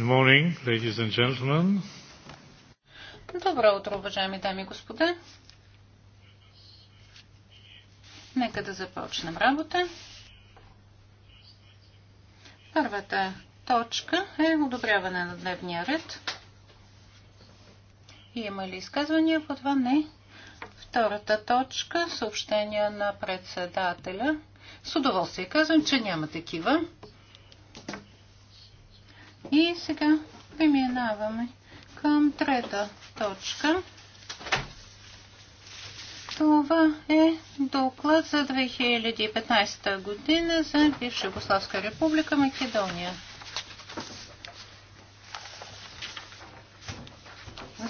Good morning, ladies and gentlemen. Добро утро, уважаеми дами и господа. Нека да започнем работа. Първата точка е одобряване на дневния ред. Има ли изказвания по това? Не. Втората точка – съобщения на председателя. С удоволствие казвам, че няма такива. И сега преминаваме към трета точка. Това е доклад за 2015 година за бивша Югославска република Македония.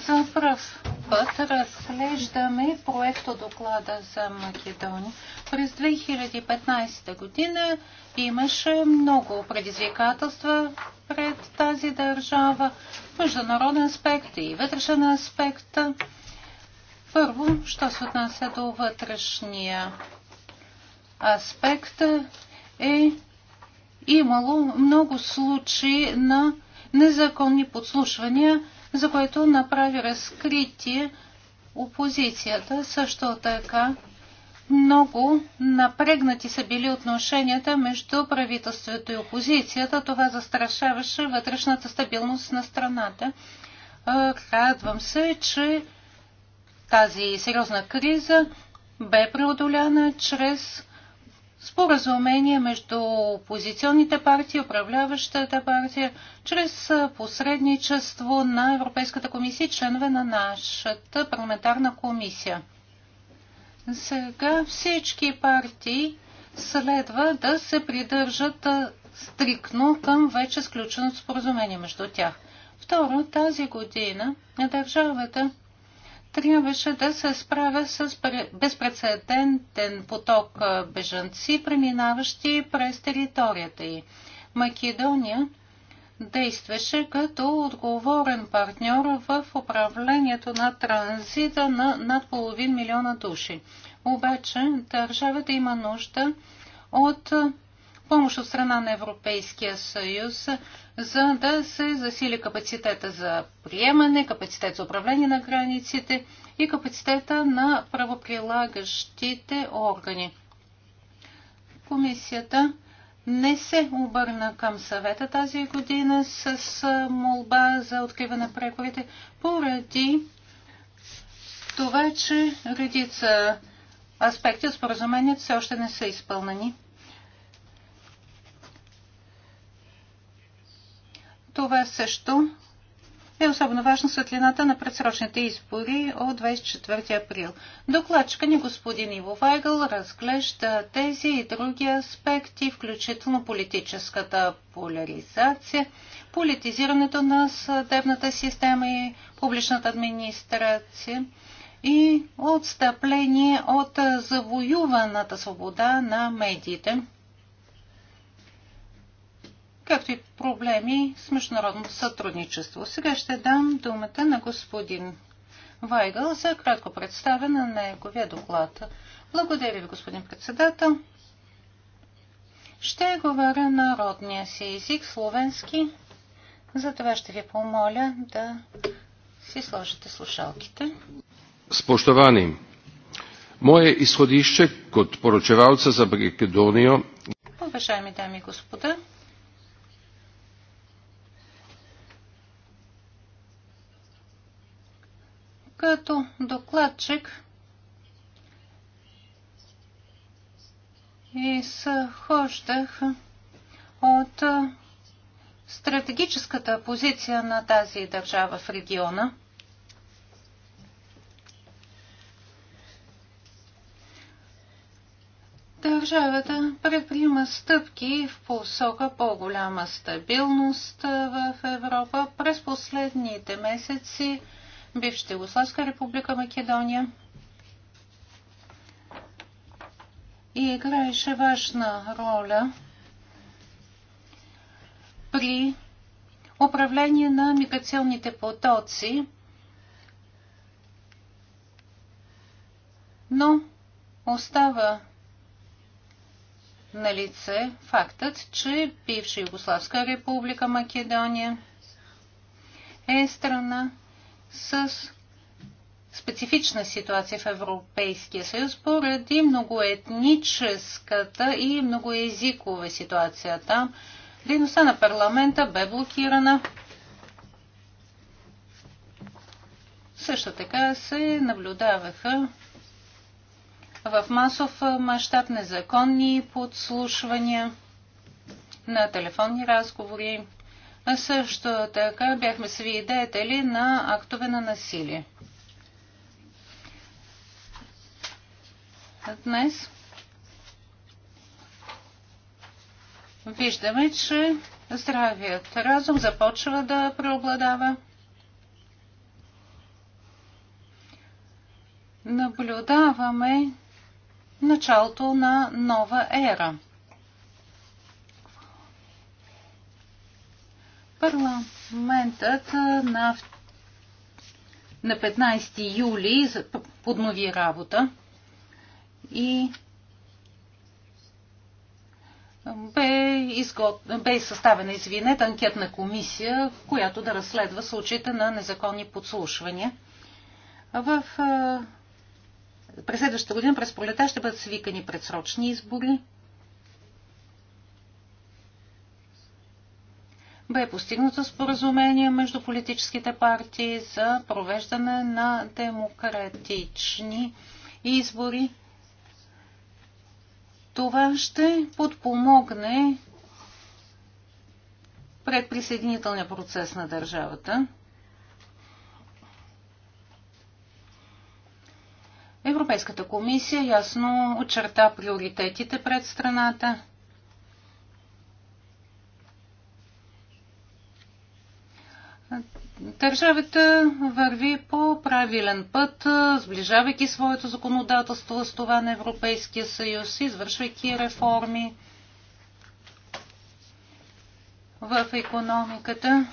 За пръв път разглеждаме проекто доклада за Македония. През 2015 година имаше много предизвикателства пред тази държава, международен аспект и вътрешен аспект. Първо, що се отнася до вътрешния аспект, е имало много случаи на незаконни подслушвания за което направи разкритие опозицията. Също така много напрегнати са били отношенията между правителството и опозицията. Това застрашаваше вътрешната стабилност на страната. Радвам се, че тази сериозна криза бе преодоляна чрез споразумение между опозиционните партии и управляващата партия чрез посредничество на Европейската комисия и членове на нашата парламентарна комисия. Сега всички партии следва да се придържат стрикно към вече сключеното споразумение между тях. Второ, тази година държавата трябваше да се справя с безпредседентен поток бежанци, преминаващи през територията й. Македония действаше като отговорен партньор в управлението на транзита на над половин милиона души. Обаче държавата има нужда от помощ от страна на Европейския съюз, за да се засили капацитета за приемане, капацитет за управление на границите и капацитета на правоприлагащите органи. Комисията не се обърна към съвета тази година с молба за откриване на преговорите поради това, че редица аспекти от споразумението все още не са изпълнени. Това също е особено важно светлината на предсрочните избори от 24 април. Докладчика ни господин Иво Вайгъл разглежда тези и други аспекти, включително политическата поляризация, политизирането на съдебната система и публичната администрация и отстъпление от завоюваната свобода на медиите – както и проблеми с международното сътрудничество. Сега ще дам думата на господин Вайгъл за кратко представяне на неговия доклад. Благодаря ви, господин председател. Ще говоря народния си език, словенски. Затова ще ви помоля да си сложите слушалките. Споштовани, мое изходище код поручевалца за Македонио. Уважаеми дами и господа, Като докладчик изхождах от стратегическата позиция на тази държава в региона. Държавата предприема стъпки в посока по-голяма стабилност в Европа. През последните месеци бившата Югославска република Македония и играеше важна роля при управление на миграционните потоци, но остава на лице фактът, че бивша Югославска република Македония е страна, с специфична ситуация в Европейския съюз поради многоетническата и многоезикова ситуация там. Дейността на парламента бе блокирана. Също така се наблюдаваха в масов мащаб незаконни подслушвания на телефонни разговори, също така бяхме свидетели на актове на насилие. Днес виждаме, че здравият разум започва да преобладава. Наблюдаваме началото на нова ера – Парламентът на, на 15 юли поднови работа и бе, изгод... бе съставена, извинете, анкетна комисия, която да разследва случаите на незаконни подслушвания. В през следващата година, през пролета, ще бъдат свикани предсрочни избори. бе постигнато споразумение между политическите партии за провеждане на демократични избори. Това ще подпомогне предприсъединителния процес на държавата. Европейската комисия ясно очерта приоритетите пред страната. Държавата върви по правилен път, сближавайки своето законодателство с това на Европейския съюз, извършвайки реформи в економиката.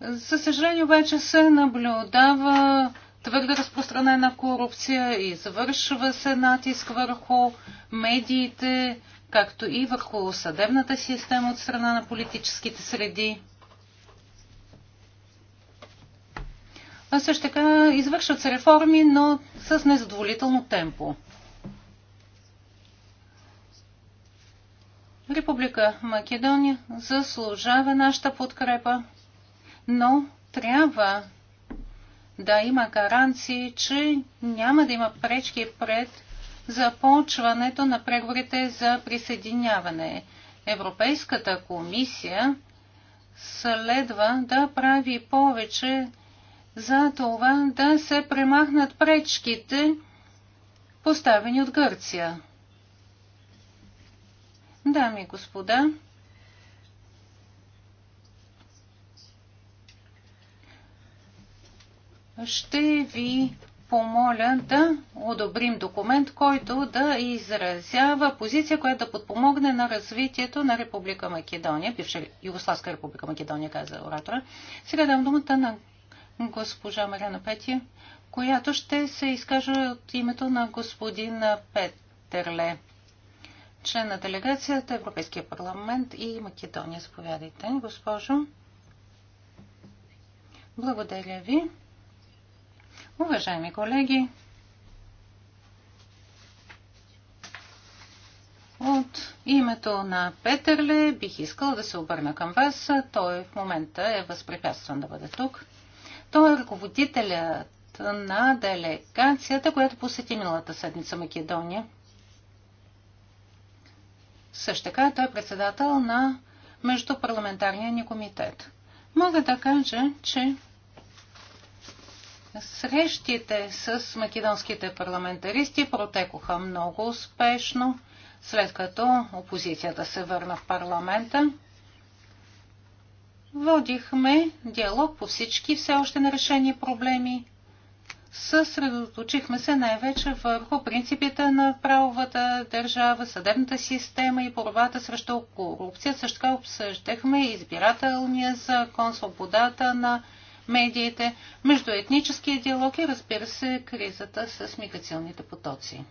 За съжаление обаче се наблюдава твърде разпространена корупция и завършва се натиск върху медиите, както и върху съдебната система от страна на политическите среди. А също така извършват се реформи, но с незадоволително темпо. Република Македония заслужава нашата подкрепа, но трябва да има гаранции, че няма да има пречки пред започването на преговорите за присъединяване. Европейската комисия следва да прави повече за това да се премахнат пречките, поставени от Гърция. Дами и господа, ще ви помоля да одобрим документ, който да изразява позиция, която да подпомогне на развитието на Република Македония, бивша Югославска република Македония, каза оратора. Сега дам думата на госпожа Марина Пети, която ще се изкаже от името на господин Петерле, член на делегацията Европейския парламент и Македония. Заповядайте, госпожо. Благодаря ви. Уважаеми колеги, от името на Петърле бих искал да се обърна към вас. Той в момента е възпрепятстван да бъде тук. Той е ръководителят на делегацията, която посети миналата седмица Македония. Също така той е председател на Междупарламентарния ни комитет. Мога да кажа, че Срещите с македонските парламентаристи протекоха много успешно, след като опозицията се върна в парламента. Водихме диалог по всички все още нарешени проблеми. Съсредоточихме се най-вече върху принципите на правовата държава, съдебната система и борбата срещу корупция. Също така обсъждахме избирателния закон, свободата на медиите, между етническия диалог и разбира се кризата с миграционните потоци.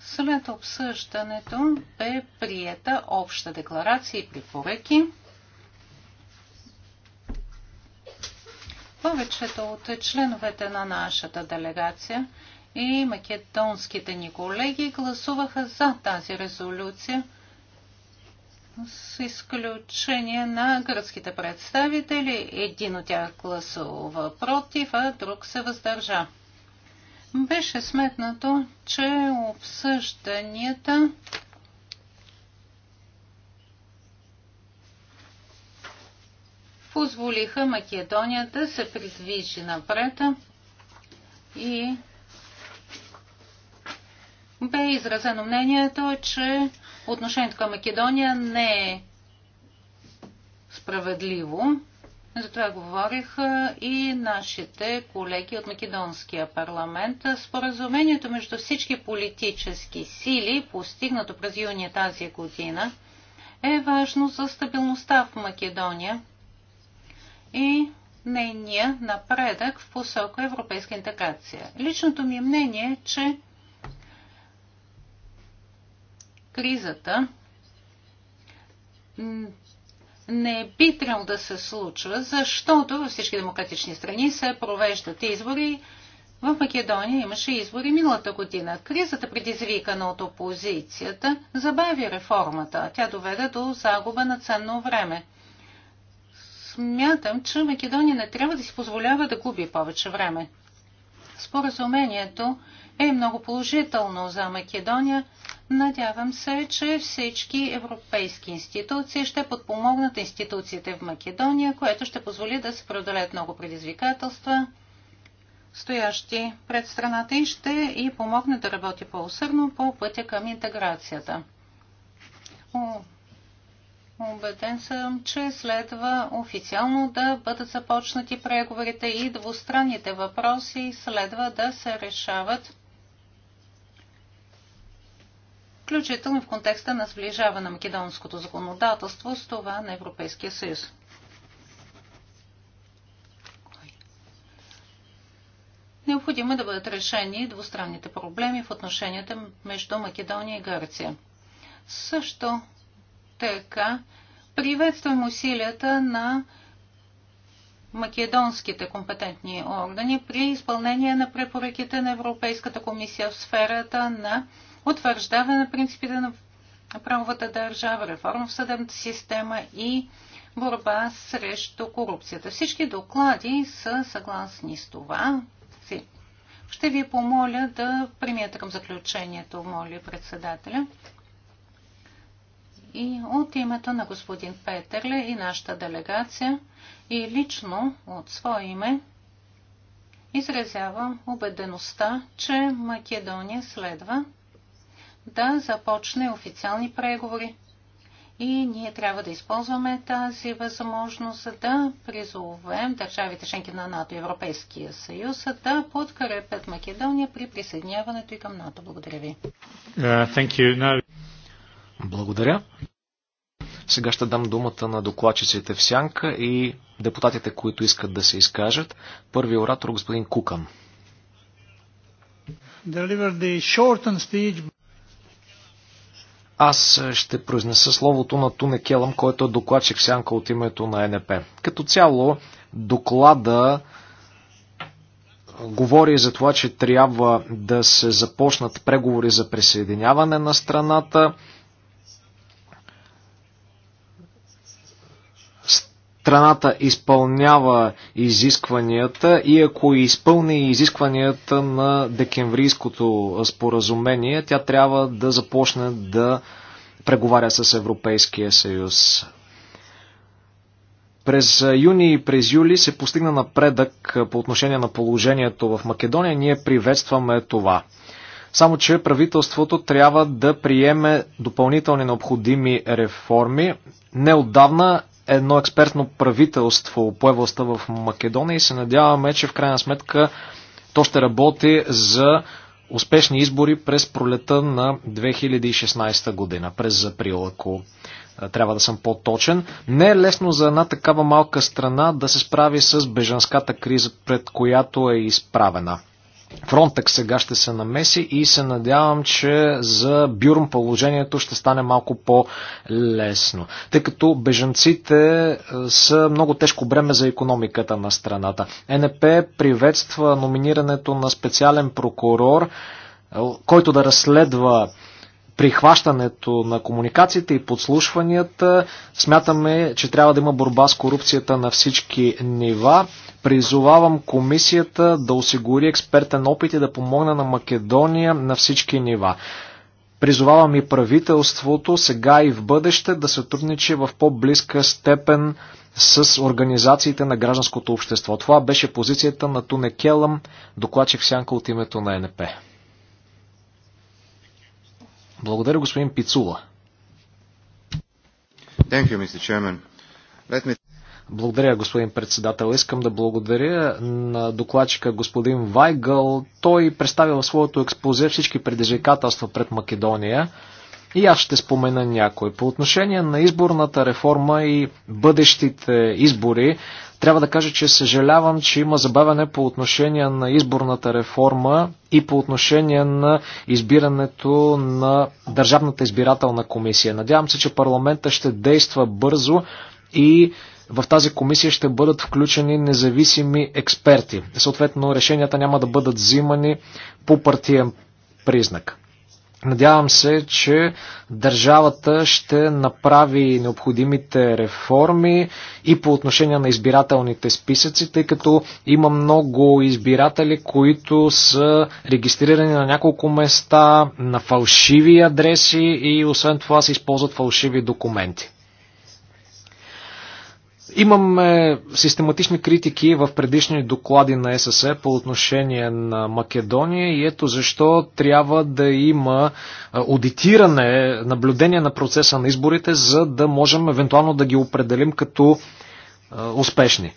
След обсъждането бе приета обща декларация и препоръки. Повечето от членовете на нашата делегация и македонските ни колеги гласуваха за тази резолюция – с изключение на гръцките представители. Един от тях гласува против, а друг се въздържа. Беше сметнато, че обсъжданията позволиха Македония да се придвижи напред и бе изразено мнението, че отношението към Македония не е справедливо. Затова говориха и нашите колеги от Македонския парламент. Споразумението между всички политически сили, постигнато през Юния тази година, е важно за стабилността в Македония и нейния напредък в посока европейска интеграция. Личното ми мнение е, че кризата не би трябвало да се случва, защото във всички демократични страни се провеждат избори. В Македония имаше избори миналата година. Кризата, предизвикана от опозицията, забави реформата. Тя доведе до загуба на ценно време. Смятам, че Македония не трябва да си позволява да губи повече време. Споразумението е много положително за Македония Надявам се, че всички европейски институции ще подпомогнат институциите в Македония, което ще позволи да се преодолеят много предизвикателства, стоящи пред страната и ще и помогне да работи по усърно по пътя към интеграцията. Обеден съм, че следва официално да бъдат започнати преговорите и двустранните въпроси следва да се решават включително в контекста на сближаване на македонското законодателство с това на Европейския съюз. Необходимо е да бъдат решени двустранните проблеми в отношенията между Македония и Гърция. Също така приветствам усилията на македонските компетентни органи при изпълнение на препоръките на Европейската комисия в сферата на утвърждаване на принципите на правовата държава, реформа в съдебната система и борба срещу корупцията. Всички доклади са съгласни с това. Ще ви помоля да примете към заключението, моля председателя. И от името на господин Петерле и нашата делегация и лично от свое име изразявам убедеността, че Македония следва да започне официални преговори. И ние трябва да използваме тази възможност да призовем държавите членки на НАТО и Европейския съюз да подкрепят Македония при присъединяването и към НАТО. Благодаря ви. Uh, no. Благодаря. Сега ще дам думата на докладчиците в сянка и депутатите, които искат да се изкажат. Първи оратор господин Кукан. Аз ще произнеса словото на Туне Келъм, който е докладчик сянка от името на НП. Като цяло, доклада говори за това, че трябва да се започнат преговори за присъединяване на страната. страната изпълнява изискванията и ако изпълни изискванията на декемврийското споразумение, тя трябва да започне да преговаря с Европейския съюз. През юни и през юли се постигна напредък по отношение на положението в Македония. Ние приветстваме това. Само, че правителството трябва да приеме допълнителни необходими реформи. Неотдавна едно експертно правителство по властта в Македония и се надяваме, че в крайна сметка то ще работи за успешни избори през пролета на 2016 година, през април, ако трябва да съм по-точен. Не е лесно за една такава малка страна да се справи с бежанската криза, пред която е изправена. Фронтък сега ще се намеси и се надявам, че за Бюрм положението ще стане малко по-лесно, тъй като бежанците е, са много тежко бреме за економиката на страната. НП приветства номинирането на специален прокурор, е, който да разследва прихващането на комуникациите и подслушванията. Смятаме, че трябва да има борба с корупцията на всички нива. Призовавам комисията да осигури експертен опит и да помогне на Македония на всички нива. Призовавам и правителството сега и в бъдеще да се трудничи в по-близка степен с организациите на гражданското общество. Това беше позицията на Туне Келъм, докладчик сянка от името на НП. Благодаря, господин Пицула. Thank you, Mr. Chairman. Let me... Благодаря, господин председател. Искам да благодаря на докладчика господин Вайгъл. Той представил в своето експозе всички предизвикателства пред Македония. И аз ще спомена някой. По отношение на изборната реформа и бъдещите избори, трябва да кажа, че съжалявам, че има забавяне по отношение на изборната реформа и по отношение на избирането на Държавната избирателна комисия. Надявам се, че парламента ще действа бързо и в тази комисия ще бъдат включени независими експерти. Съответно, решенията няма да бъдат взимани по партиен признак. Надявам се, че държавата ще направи необходимите реформи и по отношение на избирателните списъци, тъй като има много избиратели, които са регистрирани на няколко места, на фалшиви адреси и освен това се използват фалшиви документи. Имаме систематични критики в предишни доклади на ССС по отношение на Македония и ето защо трябва да има аудитиране, наблюдение на процеса на изборите, за да можем евентуално да ги определим като успешни.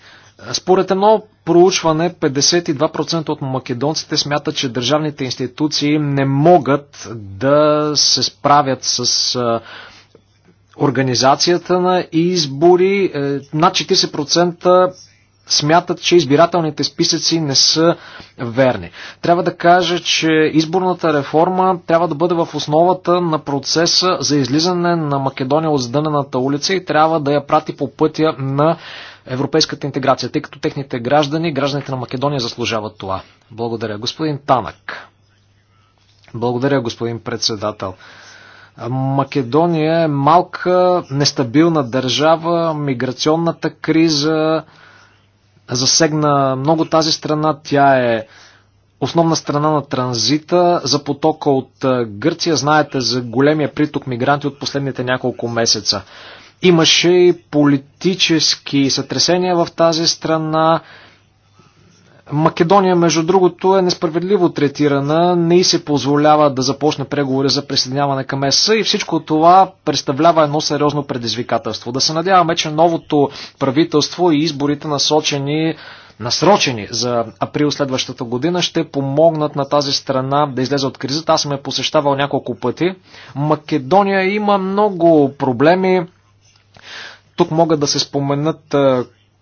Според едно проучване, 52% от македонците смятат, че държавните институции не могат да се справят с организацията на избори. Е, над 40% смятат, че избирателните списъци не са верни. Трябва да кажа, че изборната реформа трябва да бъде в основата на процеса за излизане на Македония от задънената улица и трябва да я прати по пътя на европейската интеграция, тъй като техните граждани, гражданите на Македония заслужават това. Благодаря. Господин Танък. Благодаря, господин председател. Македония е малка, нестабилна държава, миграционната криза засегна много тази страна. Тя е основна страна на транзита за потока от Гърция. Знаете за големия приток мигранти от последните няколко месеца. Имаше и политически сътресения в тази страна. Македония, между другото, е несправедливо третирана, не й се позволява да започне преговори за присъединяване към ЕС и всичко това представлява едно сериозно предизвикателство. Да се надяваме, че новото правителство и изборите насочени насрочени за април следващата година, ще помогнат на тази страна да излезе от кризата. Аз съм е посещавал няколко пъти. Македония има много проблеми. Тук могат да се споменат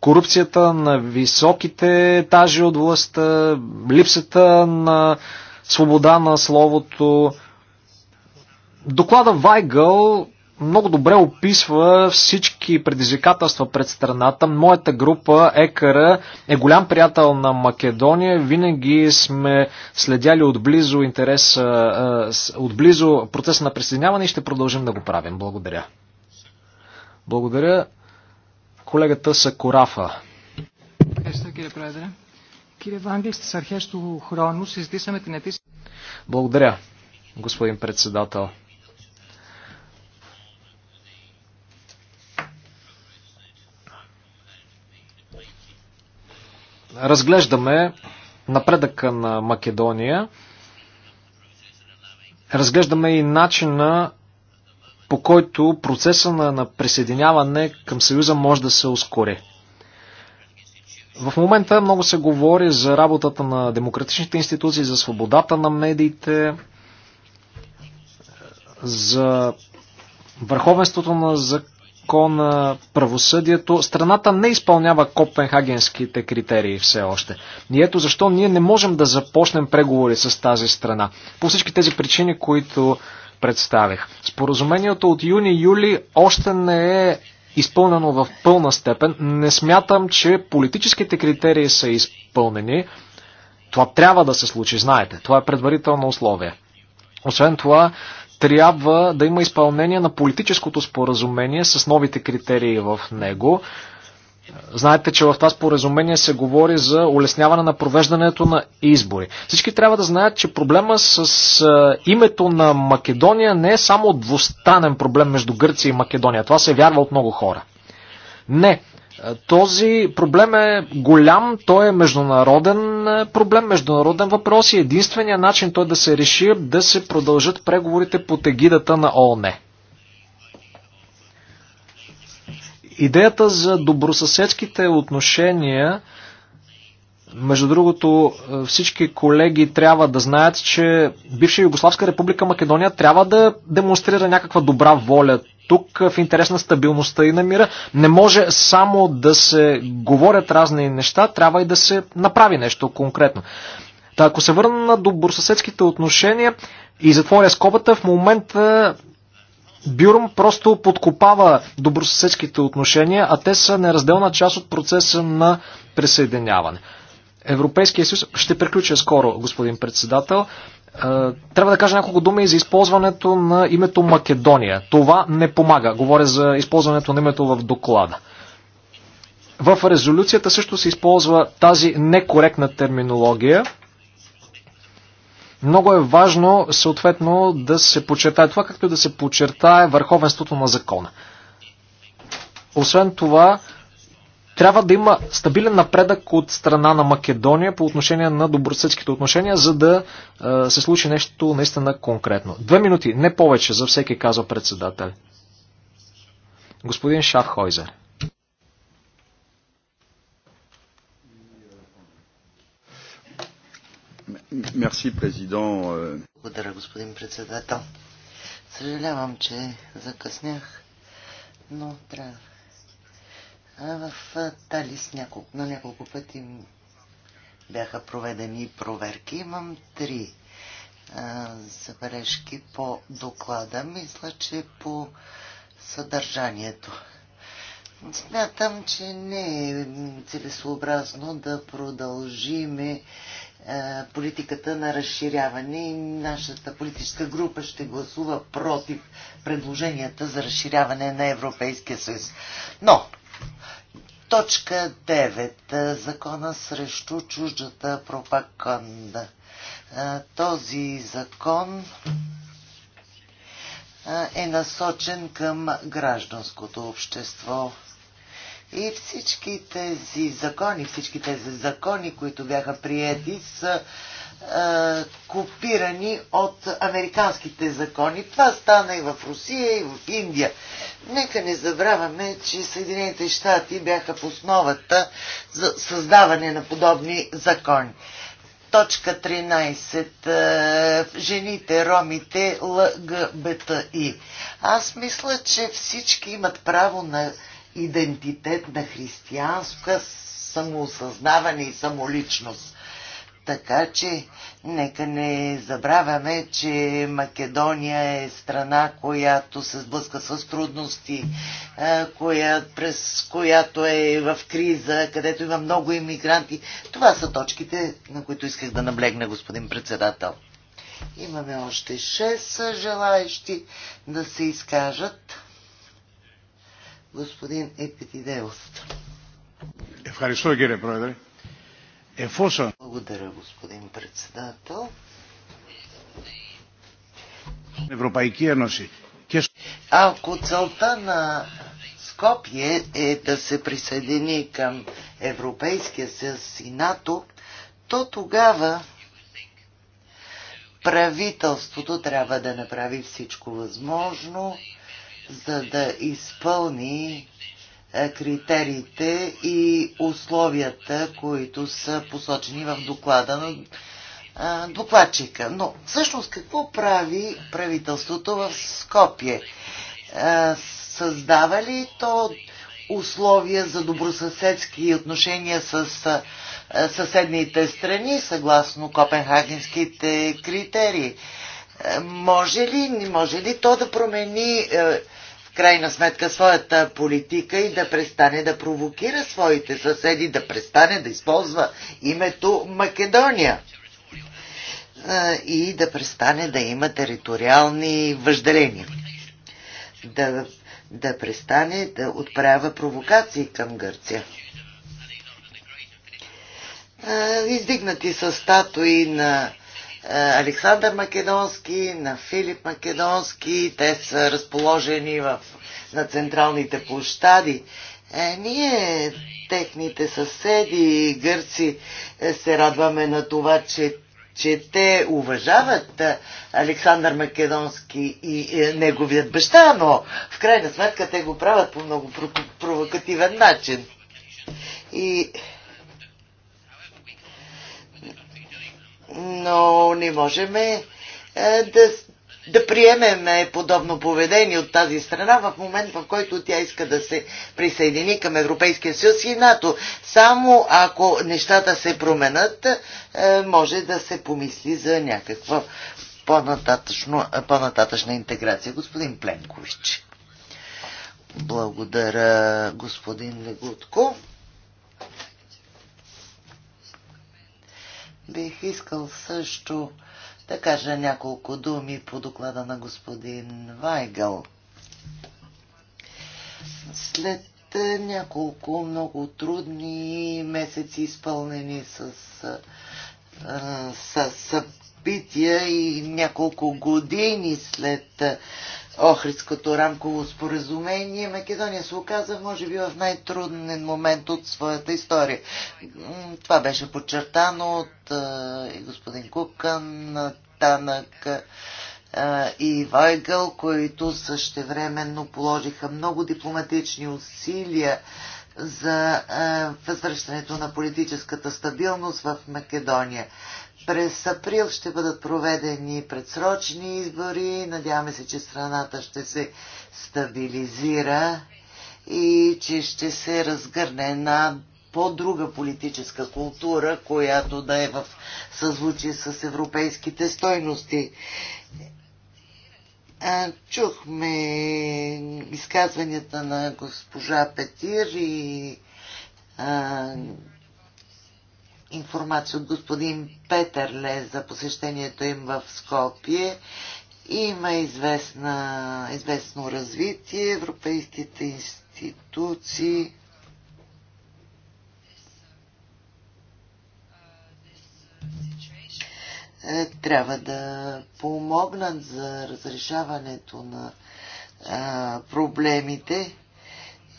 корупцията на високите етажи от властта, липсата на свобода на словото. Доклада Вайгъл много добре описва всички предизвикателства пред страната. Моята група ЕКР е голям приятел на Македония. Винаги сме следяли отблизо интерес, отблизо процеса на присъединяване и ще продължим да го правим. Благодаря. Благодаря. Колегата Сакорафа. Благодаря, господин председател. разглеждаме напредъка на Македония, разглеждаме и начина по който процеса на, на присъединяване към Съюза може да се ускори. В момента много се говори за работата на демократичните институции, за свободата на медиите, за върховенството на закона, правосъдието. Страната не изпълнява копенхагенските критерии все още. И ето защо ние не можем да започнем преговори с тази страна. По всички тези причини, които представих. Споразумението от юни-юли още не е изпълнено в пълна степен. Не смятам, че политическите критерии са изпълнени. Това трябва да се случи, знаете. Това е предварително условие. Освен това, трябва да има изпълнение на политическото споразумение с новите критерии в него. Знаете, че в това споразумение се говори за улесняване на провеждането на избори. Всички трябва да знаят, че проблема с името на Македония не е само двустранен проблем между Гърция и Македония. Това се вярва от много хора. Не. Този проблем е голям, той е международен проблем, международен въпрос и единствения начин той да се реши е да се продължат преговорите по тегидата на ООН. Идеята за добросъседските отношения, между другото, е, всички колеги трябва да знаят, че бивша Югославска република Македония трябва да демонстрира някаква добра воля тук е, в интерес на стабилността и на мира. Не може само да се говорят разни неща, трябва и да се направи нещо конкретно. Та, ако се върна на добросъседските отношения и затворя скобата, в момента Бюрм просто подкопава добросъседските отношения, а те са неразделна част от процеса на присъединяване. Европейския съюз, ще приключа скоро, господин председател, е, трябва да кажа няколко думи и за използването на името Македония. Това не помага. Говоря за използването на името в доклада. В резолюцията също се използва тази некоректна терминология – много е важно, съответно, да се подчертае това, както да се подчертае върховенството на закона. Освен това, трябва да има стабилен напредък от страна на Македония по отношение на добросъдските отношения, за да е, се случи нещо наистина конкретно. Две минути, не повече за всеки, казва председател. Господин Шафхойзер. Благодаря, господин председател. Съжалявам, че закъснях, но трябва. А в Талис няколко, на няколко пъти бяха проведени проверки. Имам три забележки по доклада. Мисля, че по съдържанието. Смятам, че не е целесообразно да продължиме е, политиката на разширяване и нашата политическа група ще гласува против предложенията за разширяване на Европейския съюз. Но, точка 9. Е, закона срещу чуждата пропаганда. Е, този закон е насочен към гражданското общество и всички тези закони, всички тези закони, които бяха приети, са е, копирани от американските закони. Това стана и в Русия, и в Индия. Нека не забравяме, че Съединените щати бяха в основата за създаване на подобни закони. Точка 13. Жените, ромите, ЛГБТИ. Аз мисля, че всички имат право на идентитет на християнска самоосъзнаване и самоличност. Така че нека не забравяме, че Македония е страна, която се сблъска с трудности, коя, през която е в криза, където има много иммигранти. Това са точките, на които исках да наблегна, господин председател. Имаме още 6 желаещи да се изкажат господин Епитидеус. Ευχαριστώ κύριε Πρόεδρε. Εφόσον... Благодаря господин председател. Европейки Ένωση. Ако целта на Скопие е да се присъедини към Европейския съюз и НАТО, то тогава правителството трябва да направи всичко възможно за да изпълни е, критериите и условията, които са посочени в доклада на е, докладчика. Но всъщност какво прави правителството в Скопие? Е, създава ли то условия за добросъседски отношения с съседните страни, съгласно копенхагенските критерии? Може ли, може ли то да промени крайна сметка своята политика и да престане да провокира своите съседи, да престане да използва името Македония и да престане да има териториални въжделения. Да, да престане да отправя провокации към Гърция. Издигнати са статуи на е, Александър Македонски, на Филип Македонски. Те са разположени в, на централните площади. Е, ние, техните съседи, гърци, е, се радваме на това, че че те уважават е, Александър Македонски и неговият баща, но в крайна сметка те го правят по много провокативен начин. И но не можем е, е, да, да приемем е, подобно поведение от тази страна в момент, в който тя иска да се присъедини към Европейския съюз и НАТО. Само ако нещата се променят, може да се помисли за някаква по-нататъчна по интеграция. Господин Пленкович. Благодаря, господин Легутко. Бих искал също да кажа няколко думи по доклада на господин Вайгъл. След е, няколко много трудни месеци, изпълнени с, е, с събития и няколко години след е, Охридското рамково споразумение. Македония се оказа, може би, в най-труден момент от своята история. Това беше подчертано от е, господин Кукан, Танък е, и Вайгъл, които същевременно положиха много дипломатични усилия за е, възвръщането на политическата стабилност в Македония. През април ще бъдат проведени предсрочни избори. Надяваме се, че страната ще се стабилизира и че ще се разгърне една по-друга политическа култура, която да е в съзвучие с европейските стойности. Чухме изказванията на госпожа Петир и информация от господин Петър Ле за посещението им в Скопие. Има известна, известно развитие. Европейските институции е, трябва да помогнат за разрешаването на а, проблемите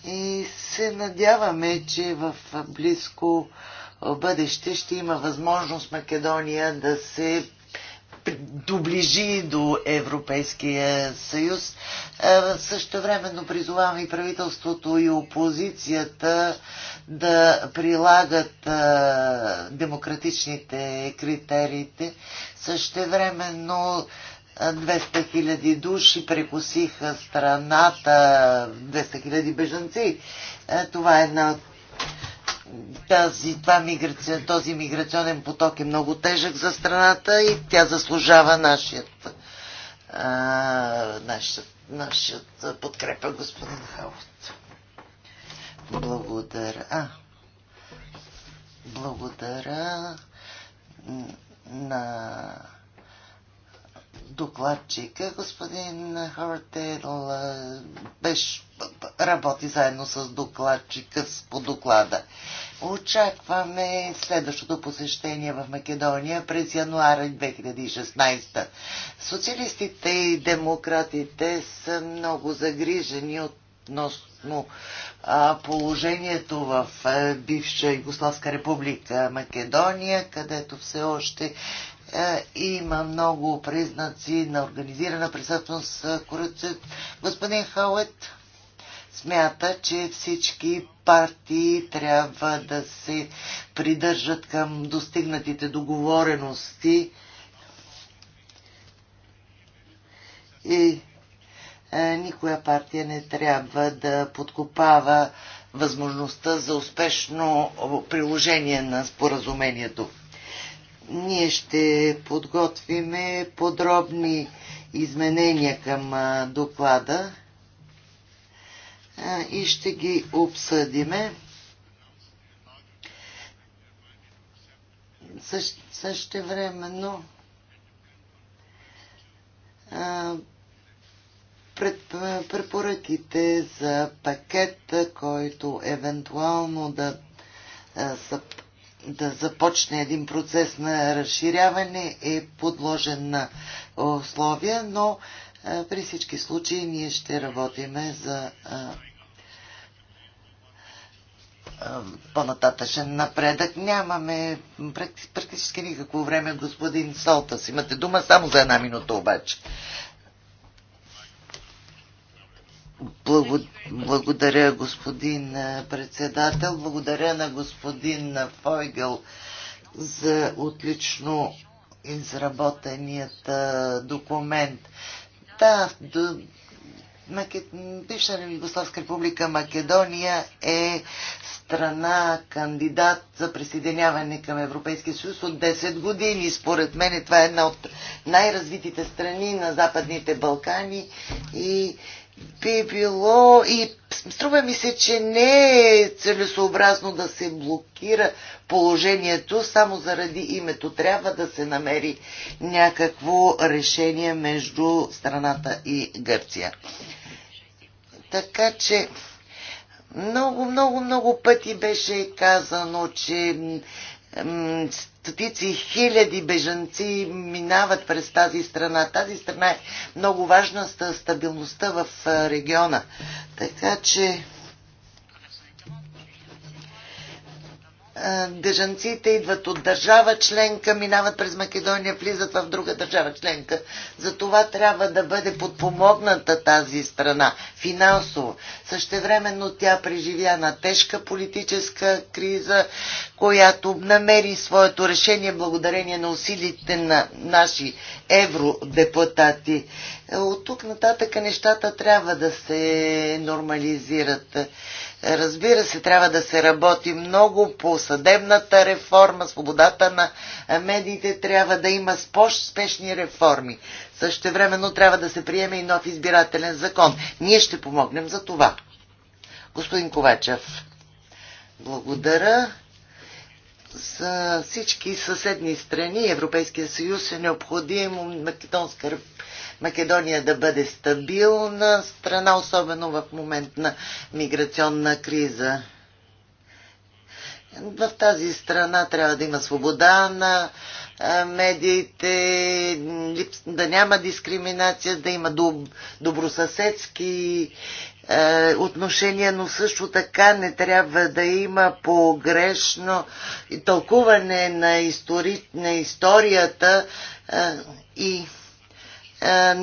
и се надяваме, че в близко в бъдеще ще има възможност Македония да се доближи до Европейския съюз. Е, Също времено призовавам и правителството и опозицията да прилагат е, демократичните критериите. Също времено 200 е, хиляди души прекусиха страната, 200 хиляди бежанци. Това е една от тази, това миграция, този миграционен поток е много тежък за страната и тя заслужава нашият, а, нашият, нашият подкрепа, господин Хаут. Благодаря. А, благодаря на докладчика, господин Хортел, беше работи заедно с докладчика по доклада. Очакваме следващото посещение в Македония през януаря 2016. Социалистите и демократите са много загрижени относно положението в бивша Югославска република Македония, където все още има много признаци на организирана престъпност. Господин Хаует, смята, че всички партии трябва да се придържат към достигнатите договорености и е, никоя партия не трябва да подкопава възможността за успешно приложение на споразумението. Ние ще подготвиме подробни изменения към доклада и ще ги обсъдиме. Също, също времено препоръките за пакета, който евентуално да, да започне един процес на разширяване е подложен на условия, но при всички случаи ние ще работиме за по-нататъчен напредък. Нямаме практически никакво време, господин Солтас. Имате дума само за една минута обаче. Благодаря, господин председател. Благодаря на господин Фойгъл за отлично изработеният документ. Да, Макед... бивша Югославска република Македония е страна кандидат за присъединяване към Европейския съюз от 10 години. Според мен това е една от най-развитите страни на Западните Балкани и би било и струва ми се, че не е целесообразно да се блокира положението само заради името. Трябва да се намери някакво решение между страната и Гърция. Така че много, много, много пъти беше казано, че стотици хиляди бежанци минават през тази страна. Тази страна е много важна за стабилността в региона. Така че Е, бежанците идват от държава членка, минават през Македония, влизат в друга държава членка. За това трябва да бъде подпомогната тази страна финансово. Същевременно тя преживя на тежка политическа криза, която намери своето решение благодарение на усилите на наши евродепутати. От тук нататък нещата трябва да се нормализират. Разбира се, трябва да се работи много по съдебната реформа, свободата на медиите трябва да има спешни реформи. Също времено трябва да се приеме и нов избирателен закон. Ние ще помогнем за това. Господин Ковачев, благодаря за всички съседни страни, Европейския съюз е необходимо Македонска Македония да бъде стабилна страна, особено в момент на миграционна криза. В тази страна трябва да има свобода на медиите, да няма дискриминация, да има добросъседски е, отношения, но също така не трябва да има погрешно тълкуване на, истори, на историята е, и е,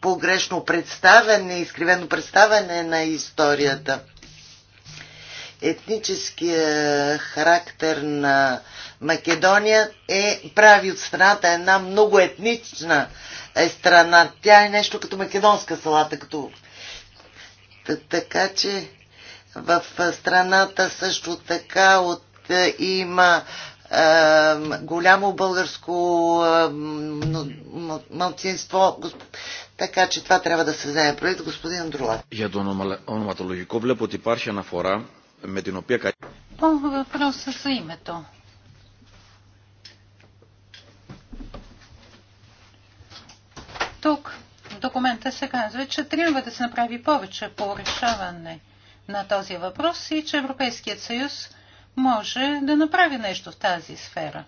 погрешно представяне, изкривено представяне на историята. Етническия характер на Македония е прави от страната една много етнична страна. Тя е нещо като македонска салата, като така че в страната също така от, е, има е, голямо българско е, мълцинство. Така че това трябва да се вземе предвид, господин Андрула. Я до ονοματολογικό влепо ти парша на фора, мединопия кай... По въпроса за името. Тук в документа се казва, че трябва да се направи повече по решаване на този въпрос и че Европейският съюз може да направи нещо в тази сфера.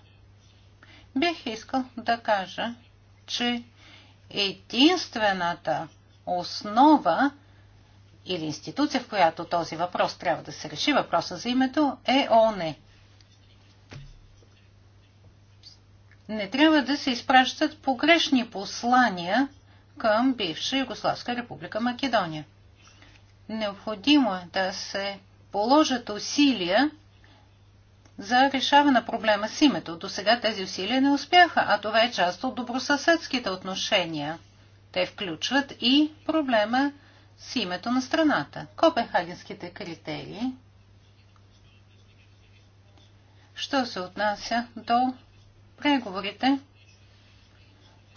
Бих искал да кажа, че единствената основа или институция, в която този въпрос трябва да се реши, въпроса за името, е ОНЕ. Не трябва да се изпращат погрешни послания към бивша Югославска република Македония. Необходимо е да се положат усилия за решаване на проблема с името. До сега тези усилия не успяха, а това е част от добросъседските отношения. Те включват и проблема с името на страната. Копенхагенските критерии. Що се отнася до преговорите,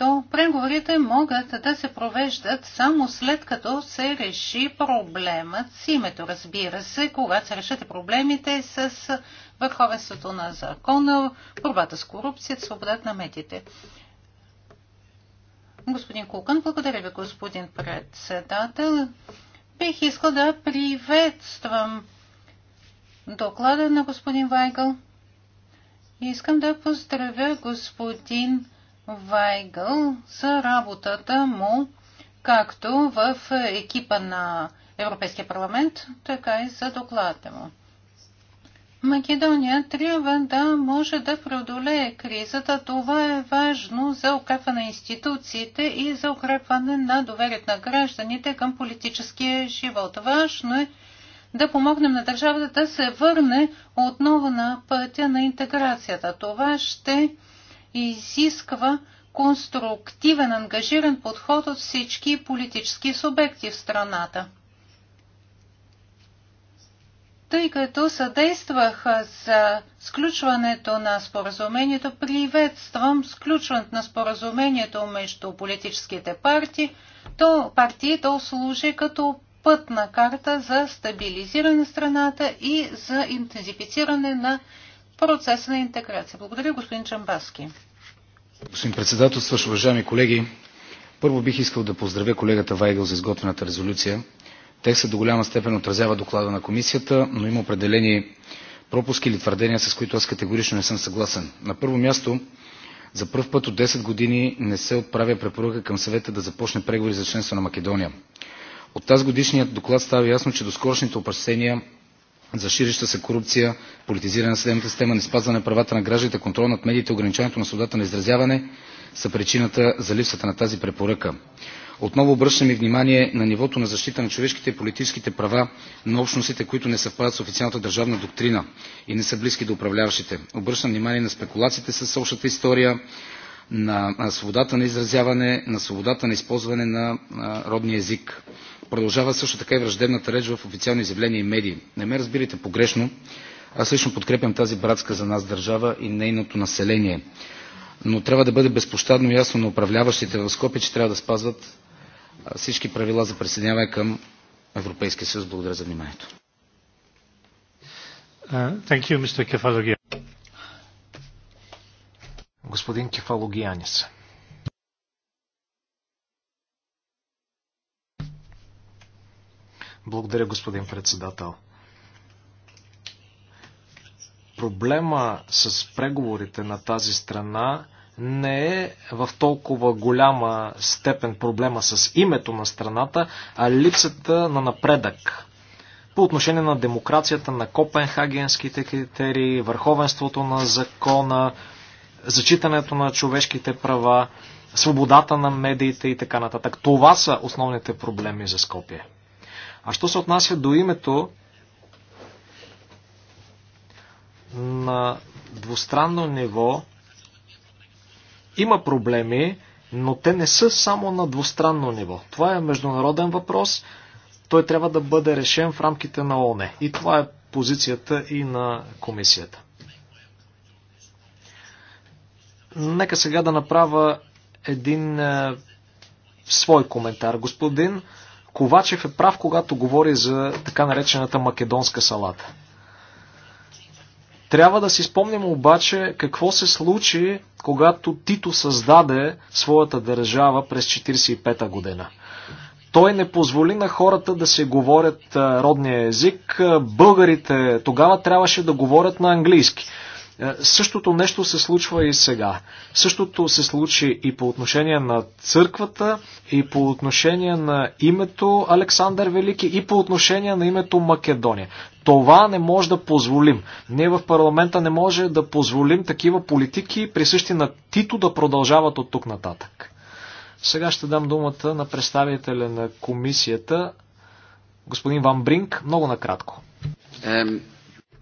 то преговорите могат да се провеждат само след като се реши проблемът с името. Разбира се, когато се решат проблемите с върховенството на закона, борбата с корупцията, свободата на медиите. Господин Кукан, благодаря ви, господин председател. Бих искал да приветствам доклада на господин Вайгъл. Искам да поздравя господин Вайгъл за работата му както в екипа на Европейския парламент, така и за доклада му. Македония трябва да може да преодолее кризата. Това е важно за укрепване на институциите и за укрепване на доверието на гражданите към политическия живот. Важно е да помогнем на държавата да се върне отново на пътя на интеграцията. Това ще изисква конструктивен, ангажиран подход от всички политически субекти в страната. Тъй като съдействах за сключването на споразумението, приветствам сключването на споразумението между политическите партии, то партии то служи като пътна карта за стабилизиране на страната и за интензифициране на процеса на интеграция. Благодаря, господин Чамбаски. Господин председател, уважаеми колеги, първо бих искал да поздравя колегата Вайгъл за изготвената резолюция. Текстът до голяма степен отразява доклада на комисията, но има определени пропуски или твърдения, с които аз категорично не съм съгласен. На първо място, за първ път от 10 години не се отправя препоръка към съвета да започне преговори за членство на Македония. От тази годишният доклад става ясно, че доскорошните опасения за ширеща се корупция, политизиране на съдебната система, неспазване правата на гражданите, контрол над медиите, ограничаването на свободата на изразяване са причината за липсата на тази препоръка. Отново обръщаме внимание на нивото на защита на човешките и политическите права на общностите, които не съвпадат с официалната държавна доктрина и не са близки до управляващите. Обръщам внимание на спекулациите с общата история, на свободата на изразяване, на свободата на използване на родния език. Продължава също така и враждебната реч в официални изявления и медии. Не ме разбирайте погрешно, аз лично подкрепям тази братска за нас държава и нейното население. Но трябва да бъде безпощадно ясно на управляващите в Скопи, че трябва да спазват всички правила за присъединяване към Европейския съюз. Благодаря за вниманието. Uh, you, Господин Кефалогианис. Благодаря, господин председател. Проблема с преговорите на тази страна не е в толкова голяма степен проблема с името на страната, а липсата на напредък по отношение на демокрацията, на копенхагенските критерии, върховенството на закона, зачитането на човешките права, свободата на медиите и така нататък. Това са основните проблеми за Скопие. А що се отнася до името на двустранно ниво, има проблеми, но те не са само на двустранно ниво. Това е международен въпрос, той трябва да бъде решен в рамките на ОНЕ. И това е позицията и на комисията. Нека сега да направя един е, свой коментар. Господин Ковачев е прав, когато говори за така наречената македонска салата. Трябва да си спомним обаче какво се случи, когато Тито създаде своята държава през 1945 година. Той не позволи на хората да се говорят родния език. Българите тогава трябваше да говорят на английски. Е, същото нещо се случва и сега. Същото се случи и по отношение на църквата, и по отношение на името Александър Велики, и по отношение на името Македония. Това не може да позволим. Ние в парламента не може да позволим такива политики, присъщи на Тито, да продължават от тук нататък. Сега ще дам думата на представителя на комисията, господин Ван Бринг, много накратко.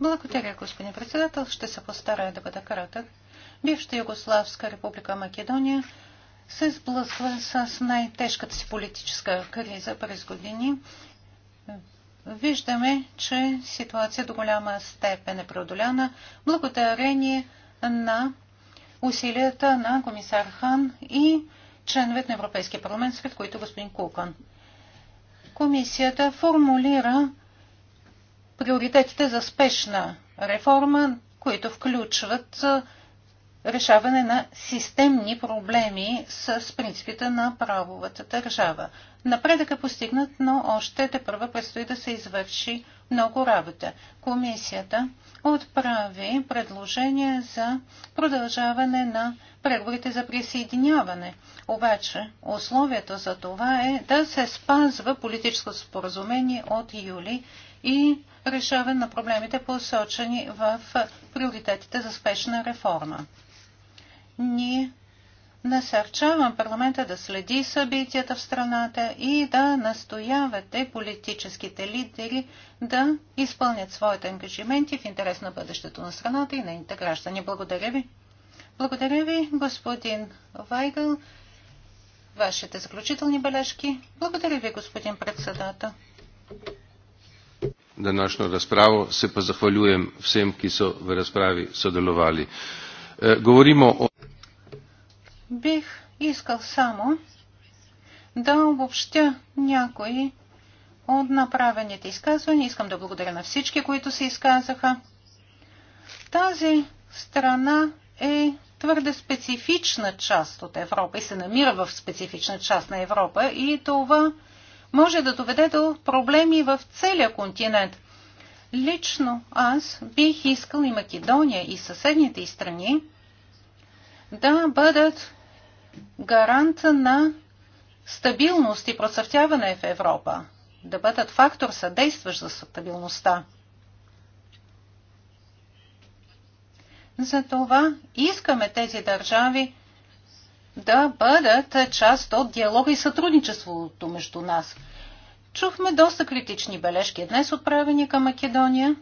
Благодаря, господин председател. Ще се постарая да бъда кратък. Бившата Югославска република Македония се сблъсква с най-тежката си политическа криза през години. Виждаме, че ситуация до голяма степен е преодоляна благодарение на усилията на комисар Хан и членовете на Европейския парламент, сред които господин Кукан. Комисията формулира приоритетите за спешна реформа, които включват решаване на системни проблеми с принципите на правовата държава. Напредък е постигнат, но още те първа предстои да се извърши много работа. Комисията отправи предложение за продължаване на преговорите за присъединяване. Обаче условието за това е да се спазва политическо споразумение от юли и решаване на проблемите, посочени в приоритетите за спешна реформа. Ние насърчавам парламента да следи събитията в страната и да настоявате политическите лидери да изпълнят своите ангажименти в интерес на бъдещето на страната и нейните граждани. Благодаря ви. Благодаря ви, господин Вайгъл. Вашите заключителни бележки. Благодаря ви, господин председател današnjo razpravo, se pa zahvaljujem vsem, ki so v razpravi sodelovali. Eh, govorimo o. Бих искал само да обобщя някои от направените изказвания. Искам да благодаря на всички, които се изказаха. Тази страна е твърде специфична част от Европа и се намира в специфична част на Европа и това може да доведе до проблеми в целия континент. Лично аз бих искал и Македония и съседните и страни да бъдат гарант на стабилност и процъфтяване в Европа, да бъдат фактор съдействащ за стабилността. Затова искаме тези държави да бъдат част от диалога и сътрудничеството между нас. Чухме доста критични бележки днес отправени към Македония.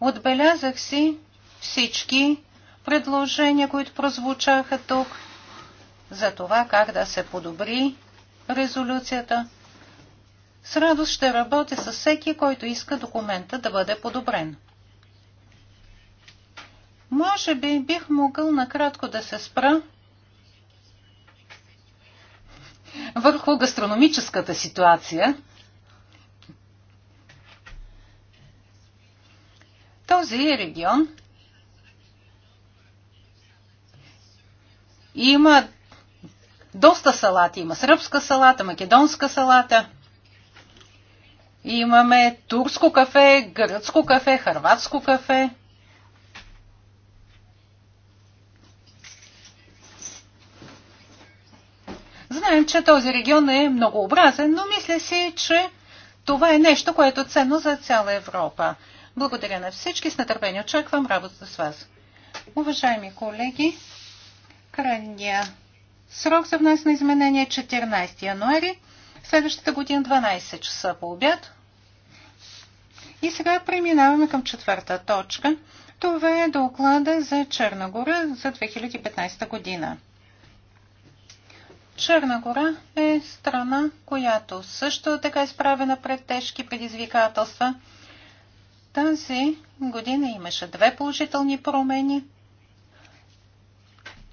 Отбелязах си всички предложения, които прозвучаха тук за това как да се подобри резолюцията. С радост ще работя с всеки, който иска документа да бъде подобрен. Може би бих могъл накратко да се спра върху гастрономическата ситуация. Този регион има доста салати. Има сръбска салата, македонска салата. Имаме турско кафе, гръцко кафе, харватско кафе. Знаем, че този регион е многообразен, но мисля си, че това е нещо, което е ценно за цяла Европа. Благодаря на всички. С нетърпение очаквам работата с вас. Уважаеми колеги, крайния срок за внес на изменение е 14 януари, следващата година 12 часа по обяд. И сега преминаваме към четвърта точка. Това е доклада за Черна гора за 2015 година. Черна гора е страна, която също така е изправена пред тежки предизвикателства. Тази година имаше две положителни промени.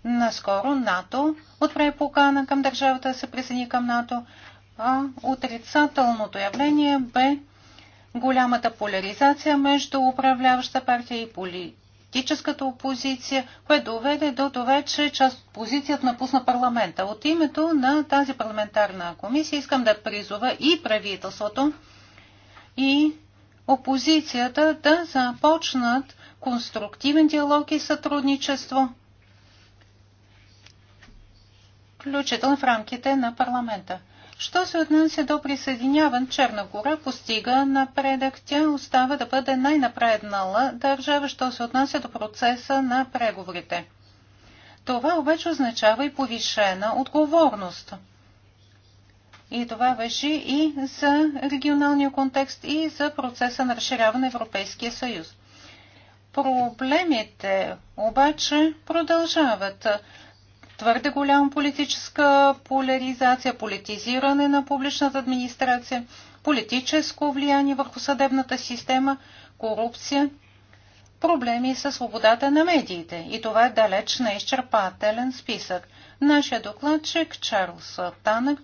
Наскоро НАТО отправи покана към държавата да се присъедини към НАТО, а отрицателното явление бе голямата поляризация между управляваща партия и поли политическата опозиция, което доведе до това, че част от позицията напусна парламента. От името на тази парламентарна комисия искам да призова и правителството, и опозицията да започнат конструктивен диалог и сътрудничество, включително в рамките на парламента. Що се отнася до присъединяван Черна гора, постига напредък. Тя остава да бъде най-напреднала държава, що се отнася до процеса на преговорите. Това обаче означава и повишена отговорност. И това въжи и за регионалния контекст, и за процеса на разширяване на Европейския съюз. Проблемите обаче продължават твърде голяма политическа поляризация, политизиране на публичната администрация, политическо влияние върху съдебната система, корупция, проблеми със свободата на медиите. И това е далеч на изчерпателен списък. Нашия докладчик Чарлз Танък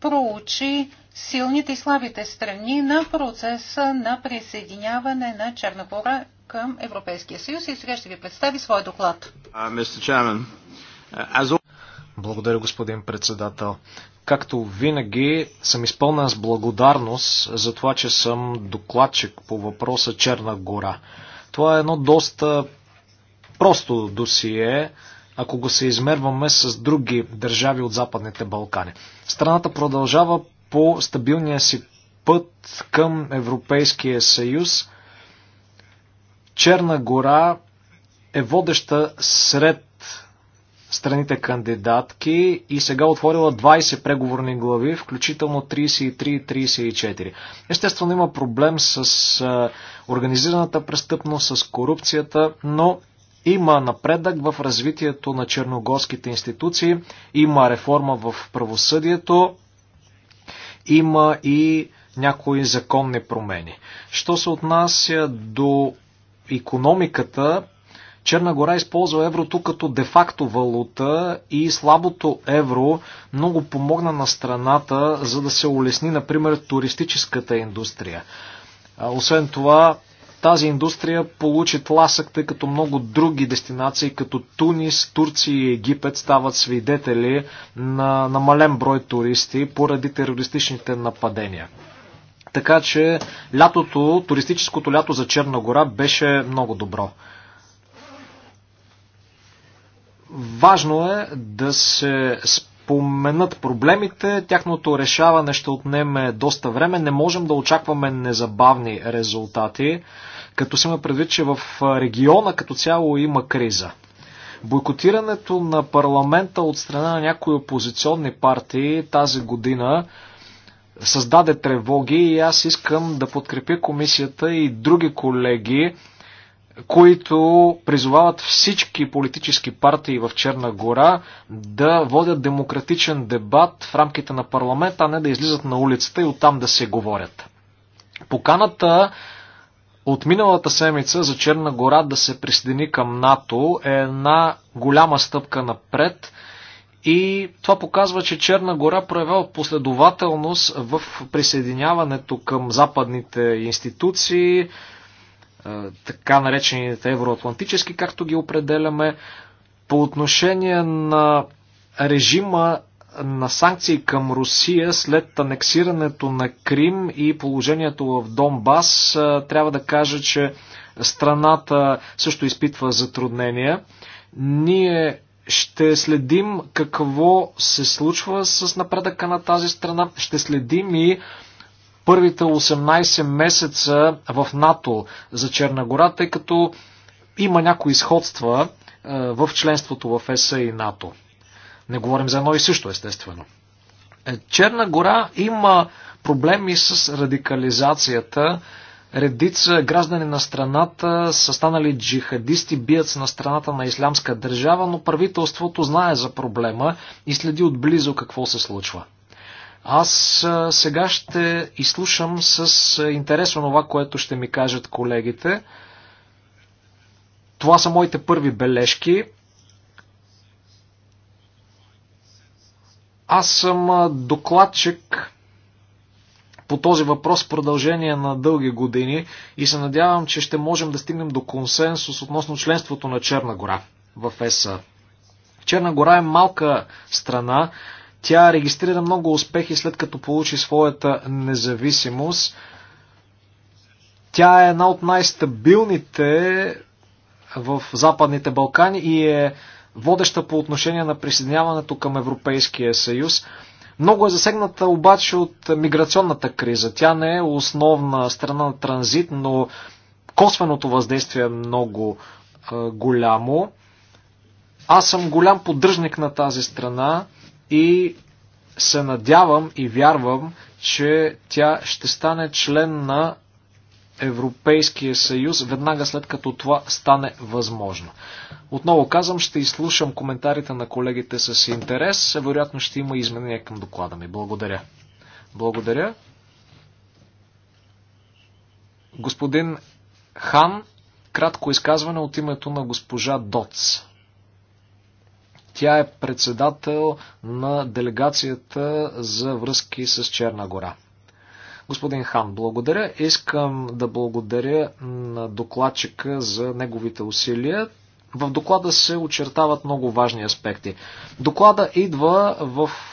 проучи силните и слабите страни на процеса на присъединяване на Черна гора към Европейския съюз и сега ще ви представи своя доклад. Uh, благодаря, господин председател. Както винаги, съм изпълнен с благодарност за това, че съм докладчик по въпроса Черна гора. Това е едно доста просто досие, ако го се измерваме с други държави от Западните Балкани. Страната продължава по стабилния си път към Европейския съюз. Черна гора е водеща сред страните кандидатки и сега отворила 20 преговорни глави, включително 33 и 34. Естествено има проблем с организираната престъпност, с корупцията, но има напредък в развитието на черногорските институции, има реформа в правосъдието, има и някои законни промени. Що се отнася до економиката, Черна гора използва еврото като де-факто валута и слабото евро много помогна на страната, за да се улесни, например, туристическата индустрия. Освен това, тази индустрия получи тласък, тъй като много други дестинации, като Тунис, Турция и Египет, стават свидетели на намален брой туристи поради терористичните нападения. Така че лятото, туристическото лято за Черна гора беше много добро. Важно е да се споменат проблемите, тяхното решаване ще отнеме доста време, не можем да очакваме незабавни резултати, като се има предвид, че в региона като цяло има криза. Бойкотирането на парламента от страна на някои опозиционни партии тази година създаде тревоги и аз искам да подкрепя комисията и други колеги които призовават всички политически партии в Черна гора да водят демократичен дебат в рамките на парламент, а не да излизат на улицата и оттам да се говорят. Поканата от миналата седмица за Черна гора да се присъедини към НАТО е една голяма стъпка напред и това показва, че Черна гора проявява последователност в присъединяването към западните институции, е, така наречените евроатлантически, както ги определяме, по отношение на режима на санкции към Русия след анексирането на Крим и положението в Донбас, е, трябва да кажа, че страната също изпитва затруднения. Ние ще следим какво се случва с напредъка на тази страна, ще следим и първите 18 месеца в НАТО за Черна гора, тъй като има някои сходства е, в членството в ЕСА и НАТО. Не говорим за едно и също, естествено. Е, Черна гора има проблеми с радикализацията. Редица граждани на страната са станали джихадисти, бият се на страната на ислямска държава, но правителството знае за проблема и следи отблизо какво се случва. Аз сега ще изслушам с интерес това, което ще ми кажат колегите. Това са моите първи бележки. Аз съм докладчик по този въпрос в продължение на дълги години и се надявам, че ще можем да стигнем до консенсус относно членството на Черна гора в ЕСА. Черна гора е малка страна, тя регистрира много успехи след като получи своята независимост. Тя е една от най-стабилните в Западните Балкани и е водеща по отношение на присъединяването към Европейския съюз. Много е засегната обаче от миграционната криза. Тя не е основна страна на транзит, но косвеното въздействие е много е, голямо. Аз съм голям поддръжник на тази страна и се надявам и вярвам, че тя ще стане член на Европейския съюз веднага след като това стане възможно. Отново казвам, ще изслушам коментарите на колегите с интерес. Вероятно ще има изменения към доклада ми. Благодаря. Благодаря. Господин Хан, кратко изказване от името на госпожа Доц. Тя е председател на делегацията за връзки с Черна гора. Господин Хан, благодаря. Искам да благодаря на докладчика за неговите усилия. В доклада се очертават много важни аспекти. Доклада идва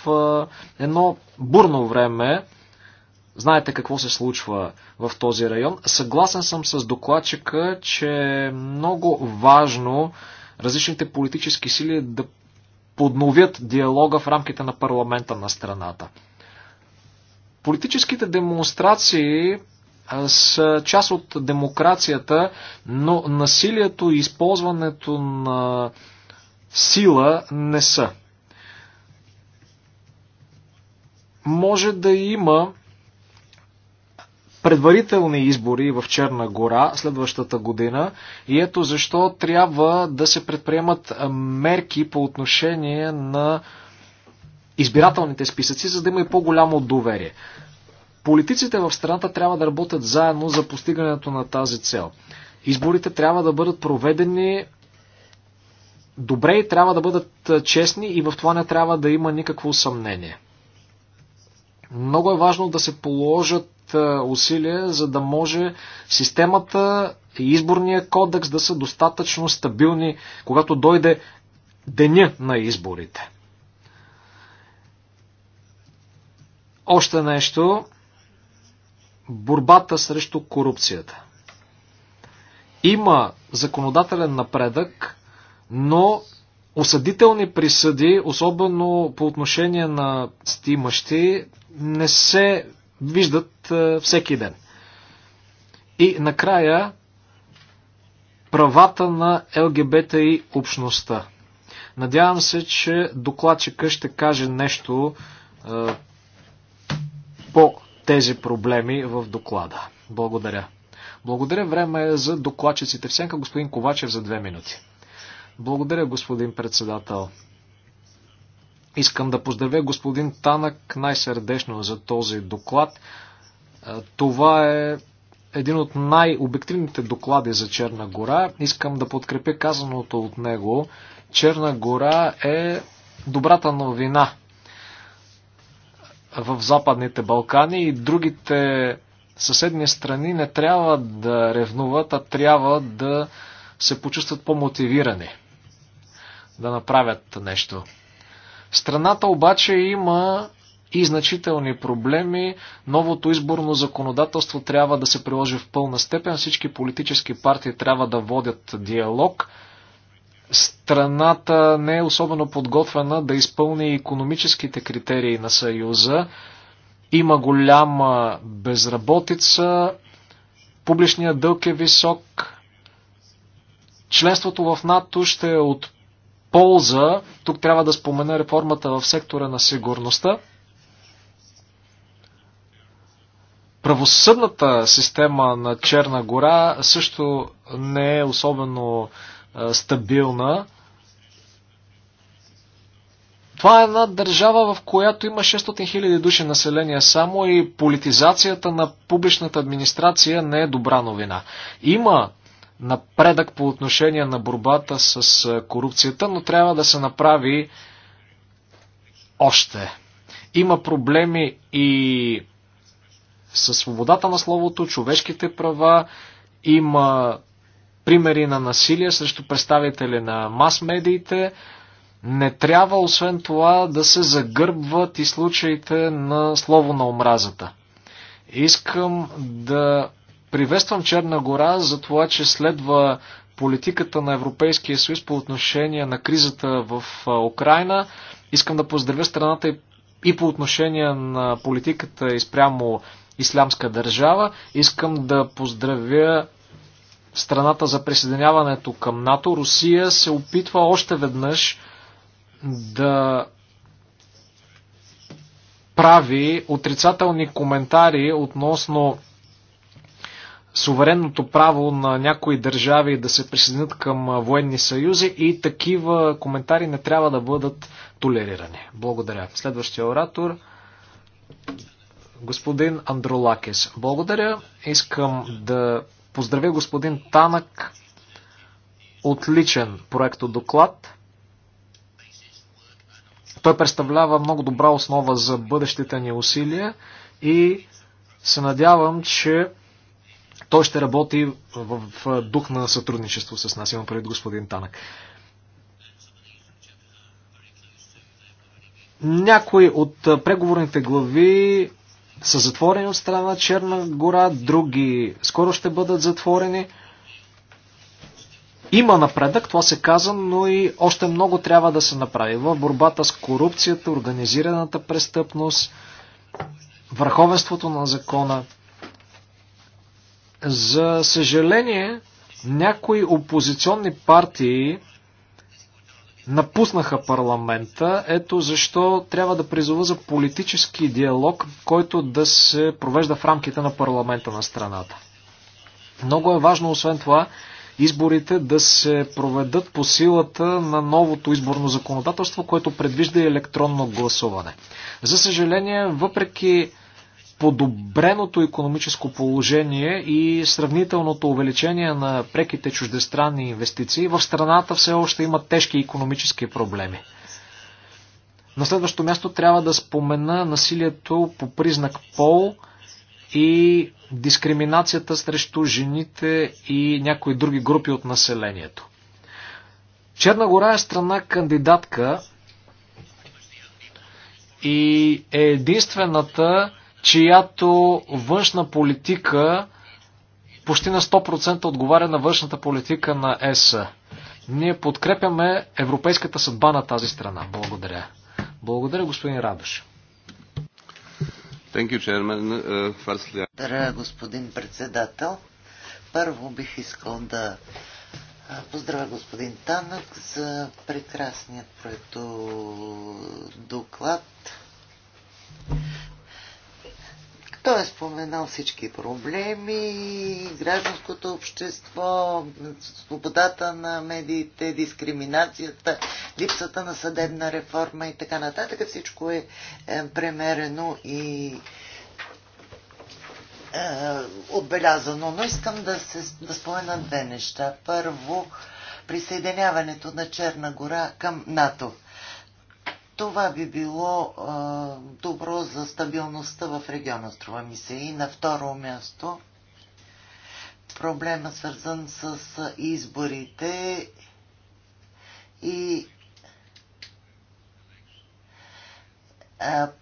в едно бурно време. Знаете какво се случва в този район. Съгласен съм с докладчика, че е много важно различните политически сили да подновят диалога в рамките на парламента на страната. Политическите демонстрации с част от демокрацията, но насилието и използването на сила не са. Може да има предварителни избори в Черна гора следващата година и ето защо трябва да се предприемат мерки по отношение на избирателните списъци, за да има и по-голямо доверие. Политиците в страната трябва да работят заедно за постигането на тази цел. Изборите трябва да бъдат проведени добре и трябва да бъдат честни и в това не трябва да има никакво съмнение. Много е важно да се положат усилия, за да може системата и изборния кодекс да са достатъчно стабилни, когато дойде деня на изборите. Още нещо. Борбата срещу корупцията. Има законодателен напредък, но осъдителни присъди, особено по отношение на стимащи, не се виждат е, всеки ден. И накрая правата на ЛГБТ и общността. Надявам се, че докладчика ще каже нещо е, по тези проблеми в доклада. Благодаря. Благодаря. Време е за докладчиците. Всенка господин Ковачев за две минути. Благодаря, господин председател. Искам да поздравя господин Танък най-сърдечно за този доклад. Е, това е един от най-обективните доклади за Черна гора. Искам да подкрепя казаното от него. Черна гора е добрата новина в Западните Балкани и другите съседни страни не трябва да ревнуват, а трябва да се почувстват по-мотивирани да направят нещо. Страната обаче има и значителни проблеми. Новото изборно законодателство трябва да се приложи в пълна степен. Всички политически партии трябва да водят диалог. Страната не е особено подготвена да изпълни економическите критерии на Съюза. Има голяма безработица, публичният дълг е висок. Членството в НАТО ще е от полза. Тук трябва да спомена реформата в сектора на сигурността. Правосъдната система на Черна гора също не е особено стабилна. Това е една държава, в която има 600 000 души население само и политизацията на публичната администрация не е добра новина. Има напредък по отношение на борбата с корупцията, но трябва да се направи още. Има проблеми и със свободата на словото, човешките права, има примери на насилие срещу представители на мас-медиите. Не трябва, освен това, да се загърбват и случаите на слово на омразата. Искам да Приветствам Черна гора за това, че следва политиката на Европейския съюз по отношение на кризата в Украина. Искам да поздравя страната и по отношение на политиката изпрямо Ислямска държава. Искам да поздравя страната за присъединяването към НАТО. Русия се опитва още веднъж да прави отрицателни коментари относно суверенното право на някои държави да се присъединят към военни съюзи и такива коментари не трябва да бъдат толерирани. Благодаря. Следващия оратор господин Андролакес, Благодаря. Искам да поздравя господин Танък. Отличен от доклад. Той представлява много добра основа за бъдещите ни усилия и се надявам, че той ще работи в дух на сътрудничество с нас, имам пред господин Танък. Някои от преговорните глави са затворени от страна Черна гора, други скоро ще бъдат затворени. Има напредък, това се каза, но и още много трябва да се направи в борбата с корупцията, организираната престъпност, върховенството на закона. За съжаление, някои опозиционни партии напуснаха парламента. Ето защо трябва да призова за политически диалог, който да се провежда в рамките на парламента на страната. Много е важно, освен това, изборите да се проведат по силата на новото изборно законодателство, което предвижда и електронно гласуване. За съжаление, въпреки подобреното економическо положение и сравнителното увеличение на преките чуждестранни инвестиции, в страната все още има тежки економически проблеми. На следващо място трябва да спомена насилието по признак пол и дискриминацията срещу жените и някои други групи от населението. Черна гора е страна кандидатка и е единствената, чиято външна политика почти на 100% отговаря на външната политика на ЕС. Ние подкрепяме европейската съдба на тази страна. Благодаря. Благодаря, господин Радош. Uh, Благодаря, господин председател. Първо бих искал да поздравя господин Танък за прекрасният проекто доклад. Той е споменал всички проблеми, гражданското общество, свободата на медиите, дискриминацията, липсата на съдебна реформа и така нататък. Всичко е, е премерено и е, отбелязано. Но искам да, се, да спомена две неща. Първо, присъединяването на Черна гора към НАТО. Това би било а, добро за стабилността в региона, струва ми се. И на второ място проблема свързан с изборите и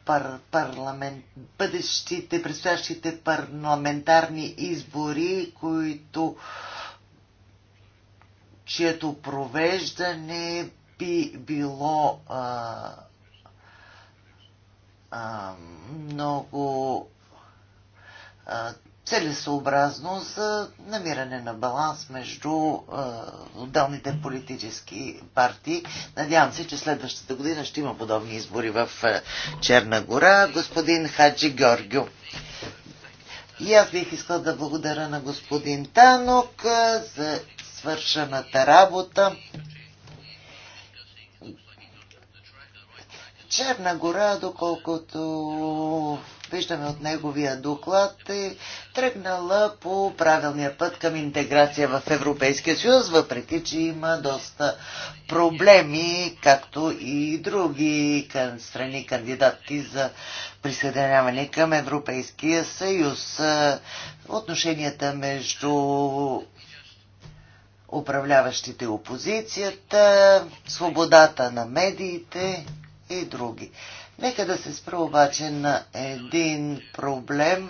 пар, парламент, бъдещите, предстоящите парламентарни избори, които чието провеждане би било а, а, много а, целесообразно за намиране на баланс между а, отделните политически партии. Надявам се, че следващата година ще има подобни избори в а, Черна гора. Господин Хаджи Георгио. И аз бих искал да благодаря на господин Танок за свършената работа. Черна гора, доколкото виждаме от неговия доклад, е тръгнала по правилния път към интеграция в Европейския съюз, въпреки че има доста проблеми, както и други страни кандидати за присъединяване към Европейския съюз. Отношенията между управляващите опозицията, свободата на медиите, и други. Нека да се спра обаче на един проблем.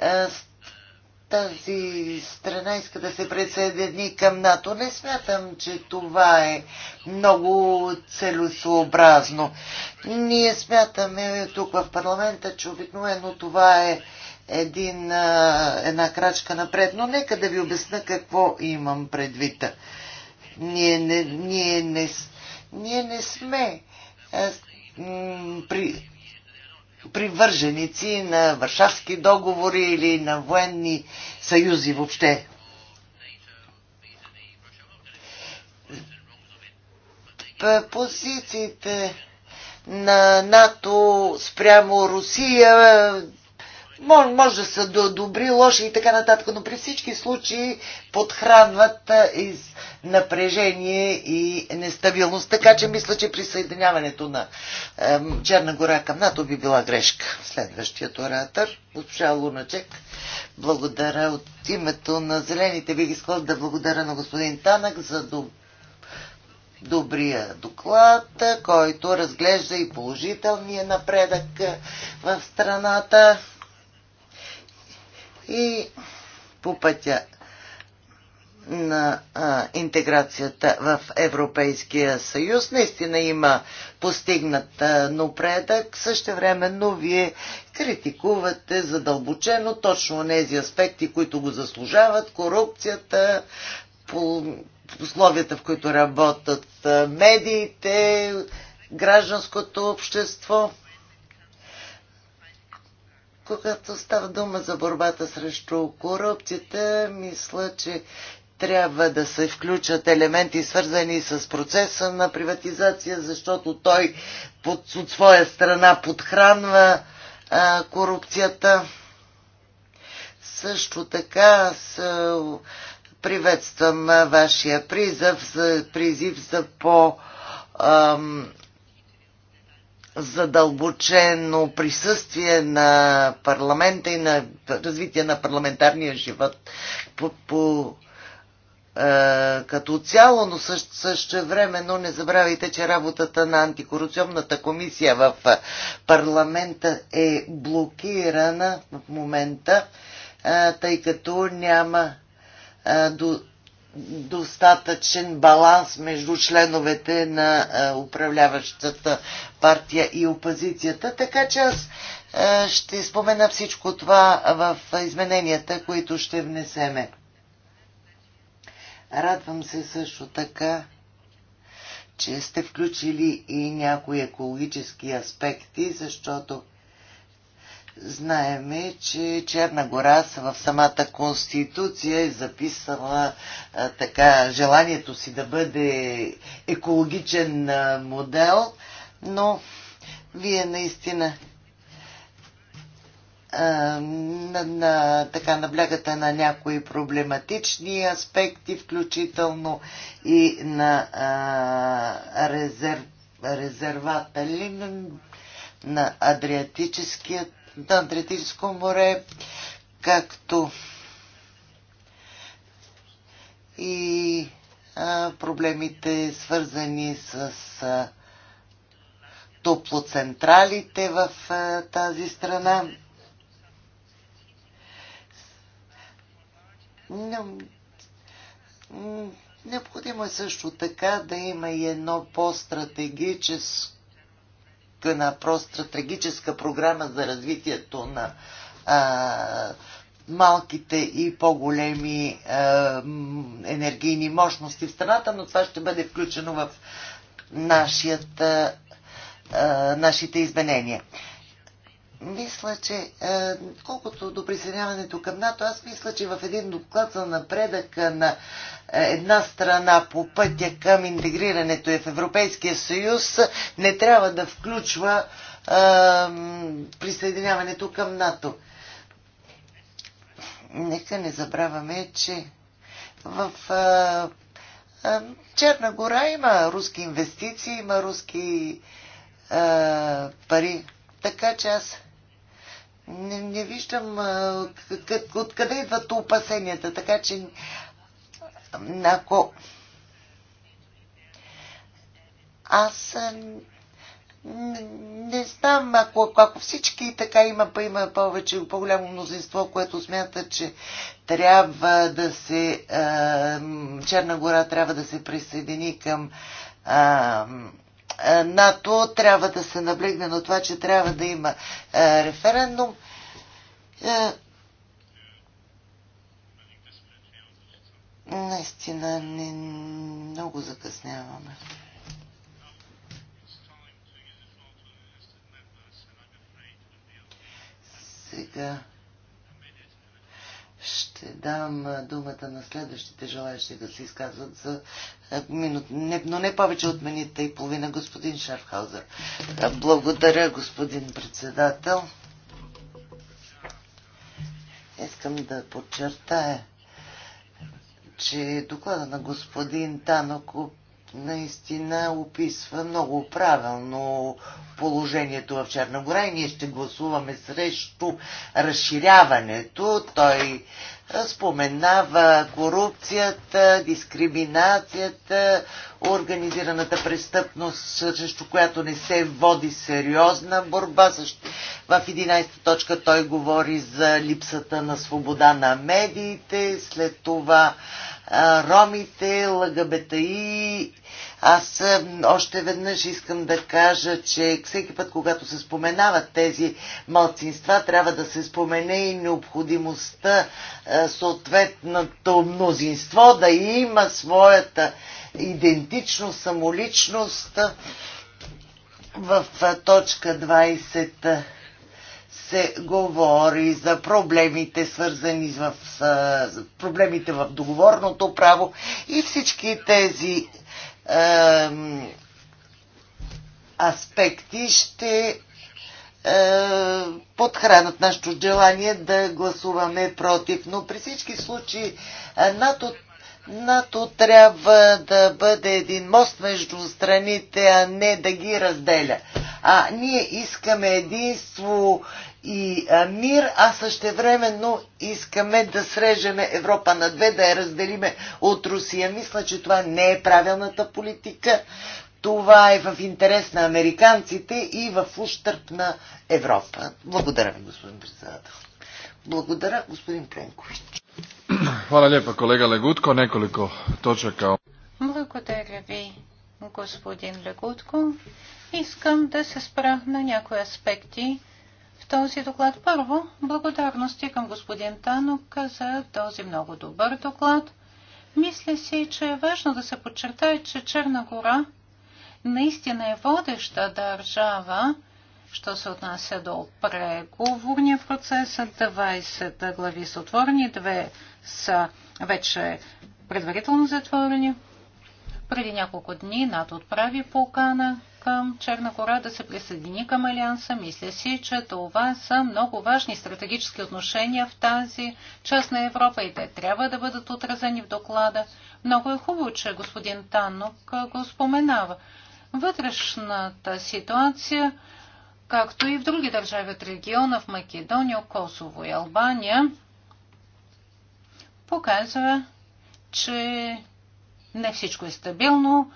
Е, тази страна иска да се присъедини към НАТО. Не смятам, че това е много целесообразно. Ние смятаме тук в парламента, че обикновено това е един, е, една крачка напред. Но нека да ви обясна какво имам предвид. Ние не, ние не ние не сме е, при, привърженици на варшавски договори или на военни съюзи въобще. Позициите на НАТО спрямо Русия може, може да са добри, лоши и така нататък, но при всички случаи подхранват из напрежение и нестабилност. Така че мисля, че присъединяването на е, Черна гора към НАТО би била грешка. Следващият оратор, госпожа Луначек, благодаря от името на Зелените. Бих искал да благодаря на господин Танък за добре добрия доклад, който разглежда и положителния напредък в страната и по пътя на а, интеграцията в Европейския съюз. Наистина има постигнат а, напредък. но вие критикувате задълбочено точно тези аспекти, които го заслужават. Корупцията, по, условията, в които работят медиите, гражданското общество когато става дума за борбата срещу корупцията, мисля, че трябва да се включат елементи, свързани с процеса на приватизация, защото той под, от своя страна подхранва а, корупцията. Също така аз а, приветствам а, вашия призъв, за, призив за по- задълбочено присъствие на парламента и на развитие на парламентарния живот по, по, е, като цяло, но също, също времено не забравяйте, че работата на антикорупционната комисия в парламента е блокирана в момента, е, тъй като няма е, до достатъчен баланс между членовете на е, управляващата партия и опозицията. Така че аз е, ще спомена всичко това в измененията, които ще внесеме. Радвам се също така, че сте включили и някои екологически аспекти, защото Знаеме, че Черна гора в самата конституция е записала а, така желанието си да бъде екологичен а, модел, но вие наистина а, на, на, така наблягате на някои проблематични аспекти, включително и на а, резерв, резервата ли на Адриатическият на Адриатическо море, както и а, проблемите свързани с а, топлоцентралите в а, тази страна. Необходимо е също така да има и едно по-стратегическо на трагическа програма за развитието на а, малките и по-големи енергийни мощности в страната, но това ще бъде включено в нашият, а, нашите изменения мисля, че е, колкото до присъединяването към НАТО, аз мисля, че в един доклад за напредък на е, една страна по пътя към интегрирането в Европейския съюз не трябва да включва е, присъединяването към НАТО. Нека не забравяме, че в е, е, Черна гора има руски инвестиции, има руски е, пари. Така че аз не, не виждам откъде идват опасенията. Така че ако аз не, не знам, ако, ако всички така има, има повече, по-голямо мнозинство, което смята, че трябва да се, Черна гора трябва да се присъедини към е, НАТО трябва да се наблегне на това, че трябва да има е, референдум. Е, наистина не, много закъсняваме. Сега. Ще дам думата на следващите желаящи да се изказват за минут, не, но не повече от минута и половина, господин Шарфхаузер. Благодаря, господин председател. Искам да подчертая, че доклада на господин Танок наистина описва много правилно положението в Черна гора и ние ще гласуваме срещу разширяването. Той споменава корупцията, дискриминацията, организираната престъпност, срещу която не се води сериозна борба. В 11 точка той говори за липсата на свобода на медиите, след това ромите, ЛГБТИ. Аз още веднъж искам да кажа, че всеки път, когато се споменават тези малцинства, трябва да се спомене и необходимостта съответното мнозинство да има своята идентичност, самоличност в точка 20 се говори за проблемите, свързани в, с проблемите в договорното право и всички тези е, аспекти ще е, подхранат нашето желание да гласуваме против. Но при всички случаи е, над, НАТО трябва да бъде един мост между страните, а не да ги разделя. А ние искаме единство и мир, а същевременно искаме да срежеме Европа на две, да я разделиме от Русия. Мисля, че това не е правилната политика. Това е в интерес на американците и в ущърп на Европа. Благодаря ви, господин председател. Благодаря, господин Пленкович. Hvala lijepa kolega Legutko. Nekoliko točaka. Благодаря ви, господин Легутко. Искам да се спра на някои аспекти в този доклад. Първо, благодарности към господин Танок за този много добър доклад. Мисля си, че е важно да се подчертае, че Черна гора наистина е водеща държава Що се отнася до преговорния процес, 20 глави са отворени, две са вече предварително затворени. Преди няколко дни НАТО отправи покана към Черна гора да се присъедини към Алианса. Мисля си, че това са много важни стратегически отношения в тази част на Европа и те трябва да бъдат отразени в доклада. Много е хубаво, че господин Танок го споменава. Вътрешната ситуация както и в други държави от региона, в Македония, Косово и Албания, показва, че не всичко е стабилно,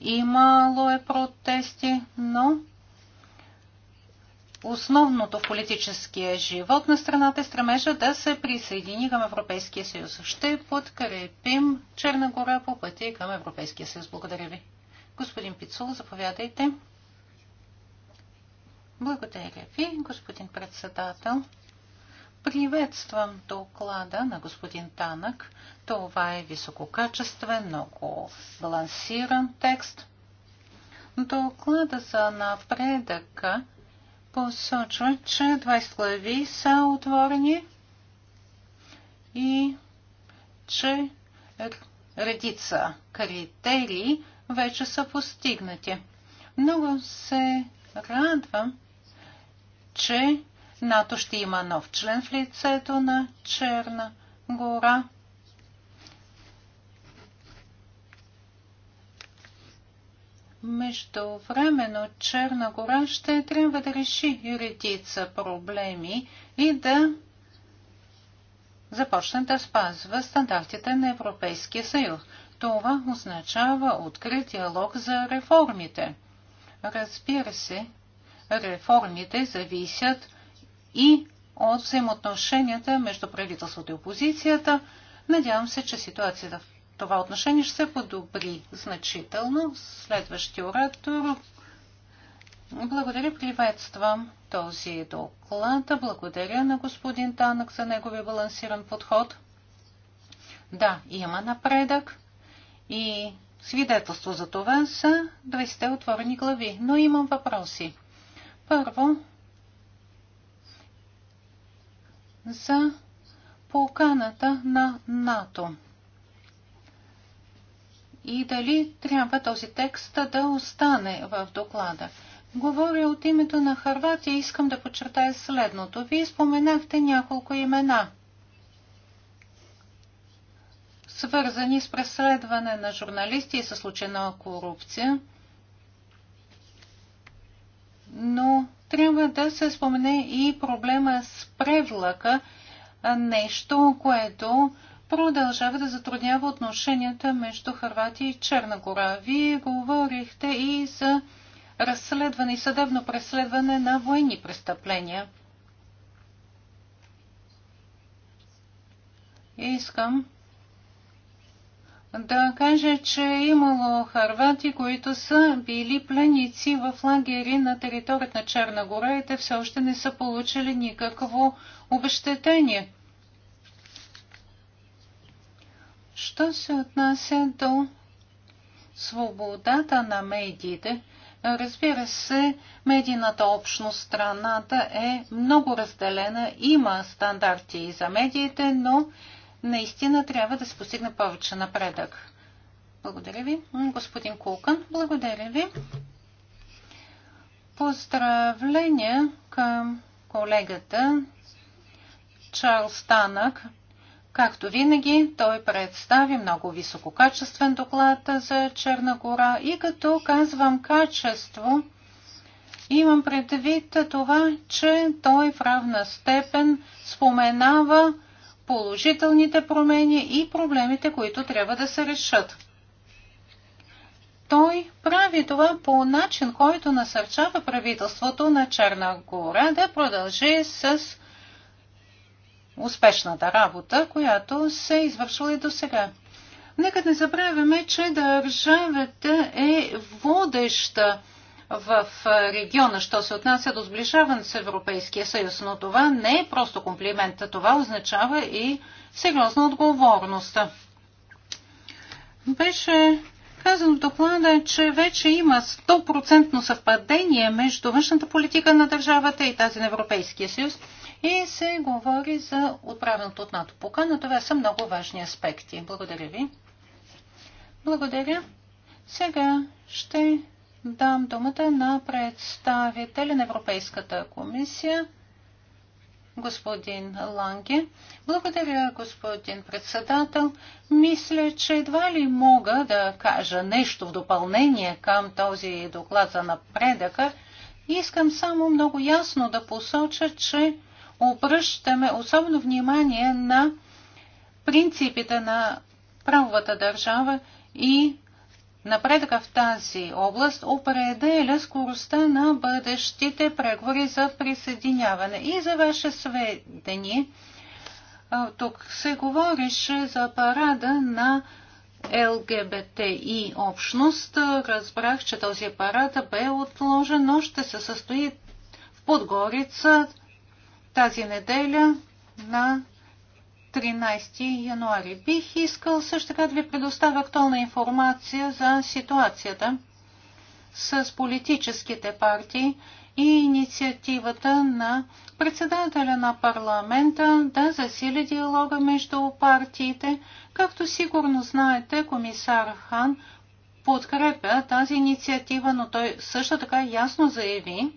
имало е протести, но основното в политическия живот на страната е стремежа да се присъедини към Европейския съюз. Ще подкрепим Черна гора по пъти към Европейския съюз. Благодаря ви. Господин Пицул, заповядайте. Благодаря ви, господин председател. Приветствам доклада на господин Танък. Това е висококачествен, много балансиран текст. Доклада за напредъка посочва, че 20 глави са отворени и че редица критерии вече са постигнати. Много се радвам, че НАТО ще има нов член в лицето на Черна гора. Междувременно Черна гора ще трябва да реши юридица проблеми и да започне да спазва стандартите на Европейския съюз. Това означава открит диалог за реформите. Разбира се, реформите зависят и от взаимоотношенията между правителството и опозицията. Надявам се, че ситуацията в това отношение ще се подобри значително. Следващия оратор. Благодаря, приветствам този доклад. Благодаря на господин Танък за неговия балансиран подход. Да, има напредък и свидетелство за това са 20 отворени глави, но имам въпроси. Първо, за поканата на НАТО. И дали трябва този текст да остане в доклада. Говоря от името на Харватия и искам да подчертая следното. Вие споменахте няколко имена, свързани с преследване на журналисти и със случайна корупция – но трябва да се спомене и проблема с превлака, нещо, което продължава да затруднява отношенията между Харватия и Черна гора. Вие говорихте и за разследване и съдебно преследване на военни престъпления. Искам да кажа, че е имало харвати, които са били пленици в лагери на територията на Черна гора и те все още не са получили никакво обещетение. Що се отнася до свободата на медиите, разбира се, медийната общност страната е много разделена. Има стандарти и за медиите, но наистина трябва да се постигне повече напредък. Благодаря ви. Господин Кулкан, благодаря ви. Поздравления към колегата Чарлз Танък. Както винаги, той представи много висококачествен доклад за Черна гора и като казвам качество, имам предвид това, че той в равна степен споменава положителните промени и проблемите, които трябва да се решат. Той прави това по начин, който насърчава правителството на Черна гора да продължи с успешната работа, която се е извършва и до сега. Нека не забравяме, че държавата е водеща в региона, що се отнася до сближаване с Европейския съюз. Но това не е просто комплимент, това означава и сериозна отговорност. Беше казано в доклада, че вече има 100% съвпадение между външната политика на държавата и тази на Европейския съюз и се говори за отправеното от НАТО покана. Това са много важни аспекти. Благодаря ви. Благодаря. Сега ще дам думата на представителя на Европейската комисия, господин Ланге. Благодаря, господин председател. Мисля, че едва ли мога да кажа нещо в допълнение към този доклад за напредъка. Искам само много ясно да посоча, че обръщаме особено внимание на принципите на правовата държава и Напредъка в тази област определя скоростта на бъдещите преговори за присъединяване. И за ваше сведение, тук се говорише за парада на ЛГБТ и общност. Разбрах, че този парад бе отложен, но ще се състои в Подгорица тази неделя на 13 януари. Бих искал също така да ви предоставя актуална информация за ситуацията с политическите партии и инициативата на председателя на парламента да засили диалога между партиите. Както сигурно знаете, комисар Хан подкрепя тази инициатива, но той също така ясно заяви,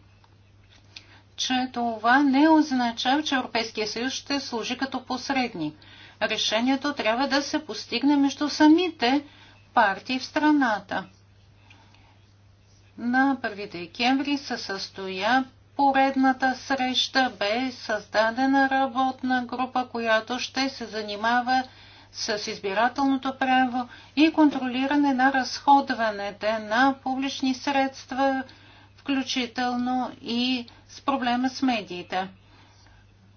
че това не означава, че Европейския съюз ще служи като посредник. Решението трябва да се постигне между самите партии в страната. На 1 декември се състоя поредната среща бе създадена работна група, която ще се занимава с избирателното право и контролиране на разходването на публични средства включително и с проблема с медиите.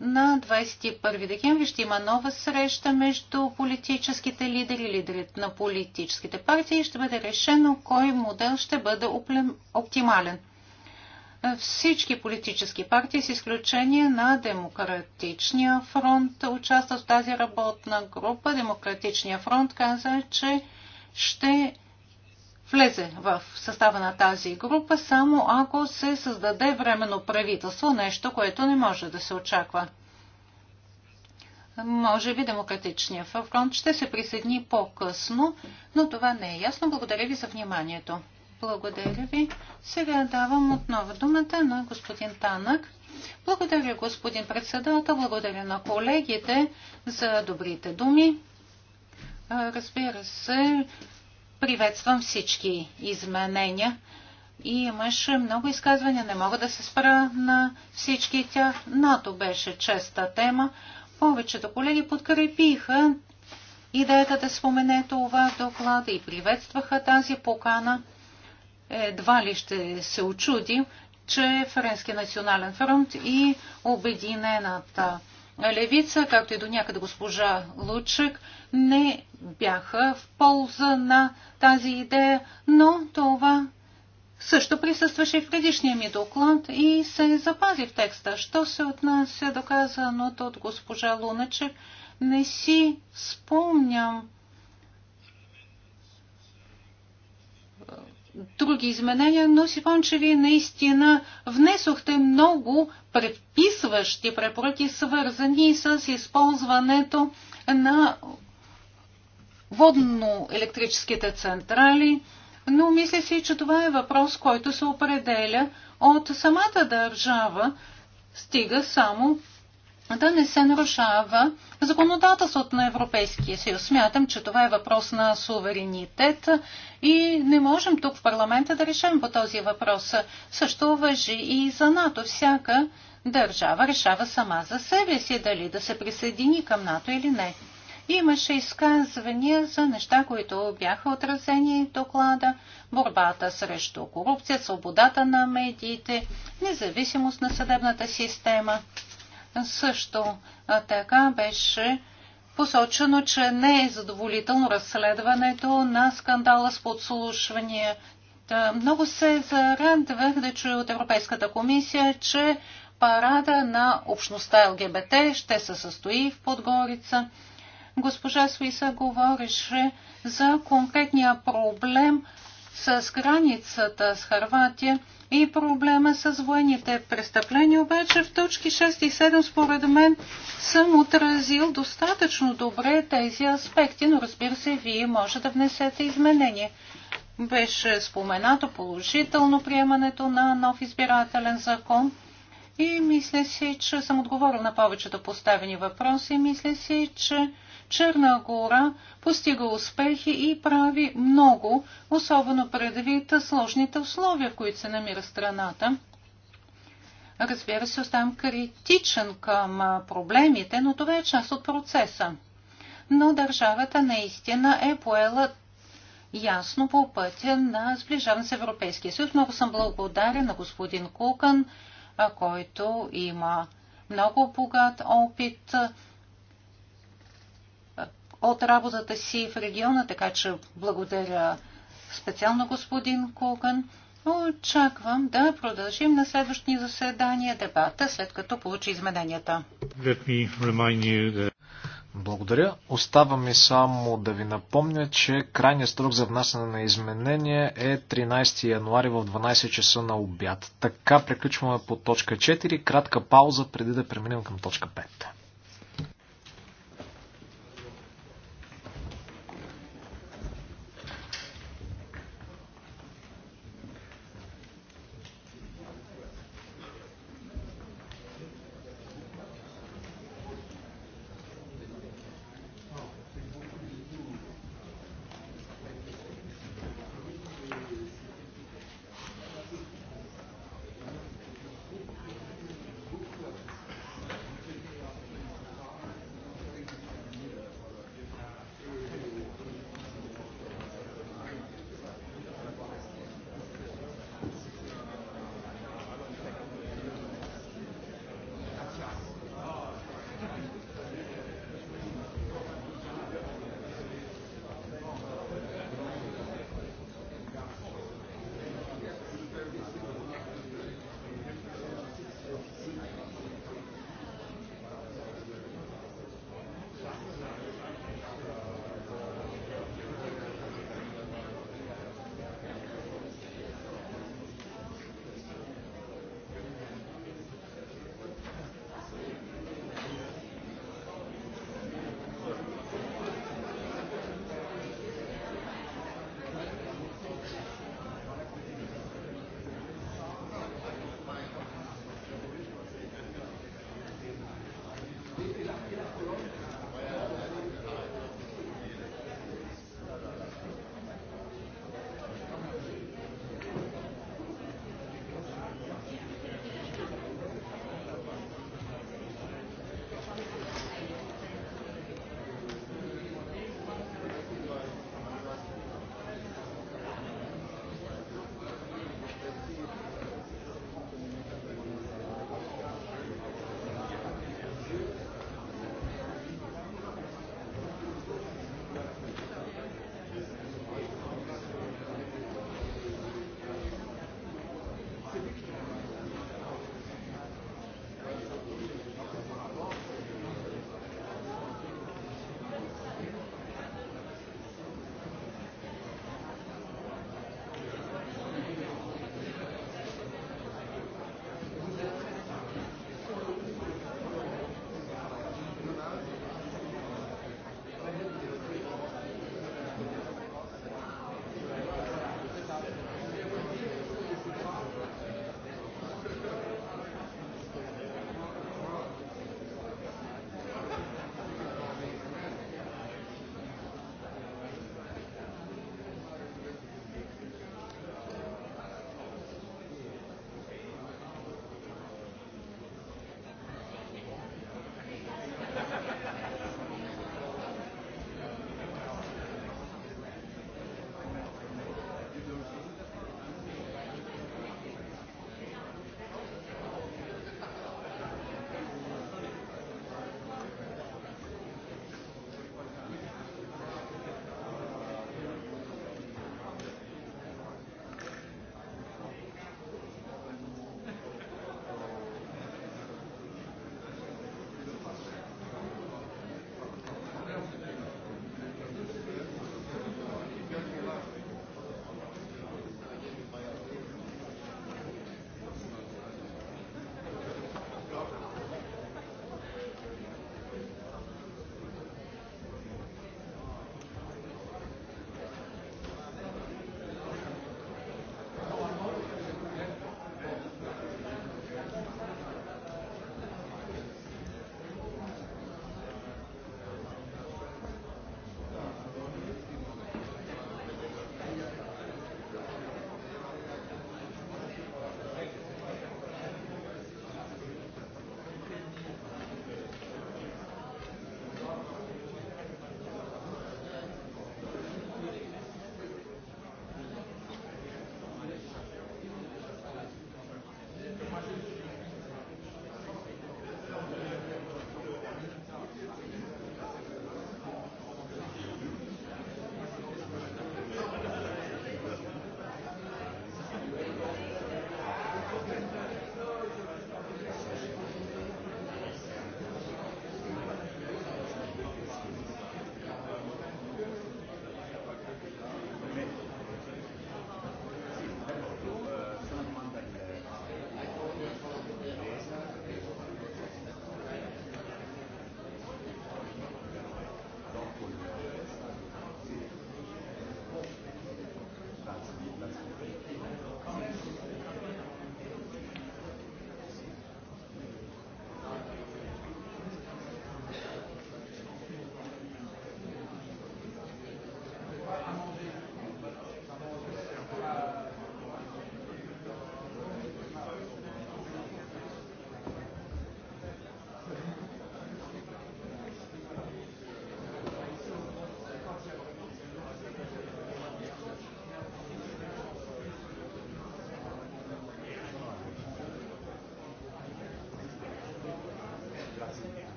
На 21 декември ще има нова среща между политическите лидери, лидерите на политическите партии и ще бъде решено кой модел ще бъде оптимален. Всички политически партии, с изключение на Демократичния фронт, участват в тази работна група. Демократичния фронт каза, че ще влезе в състава на тази група, само ако се създаде временно правителство, нещо, което не може да се очаква. Може би демократичният фронт ще се присъедини по-късно, но това не е ясно. Благодаря ви за вниманието. Благодаря ви. Сега давам отново думата на господин Танък. Благодаря, господин председател. Благодаря на колегите за добрите думи. Разбира се, Приветствам всички изменения. И имаше много изказвания, не мога да се спра на всички тях. НАТО беше честа тема. Повечето колеги подкрепиха идеята да спомене това в доклада и приветстваха тази покана. Едва ли ще се очудим, че Френски национален фронт и Обединената левица, както и до някъде госпожа Лучек, не бяха в полза на тази идея, но това също присъстваше в предишния ми доклад и се запази в текста. Що се отнася до доказано от госпожа Луначек, не си спомням други изменения, но си помня, че вие наистина внесохте много предписващи препоръки, свързани с използването на водно-електрическите централи, но мисля си, че това е въпрос, който се определя от самата държава, стига само да не се нарушава законодателството на Европейския съюз. Смятам, че това е въпрос на суверенитет и не можем тук в парламента да решим по този въпрос. Също въжи и за НАТО. Всяка държава решава сама за себе си дали да се присъедини към НАТО или не. Имаше изказвания за неща, които бяха отразени в доклада, борбата срещу корупция, свободата на медиите, независимост на съдебната система – също така беше посочено, че не е задоволително разследването на скандала с подслушвания. Много се зарадвах да чуя от Европейската комисия, че парада на общността ЛГБТ ще се състои в Подгорица. Госпожа Суиса говореше за конкретния проблем с границата с Харватия и проблема с военните престъпления. Обаче в точки 6 и 7 според мен съм отразил достатъчно добре тези аспекти, но разбира се, вие може да внесете изменения. Беше споменато положително приемането на нов избирателен закон. И мисля си, че съм отговорил на повечето поставени въпроси. Мисля си, че Черна гора постига успехи и прави много, особено предвид сложните условия, в които се намира страната. Разбира се, оставам критичен към проблемите, но това е част от процеса. Но държавата наистина е поела ясно по пътя на сближаване с Европейския съюз. Много съм благодарен на господин Кукън, който има много богат опит от работата си в региона, така че благодаря специално господин Коган. Очаквам да продължим на следващни заседания дебата, след като получи измененията. Благодаря. Остава ми само да ви напомня, че крайният срок за внасяне на изменения е 13 януари в 12 часа на обяд. Така приключваме по точка 4. Кратка пауза преди да преминем към точка 5.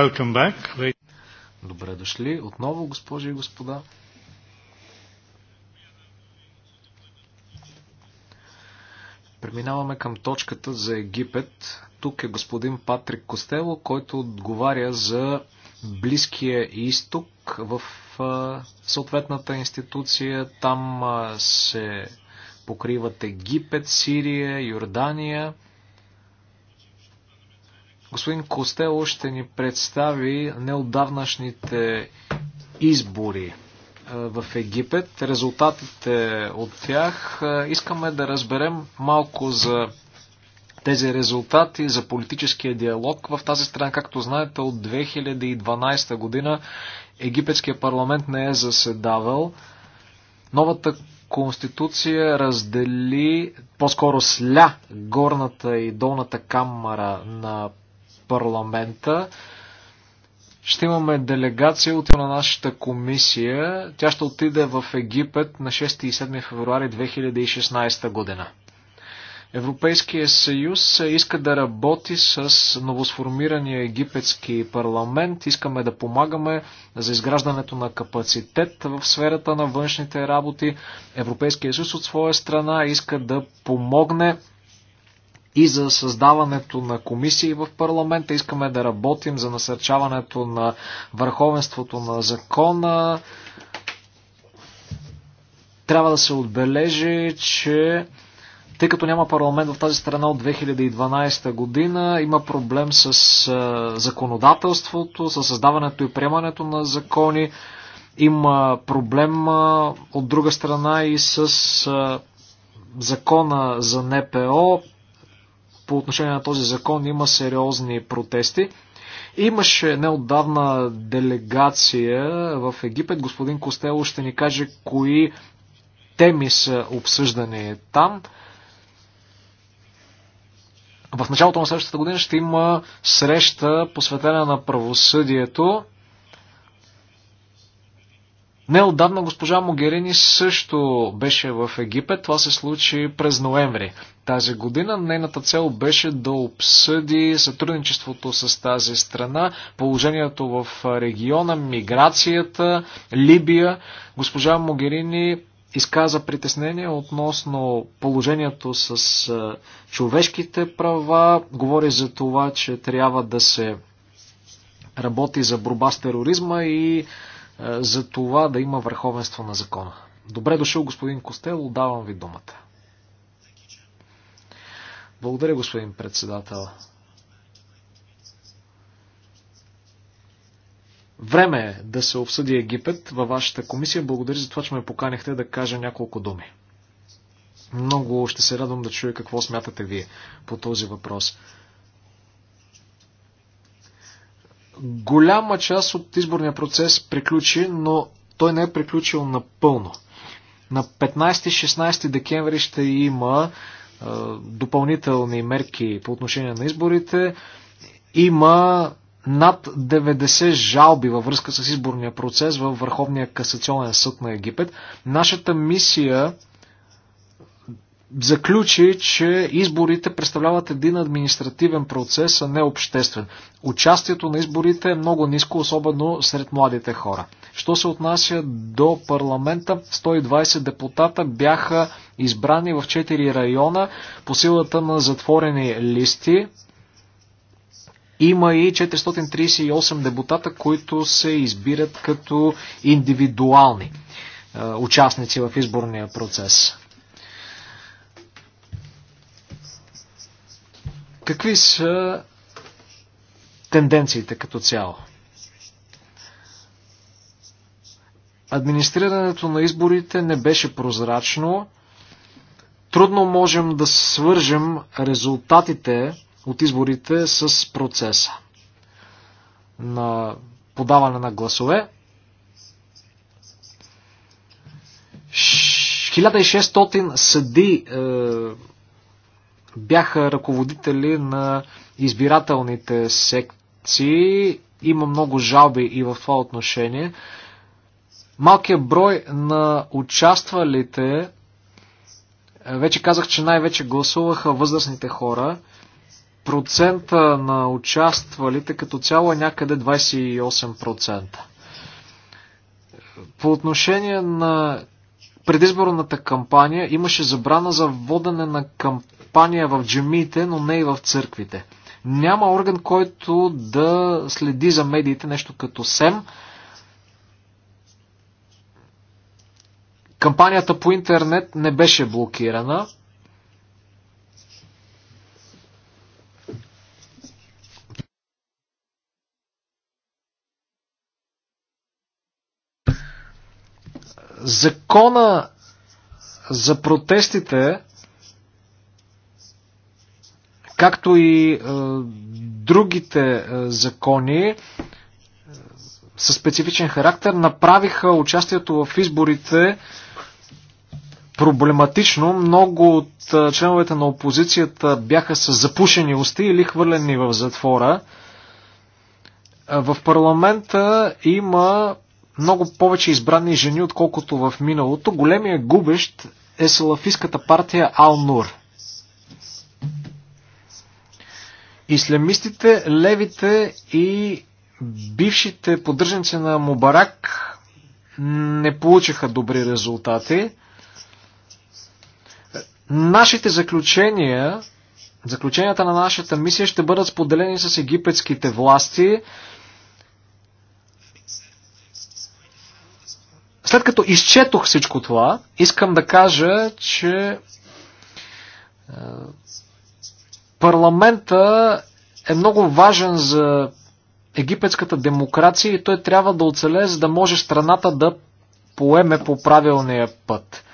Welcome back. Добре дошли отново, госпожи и господа. Преминаваме към точката за Египет. Тук е господин Патрик Костело, който отговаря за Близкия изток в съответната институция. Там се покриват Египет, Сирия, Йордания. Господин Костело ще ни представи неодавнашните избори е, в Египет, резултатите от тях. Е, искаме да разберем малко за тези резултати, за политическия диалог в тази страна. Както знаете, от 2012 година Египетския парламент не е заседавал. Новата конституция раздели, по-скоро сля горната и долната камара на парламента. Ще имаме делегация от на нашата комисия. Тя ще отиде в Египет на 6 и 7 февруари 2016 година. Европейския съюз иска да работи с новосформирания египетски парламент. Искаме да помагаме за изграждането на капацитет в сферата на външните работи. Европейския съюз от своя страна иска да помогне и за създаването на комисии в парламента. Искаме да работим за насърчаването на върховенството на закона. Трябва да се отбележи, че тъй като няма парламент в тази страна от 2012 година, има проблем с законодателството, с създаването и приемането на закони. Има проблем от друга страна и с закона за НПО по отношение на този закон има сериозни протести. Имаше неотдавна делегация в Египет. Господин Костело ще ни каже кои теми са обсъждани там. В началото на следващата година ще има среща посветена на правосъдието. Неотдавна госпожа Могерини също беше в Египет. Това се случи през ноември тази година. Нейната цел беше да обсъди сътрудничеството с тази страна, положението в региона, миграцията, Либия. Госпожа Могерини изказа притеснение относно положението с човешките права, говори за това, че трябва да се работи за борба с тероризма и за това да има върховенство на закона. Добре дошъл, господин Костел, давам ви думата. Благодаря, господин председател. Време е да се обсъди Египет във вашата комисия. Благодаря за това, че ме поканихте да кажа няколко думи. Много ще се радвам да чуя какво смятате вие по този въпрос. Голяма част от изборния процес приключи, но той не е приключил напълно. На 15-16 декември ще има допълнителни мерки по отношение на изборите. Има над 90 жалби във връзка с изборния процес във Върховния касационен съд на Египет. Нашата мисия заключи, че изборите представляват един административен процес, а не обществен. Участието на изборите е много ниско, особено сред младите хора. Що се отнася до парламента, 120 депутата бяха избрани в 4 района по силата на затворени листи. Има и 438 депутата, които се избират като индивидуални е, участници в изборния процес. Какви са тенденциите като цяло? Администрирането на изборите не беше прозрачно. Трудно можем да свържем резултатите от изборите с процеса на подаване на гласове. 1600 съди е, бяха ръководители на избирателните секции. Има много жалби и в това отношение. Малкият брой на участвалите, е, вече казах, че най-вече гласуваха възрастните хора. Процента на участвалите като цяло е някъде 28%. По отношение на предизборната кампания имаше забрана за водене на кампания в джемиите, но не и в църквите. Няма орган, който да следи за медиите, нещо като СЕМ, Кампанията по интернет не беше блокирана. Закона за протестите, както и е, другите е, закони е, със специфичен характер, направиха участието в изборите е, проблематично. Много от членовете на опозицията бяха с запушени усти или хвърлени в затвора. В парламента има много повече избрани жени, отколкото в миналото. Големия губещ е салафистската партия Ал-Нур. Ислямистите, левите и бившите поддръжници на Мубарак не получиха добри резултати. Нашите заключения, заключенията на нашата мисия ще бъдат споделени с египетските власти. След като изчетох всичко това, искам да кажа, че е, парламента е много важен за египетската демокрация и той трябва да оцелее, за да може страната да поеме по правилния път.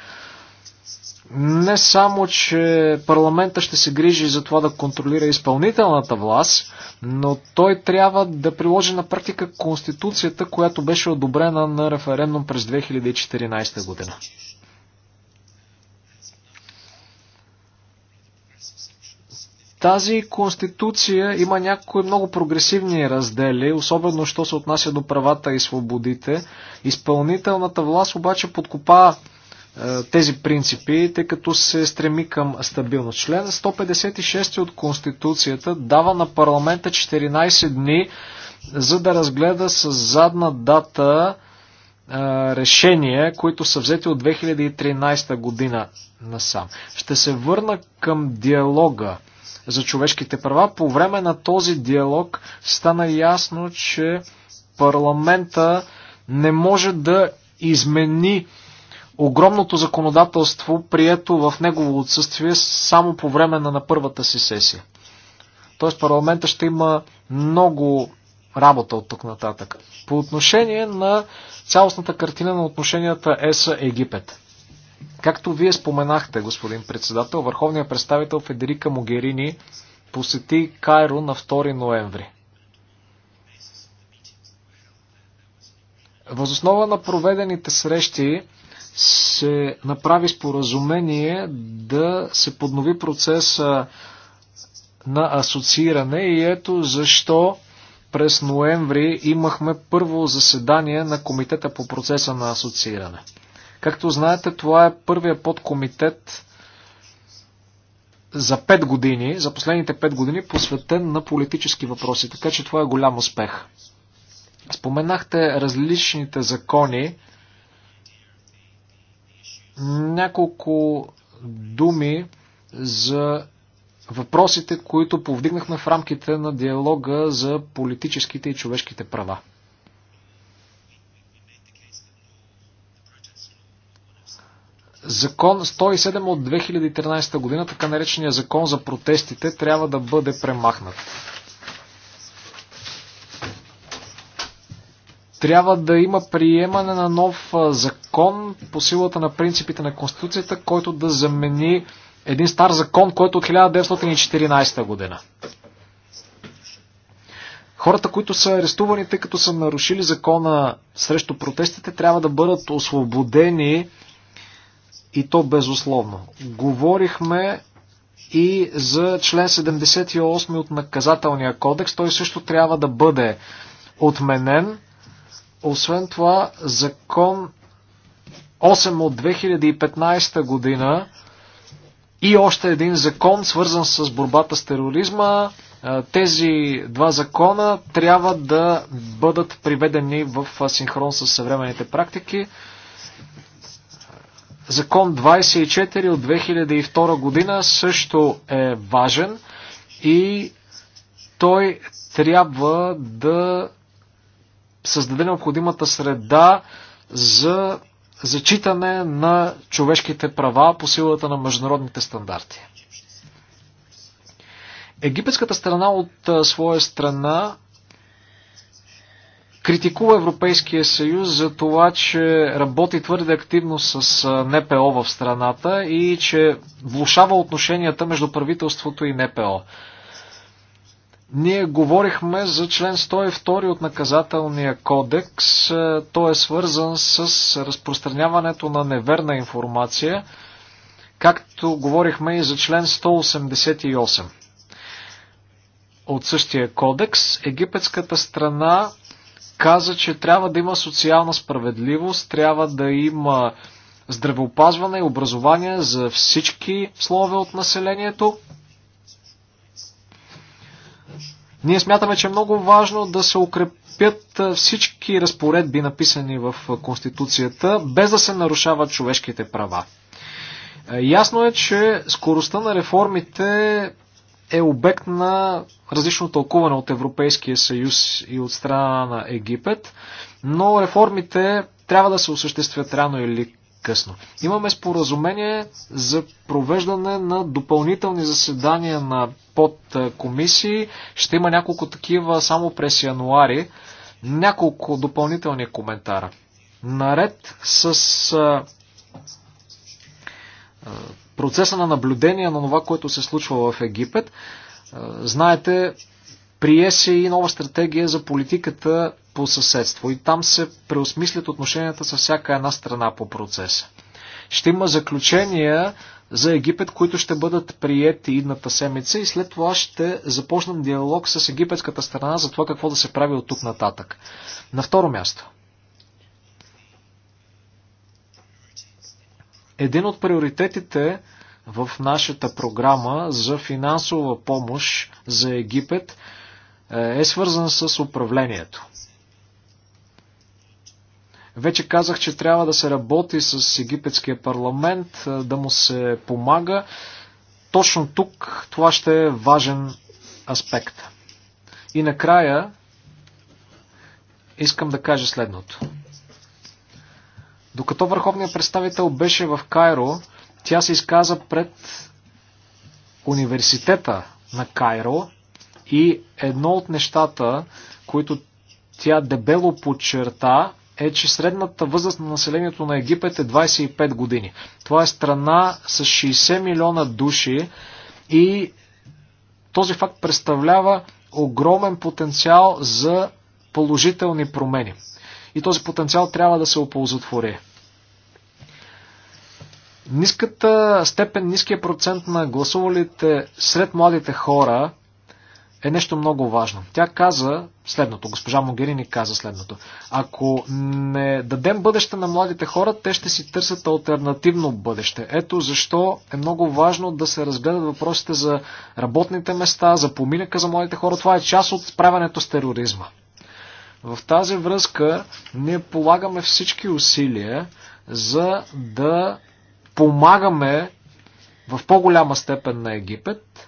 Не само, че парламента ще се грижи за това да контролира изпълнителната власт, но той трябва да приложи на практика конституцията, която беше одобрена на референдум през 2014 година. Тази конституция има някои много прогресивни раздели, особено що се отнася до правата и свободите. Изпълнителната власт обаче подкопава е, тези принципи, тъй като се стреми към стабилност. Член 156 от Конституцията дава на парламента 14 дни, за да разгледа с задна дата е, решения, които са взети от 2013 година насам. Ще се върна към диалога за човешките права. По време на този диалог стана ясно, че парламента не може да измени огромното законодателство, прието в негово отсъствие само по време на, на първата си сесия. Тоест парламента ще има много работа от тук нататък. По отношение на цялостната картина на отношенията ЕСА-Египет. Както вие споменахте, господин председател, върховният представител Федерика Могерини посети Кайро на 2 ноември. Възоснова на проведените срещи се направи споразумение да се поднови процеса на асоцииране и ето защо през ноември имахме първо заседание на комитета по процеса на асоцииране. Както знаете, това е първия подкомитет за 5 години, за последните 5 години, посветен на политически въпроси. Така че това е голям успех. Споменахте различните закони, няколко думи за въпросите, които повдигнахме в рамките на диалога за политическите и човешките права. Закон 107 от 2013 година, така наречения закон за протестите, трябва да бъде премахнат. трябва да има приемане на нов закон по силата на принципите на Конституцията, който да замени един стар закон, който от 1914 година. Хората, които са арестувани, тъй като са нарушили закона срещу протестите, трябва да бъдат освободени и то безусловно. Говорихме и за член 78 от наказателния кодекс. Той също трябва да бъде отменен. Освен това, закон 8 от 2015 година и още един закон, свързан с борбата с тероризма. Е, тези два закона трябва да бъдат приведени в е, синхрон с съвременните практики. Закон 24 от 2002 година също е важен и той трябва да създаде необходимата среда за зачитане на човешките права по силата на международните стандарти. Египетската страна от своя страна критикува Европейския съюз за това, че работи твърде активно с НПО в страната и че влушава отношенията между правителството и НПО. Ние говорихме за член 102 от наказателния кодекс. Е, той е свързан с разпространяването на неверна информация, както говорихме и за член 188 от същия кодекс. Египетската страна каза, че трябва да има социална справедливост, трябва да има здравеопазване и образование за всички слове от населението. Ние смятаме, че е много важно да се укрепят всички разпоредби, написани в Конституцията, без да се нарушават човешките права. Ясно е, че скоростта на реформите е обект на различно тълкуване от Европейския съюз и от страна на Египет, но реформите трябва да се осъществят рано или късно. Имаме споразумение за провеждане на допълнителни заседания на подкомисии. Ще има няколко такива само през януари. Няколко допълнителни коментара. Наред с процеса на наблюдение на това, което се случва в Египет, знаете, прие се и нова стратегия за политиката по съседство и там се преосмислят отношенията с всяка една страна по процеса. Ще има заключения за Египет, които ще бъдат приети идната семица, и след това ще започнем диалог с египетската страна за това какво да се прави от тук нататък. На второ място. Един от приоритетите в нашата програма за финансова помощ за Египет е, е свързан с управлението. Вече казах, че трябва да се работи с египетския парламент, да му се помага. Точно тук това ще е важен аспект. И накрая искам да кажа следното. Докато върховният представител беше в Кайро, тя се изказа пред университета на Кайро и едно от нещата, които тя дебело подчерта, е, че средната възраст на населението на Египет е 25 години. Това е страна с 60 милиона души и този факт представлява огромен потенциал за положителни промени. И този потенциал трябва да се оползотвори. Ниската степен, ниския процент на гласувалите сред младите хора – е нещо много важно. Тя каза следното, госпожа Могерини каза следното. Ако не дадем бъдеще на младите хора, те ще си търсят альтернативно бъдеще. Ето защо е много важно да се разгледат въпросите за работните места, за поминъка за младите хора. Това е част от справянето с тероризма. В тази връзка ние полагаме всички усилия за да помагаме в по-голяма степен на Египет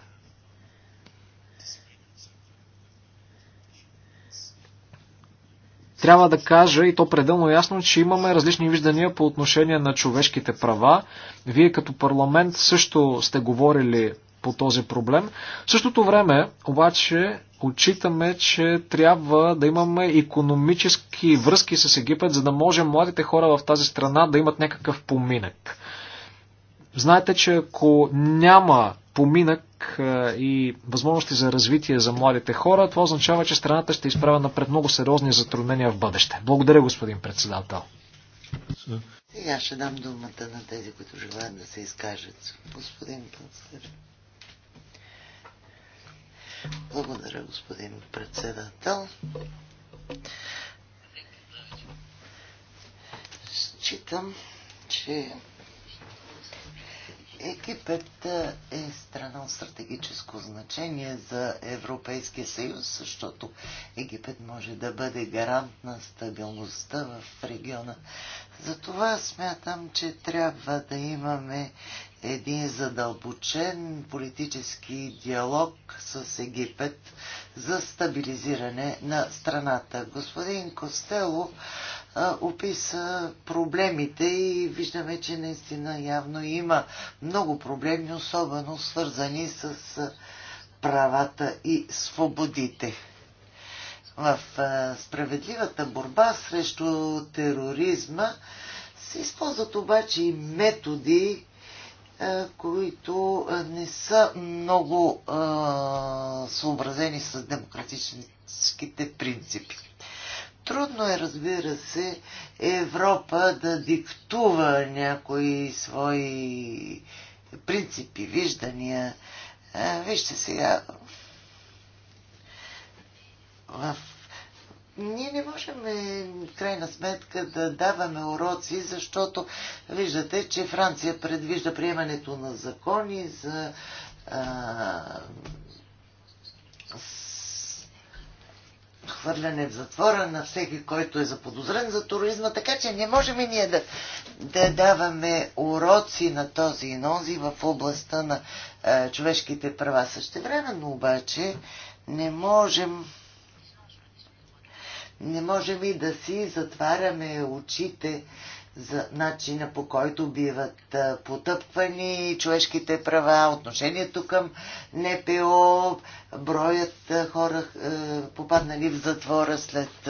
Трябва да кажа и то пределно ясно, че имаме различни виждания по отношение на човешките права. Вие като парламент също сте говорили по този проблем. В същото време, обаче, отчитаме, че трябва да имаме економически връзки с Египет, за да може младите хора в тази страна да имат някакъв поминък. Знаете, че ако няма поминък и възможности за развитие за младите хора, това означава, че страната ще изправя напред много сериозни затруднения в бъдеще. Благодаря, господин председател. И аз ще дам думата на тези, които желаят да се изкажат. Господин канцлер. Благодаря, господин председател. Считам, че Египет е страна от стратегическо значение за Европейския съюз, защото Египет може да бъде гарант на стабилността в региона. Затова смятам, че трябва да имаме един задълбочен политически диалог с Египет за стабилизиране на страната. Господин Костело описа проблемите и виждаме, че наистина явно има много проблеми, особено свързани с правата и свободите. В справедливата борба срещу тероризма се използват обаче и методи, които не са много съобразени с демократичните принципи. Трудно е, разбира се, Европа да диктува някои свои принципи, виждания. А, вижте сега. В... Ние не можем, е, в крайна сметка, да даваме уроци, защото виждате, че Франция предвижда приемането на закони за а, хвърляне в затвора на всеки, който е заподозрен за туризма, така че не можем и ние да, да даваме уроци на този и нози в областта на е, човешките права. също време, но обаче не можем не можем и да си затваряме очите за начина по който биват потъпвани човешките права, отношението към НПО, броят хора попаднали в затвора след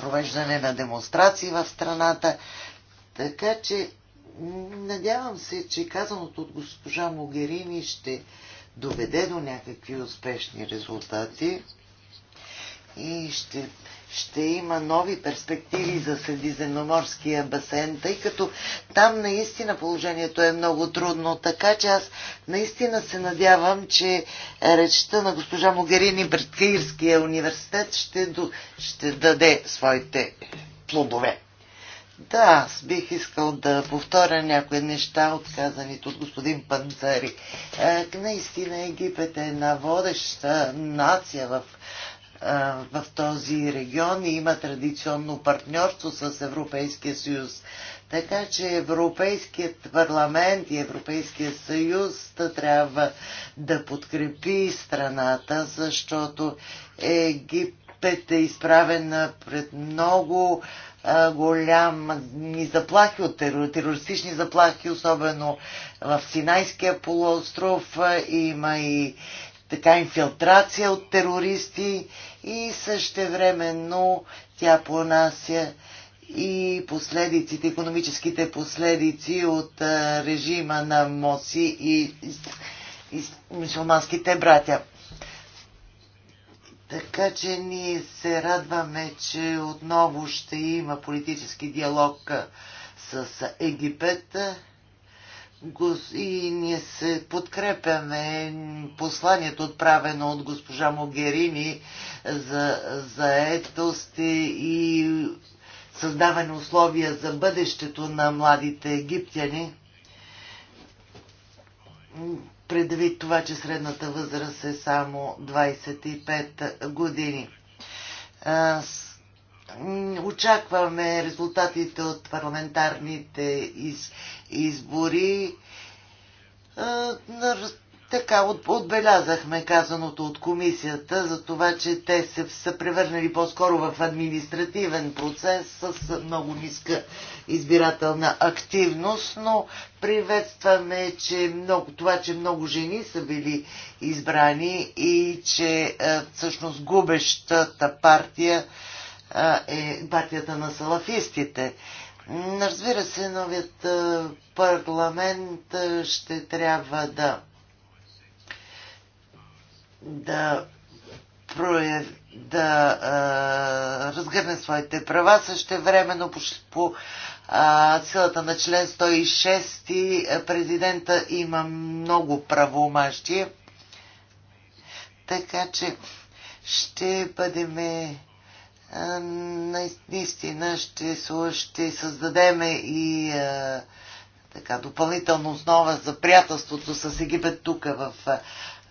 провеждане на демонстрации в страната. Така че надявам се, че казаното от госпожа Могерини ще доведе до някакви успешни резултати и ще ще има нови перспективи за Средиземноморския басейн, тъй като там наистина положението е много трудно. Така че аз наистина се надявам, че речта на госпожа Могерини пред Каирския университет ще, ще даде своите плодове. Да, аз бих искал да повторя някои неща, отказаните от господин Панцари. Е, наистина Египет е една водеща нация в в този регион и има традиционно партньорство с Европейския съюз. Така че Европейският парламент и Европейския съюз трябва да подкрепи страната, защото Египет е изправена пред много голями заплахи от терористични заплахи, особено в Синайския полуостров. Има и така инфилтрация от терористи и същевременно тя понася и последиците, економическите последици от а, режима на Моси и, и, и мусулманските братя. Така че ние се радваме, че отново ще има политически диалог с Египет и ние се подкрепяме посланието отправено от госпожа Могерини за заетост и създаване условия за бъдещето на младите египтяни. Предвид това, че средната възраст е само 25 години очакваме резултатите от парламентарните из, избори. Така, отбелязахме казаното от комисията за това, че те се, са превърнали по-скоро в административен процес с много ниска избирателна активност, но приветстваме, че много, това, че много жени са били избрани и че всъщност губещата партия е партията на салафистите. Разбира се, новият парламент ще трябва да да прояв, да а, разгърне своите права, също времено по, по а, силата на член 106 президента има много правомащия. Така че ще бъдеме наистина ще, ще създадеме и а, така, допълнителна основа за приятелството с Египет тук в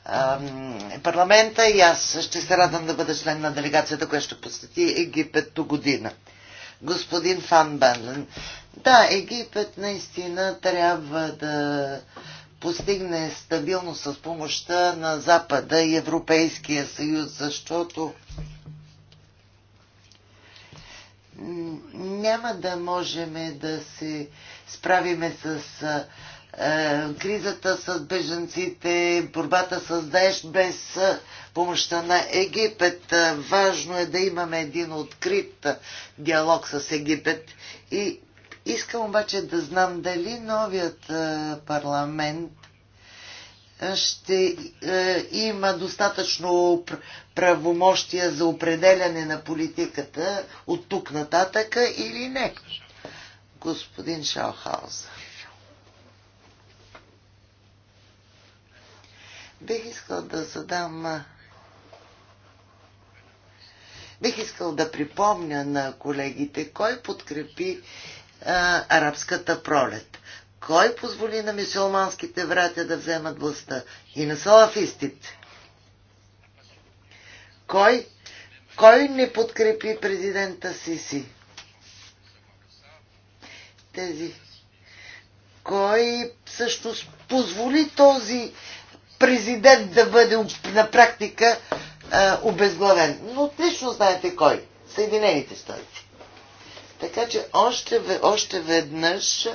а, парламента и аз ще се радвам да бъда член на делегацията, която ще посети Египет до година. Господин Фан Бенлен. Да, Египет наистина трябва да постигне стабилност с помощта на Запада и Европейския съюз, защото няма да можем да се справиме с кризата с беженците, борбата с Даеш без помощта на Египет. Важно е да имаме един открит диалог с Египет. И искам обаче да знам дали новият парламент ще е, има достатъчно правомощия за определяне на политиката от тук нататъка или не? Господин Шалхаузер. Бих искал да задам. Бих искал да припомня на колегите кой подкрепи а, арабската пролет. Кой позволи на мисулманските братя да вземат властта? И на салафистите. Кой? Кой не подкрепи президента Сиси? Тези. Кой също позволи този президент да бъде на практика а, обезглавен? Но отлично знаете кой. Съединените щати. Така че още, още веднъж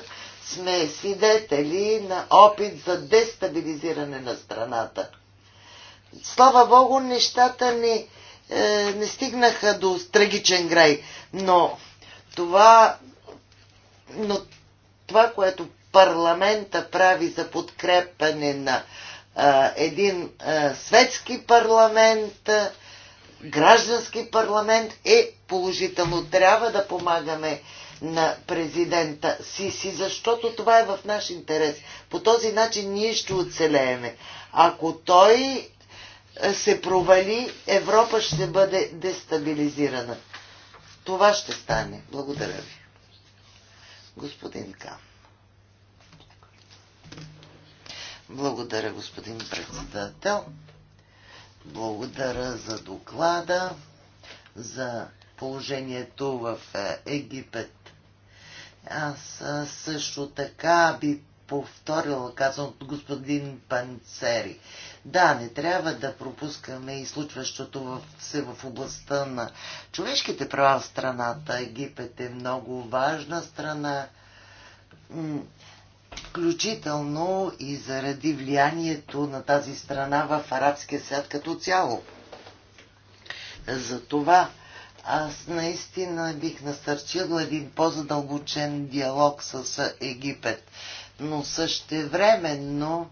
сме свидетели на опит за дестабилизиране на страната. Слава Богу, нещата не, е, не стигнаха до трагичен край, но това, но това, което парламента прави за подкрепане на е, един е, светски парламент, а, е, граждански парламент е положително. Трябва да помагаме на президента Сиси, защото това е в наш интерес. По този начин ние ще оцелееме. Ако той е, се провали, Европа ще бъде дестабилизирана. Това ще стане. Благодаря ви. Господин Кам. Благодаря, господин председател. Благодаря за доклада, за положението в е, Египет аз също така би повторила казвам от господин Панцери. Да, не трябва да пропускаме и случващото в, се в областта на човешките права в страната. Египет е много важна страна, включително и заради влиянието на тази страна в арабския свят като цяло. Затова аз наистина бих насърчила един по-задълбочен диалог с Египет. Но същевременно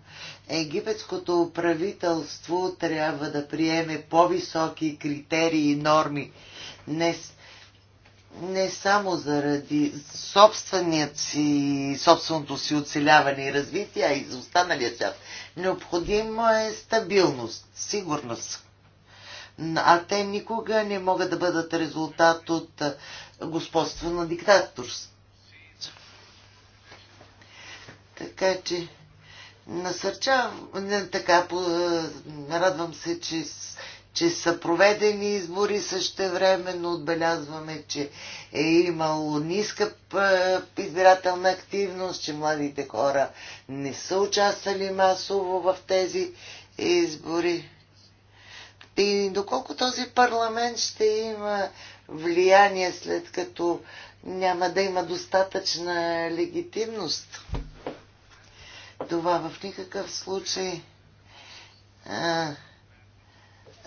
египетското правителство трябва да приеме по-високи критерии и норми. Не, не само заради собственият си, собственото си оцеляване и развитие, а и за останалия свят. Необходимо е стабилност, сигурност а те никога не могат да бъдат резултат от господство на диктаторство. Така че насърчавам, така, радвам се, че, че са проведени избори същевременно, отбелязваме, че е имало ниска избирателна активност, че младите хора не са участвали масово в тези избори. И доколко този парламент ще има влияние след като няма да има достатъчна легитимност. Това в никакъв случай а,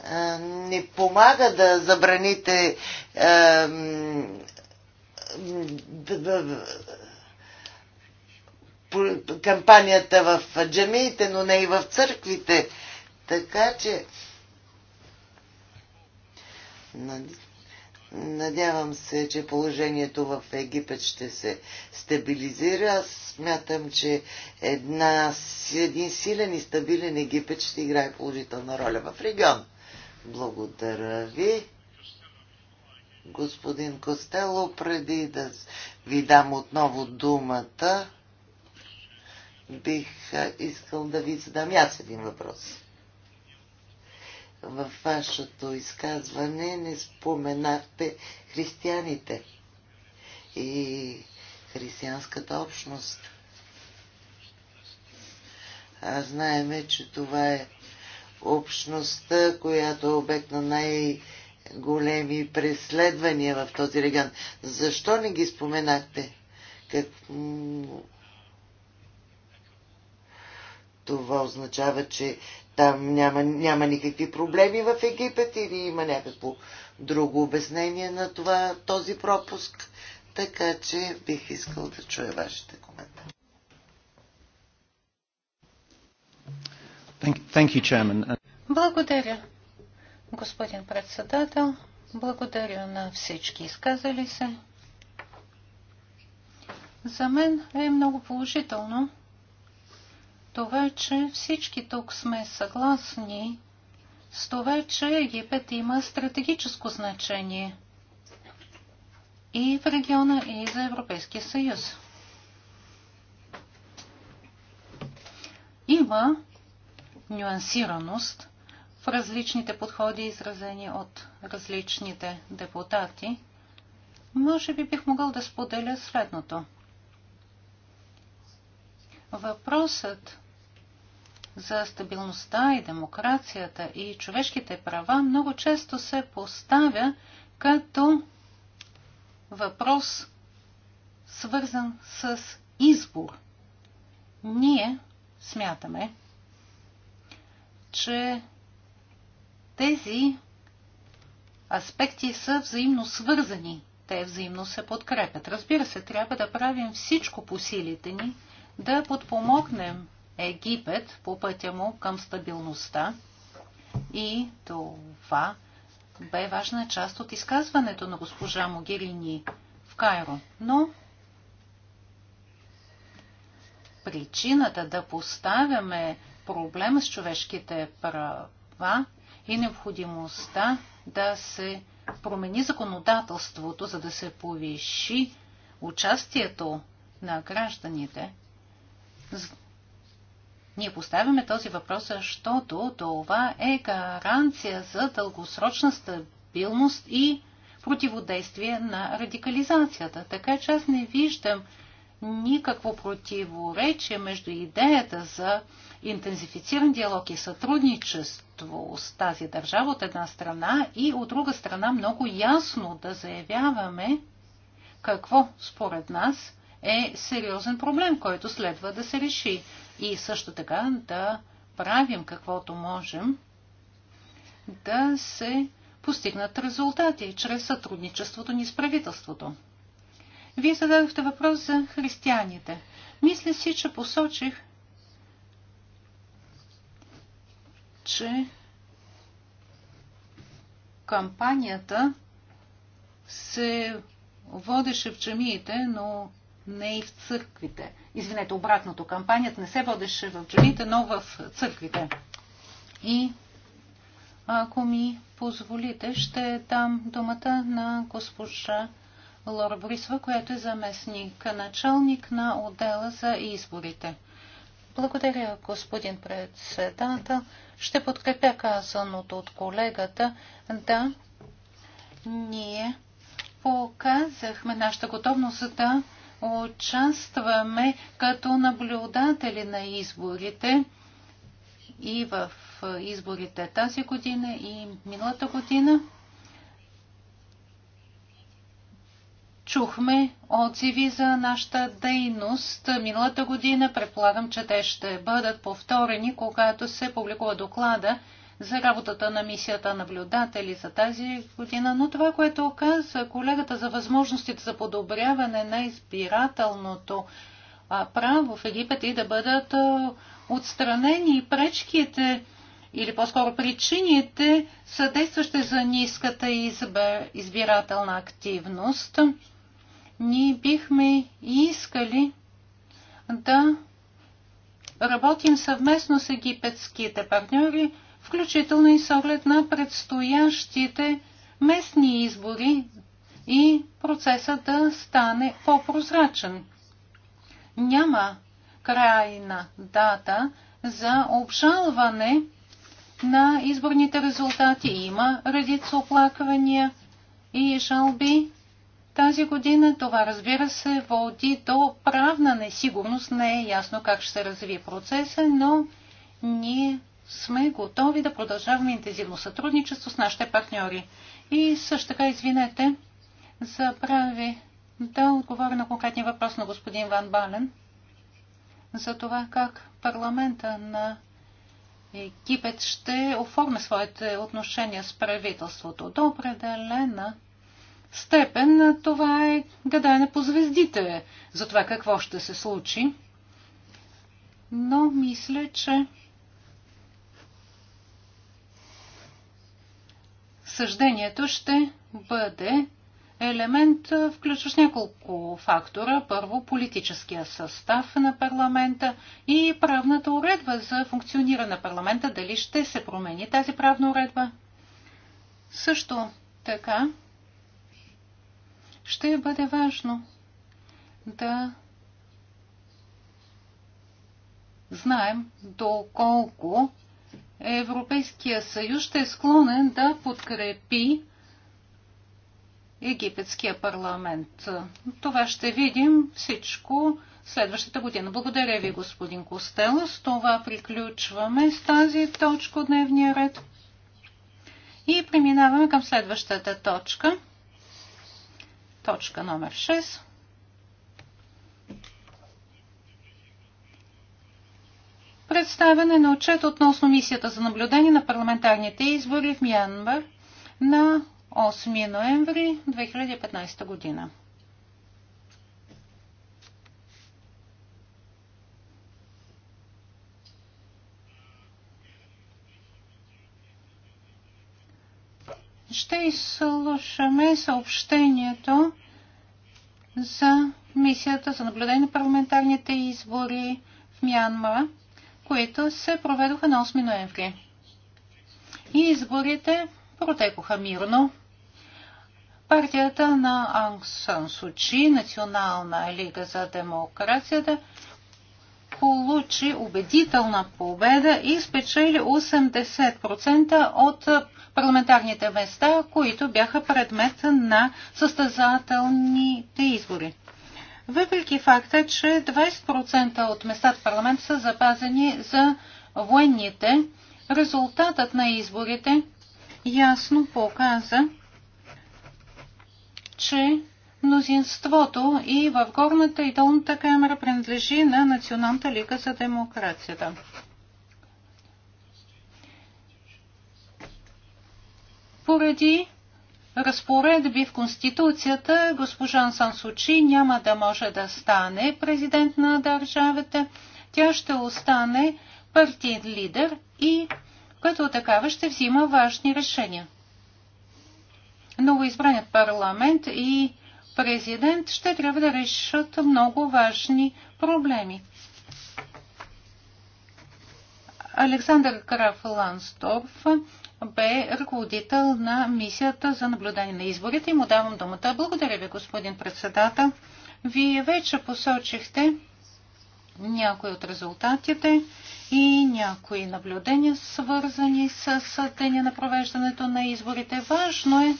а, не помага да забраните а, да, кампанията в джамиите, но не и в църквите. Така че Надявам се, че положението в Египет ще се стабилизира. Аз смятам, че една, един силен и стабилен Египет ще играе положителна роля в регион. Благодаря ви. Господин Костело, преди да ви дам отново думата, бих искал да ви задам аз един въпрос във вашето изказване не споменахте християните и християнската общност. А знаеме, че това е общността, която е обект на най-големи преследвания в този регион. Защо не ги споменахте? Как... Това означава, че там няма, няма никакви проблеми в Египет или има някакво друго обяснение на това, този пропуск. Така че бих искал да чуя вашите коментари. Thank you, chairman. Благодаря, господин председател. Благодаря на всички изказали се. За мен е много положително, това, че всички тук сме съгласни с това, че Египет има стратегическо значение и в региона, и за Европейския съюз. Има нюансираност в различните подходи, изразени от различните депутати. Може би бих могъл да споделя следното. Въпросът за стабилността и демокрацията и човешките права много често се поставя като въпрос, свързан с избор. Ние смятаме, че тези аспекти са взаимно свързани. Те взаимно се подкрепят. Разбира се, трябва да правим всичко по силите ни, да подпомогнем Египет по пътя му към стабилността и това бе важна част от изказването на госпожа Могерини в Кайро. Но причината да поставяме проблема с човешките права и необходимостта да се промени законодателството, за да се повиши участието на гражданите, ние поставяме този въпрос, защото това е гаранция за дългосрочна стабилност и противодействие на радикализацията. Така че аз не виждам никакво противоречие между идеята за интензифициран диалог и сътрудничество с тази държава от една страна и от друга страна много ясно да заявяваме какво според нас е сериозен проблем, който следва да се реши и също така да правим каквото можем да се постигнат резултати чрез сътрудничеството ни с правителството. Вие зададохте въпрос за християните. Мисля си, че посочих, че кампанията се водеше в джамиите, но не и в църквите. Извинете, обратното, кампанията не се водеше в джамите, но в църквите. И ако ми позволите, ще дам думата на госпожа Лора Борисова, която е заместник началник на отдела за изборите. Благодаря, господин председател. Ще подкрепя казаното от колегата. Да, ние показахме нашата готовност да участваме като наблюдатели на изборите и в изборите тази година и миналата година. Чухме отзиви за нашата дейност миналата година. Предполагам, че те ще бъдат повторени, когато се публикува доклада за работата на мисията наблюдатели за тази година, но това, което каза колегата за възможностите за подобряване на избирателното право в Египет и да бъдат отстранени пречките или по-скоро причините, съдействащи за ниската избирателна активност, ние бихме искали да работим съвместно с египетските партньори включително и с оглед на предстоящите местни избори и процесът да стане по-прозрачен. Няма крайна дата за обжалване на изборните резултати. Има редица оплаквания и жалби. Тази година това, разбира се, води до правна несигурност. Не е ясно как ще се разви процеса, но ние сме готови да продължаваме интензивно сътрудничество с нашите партньори. И също така, извинете, забрави да отговоря на конкретния въпрос на господин Ван Бален за това как парламента на Египет ще оформи своите отношения с правителството. До определена степен това е гадане по звездите за това какво ще се случи. Но мисля, че Съждението ще бъде елемент, включващ няколко фактора. Първо, политическия състав на парламента и правната уредба за функциониране на парламента. Дали ще се промени тази правна уредба? Също така ще бъде важно да знаем доколко Европейския съюз ще е склонен да подкрепи египетския парламент. Това ще видим всичко следващата година. Благодаря ви, господин Костело. С това приключваме с тази точка от дневния ред. И преминаваме към следващата точка. Точка номер 6. представяне на отчет относно мисията за наблюдение на парламентарните избори в Мянмар на 8 ноември 2015 година. Ще изслушаме съобщението за мисията за наблюдение на парламентарните избори в Мянма които се проведоха на 8 ноември. И изборите протекоха мирно. Партията на Анг Сан Сучи, Национална лига за демокрацията, получи убедителна победа и спечели 80% от парламентарните места, които бяха предмет на състезателните избори въпреки факта, че 20% от местата в парламент са запазени за военните, резултатът на изборите ясно показа, че мнозинството и в горната и долната камера принадлежи на Националната лига за демокрацията. Поради разпоредби в Конституцията, госпожа Ансан Сучи няма да може да стане президент на държавата. Тя ще остане партиен лидер и като такава ще взима важни решения. Новоизбраният парламент и президент ще трябва да решат много важни проблеми. Александър Краф Лансторф бе ръководител на мисията за наблюдение на изборите и му давам думата. Благодаря ви, господин председател. Вие вече посочихте някои от резултатите и някои наблюдения, свързани с деня на провеждането на изборите. Важно е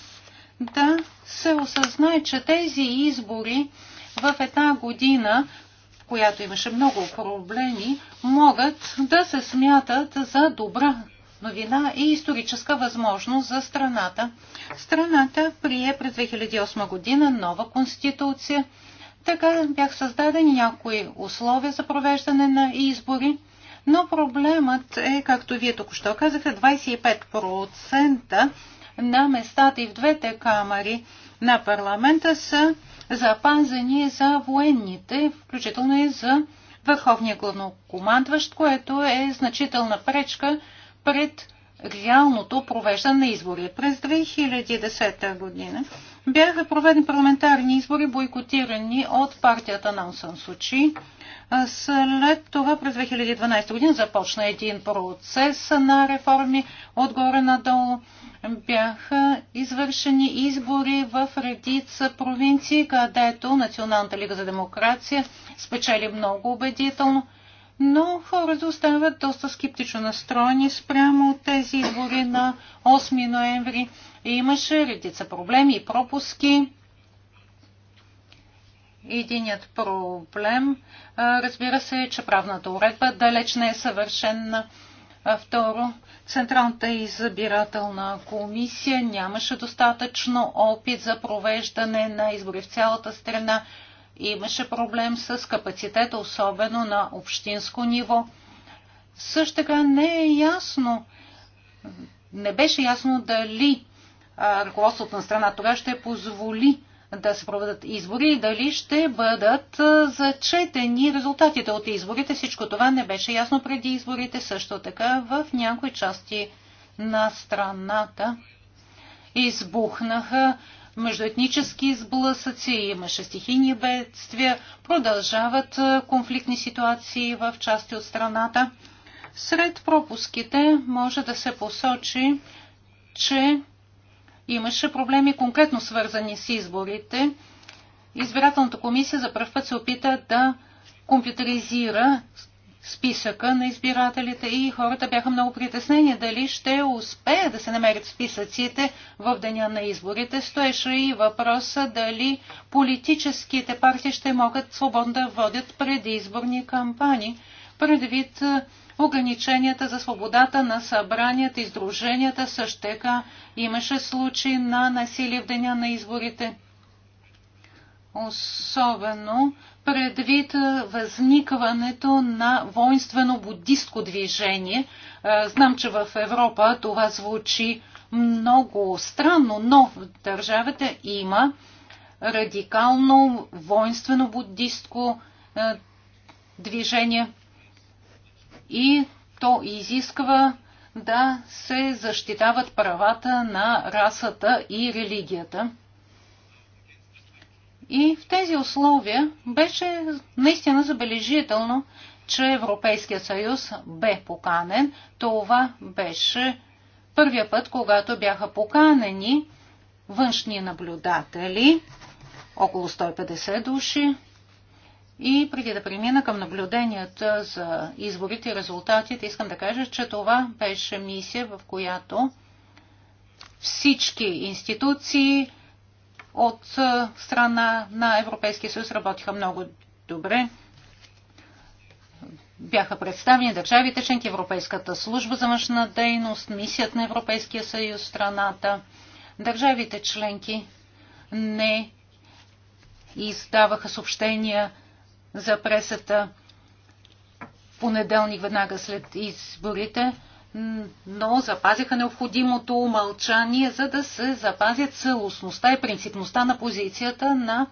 да се осъзнае, че тези избори в една година, в която имаше много проблеми, могат да се смятат за добра новина и историческа възможност за страната. Страната прие през 2008 година нова конституция. Така бях създадени някои условия за провеждане на избори, но проблемът е, както вие току-що казахте, 25% на местата и в двете камери на парламента са запазени за военните, включително и за върховния главнокомандващ, което е значителна пречка пред реалното провеждане на избори. През 2010 година бяха проведени парламентарни избори, бойкотирани от партията на Ансан Сучи. След това през 2012 година започна един процес на реформи отгоре надолу. Бяха извършени избори в редица провинции, където Националната лига за демокрация спечели много убедително – но хората остават доста скептично настроени спрямо от тези избори на 8 ноември. И имаше редица проблеми и пропуски. Единият проблем, разбира се, е, че правната уредба далеч не е съвършена. Второ, Централната избирателна комисия нямаше достатъчно опит за провеждане на избори в цялата страна имаше проблем с капацитета, особено на общинско ниво. Също така не е ясно, не беше ясно дали ръководството на страна тогава ще позволи да се проведат избори и дали ще бъдат зачетени резултатите от изборите. Всичко това не беше ясно преди изборите. Също така в някои части на страната избухнаха междуетнически сблъсъци, имаше стихийни бедствия, продължават конфликтни ситуации в части от страната. Сред пропуските може да се посочи, че имаше проблеми конкретно свързани с изборите. Избирателната комисия за първ път се опита да компютеризира списъка на избирателите и хората бяха много притеснени дали ще успее да се намерят списъците в деня на изборите. Стоеше и въпроса дали политическите партии ще могат свободно да водят предизборни кампании предвид ограниченията за свободата на събранията, издруженията, също така имаше случаи на насилие в деня на изборите. Особено предвид възникването на воинствено-буддистко движение. Знам, че в Европа това звучи много странно, но в държавата има радикално воинствено-буддистко движение и то изисква да се защитават правата на расата и религията. И в тези условия беше наистина забележително, че Европейския съюз бе поканен. Това беше първия път, когато бяха поканени външни наблюдатели, около 150 души. И преди да премина към наблюденията за изборите и резултатите, искам да кажа, че това беше мисия, в която всички институции, от страна на Европейския съюз работиха много добре. Бяха представени държавите членки, Европейската служба за външна дейност, мисията на Европейския съюз, страната. Държавите членки не издаваха съобщения за пресата понеделник веднага след изборите но запазиха необходимото мълчание, за да се запазят целостността и принципността на позицията на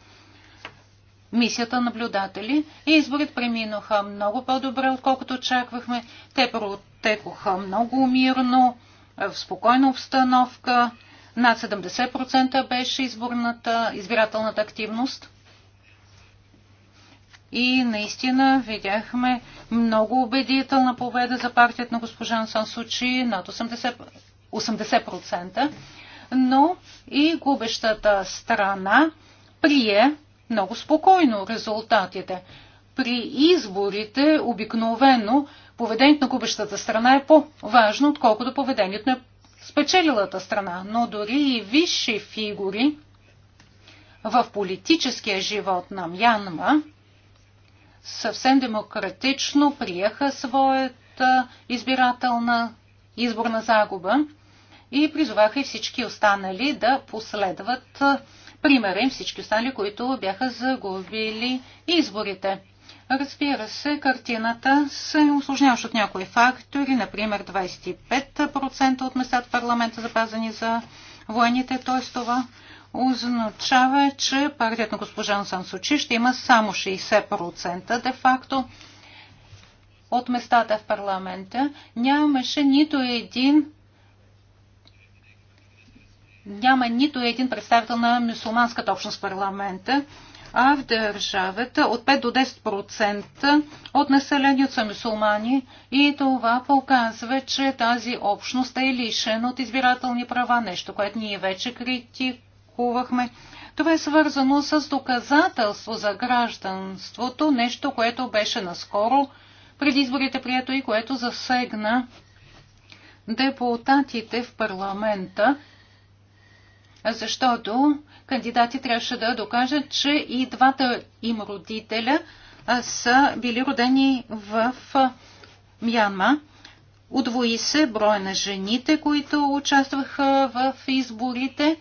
мисията наблюдатели и изборите преминаха много по-добре, отколкото очаквахме. Те протекоха много мирно, в спокойна обстановка. Над 70% беше изборната, избирателната активност. И наистина видяхме много убедителна победа за партията на госпожа Ансан Сучи над 80%, 80% но и губещата страна прие много спокойно резултатите. При изборите обикновено поведението на губещата страна е по-важно, отколкото поведението на спечелилата страна. Но дори и висши фигури в политическия живот на Мянма съвсем демократично приеха своята избирателна изборна загуба и призоваха и всички останали да последват примера им всички останали, които бяха загубили изборите. Разбира се, картината се осложняваше от някои фактори, например 25% от местата в парламента запазени за военните, т.е. това означава, че партията на госпожа Ансан Сочи ще има само 60% де-факто от местата в парламента. Нямаше нито един няма нито един представител на мусулманската общност в парламента, а в държавата от 5 до 10% от населението са мусулмани и това показва, че тази общност е лишена от избирателни права, нещо, което ние вече критикуваме тълкувахме. Това е свързано с доказателство за гражданството, нещо, което беше наскоро преди изборите прието и което засегна депутатите в парламента, защото кандидати трябваше да докажат, че и двата им родителя са били родени в Мяма, Удвои се броя на жените, които участваха в изборите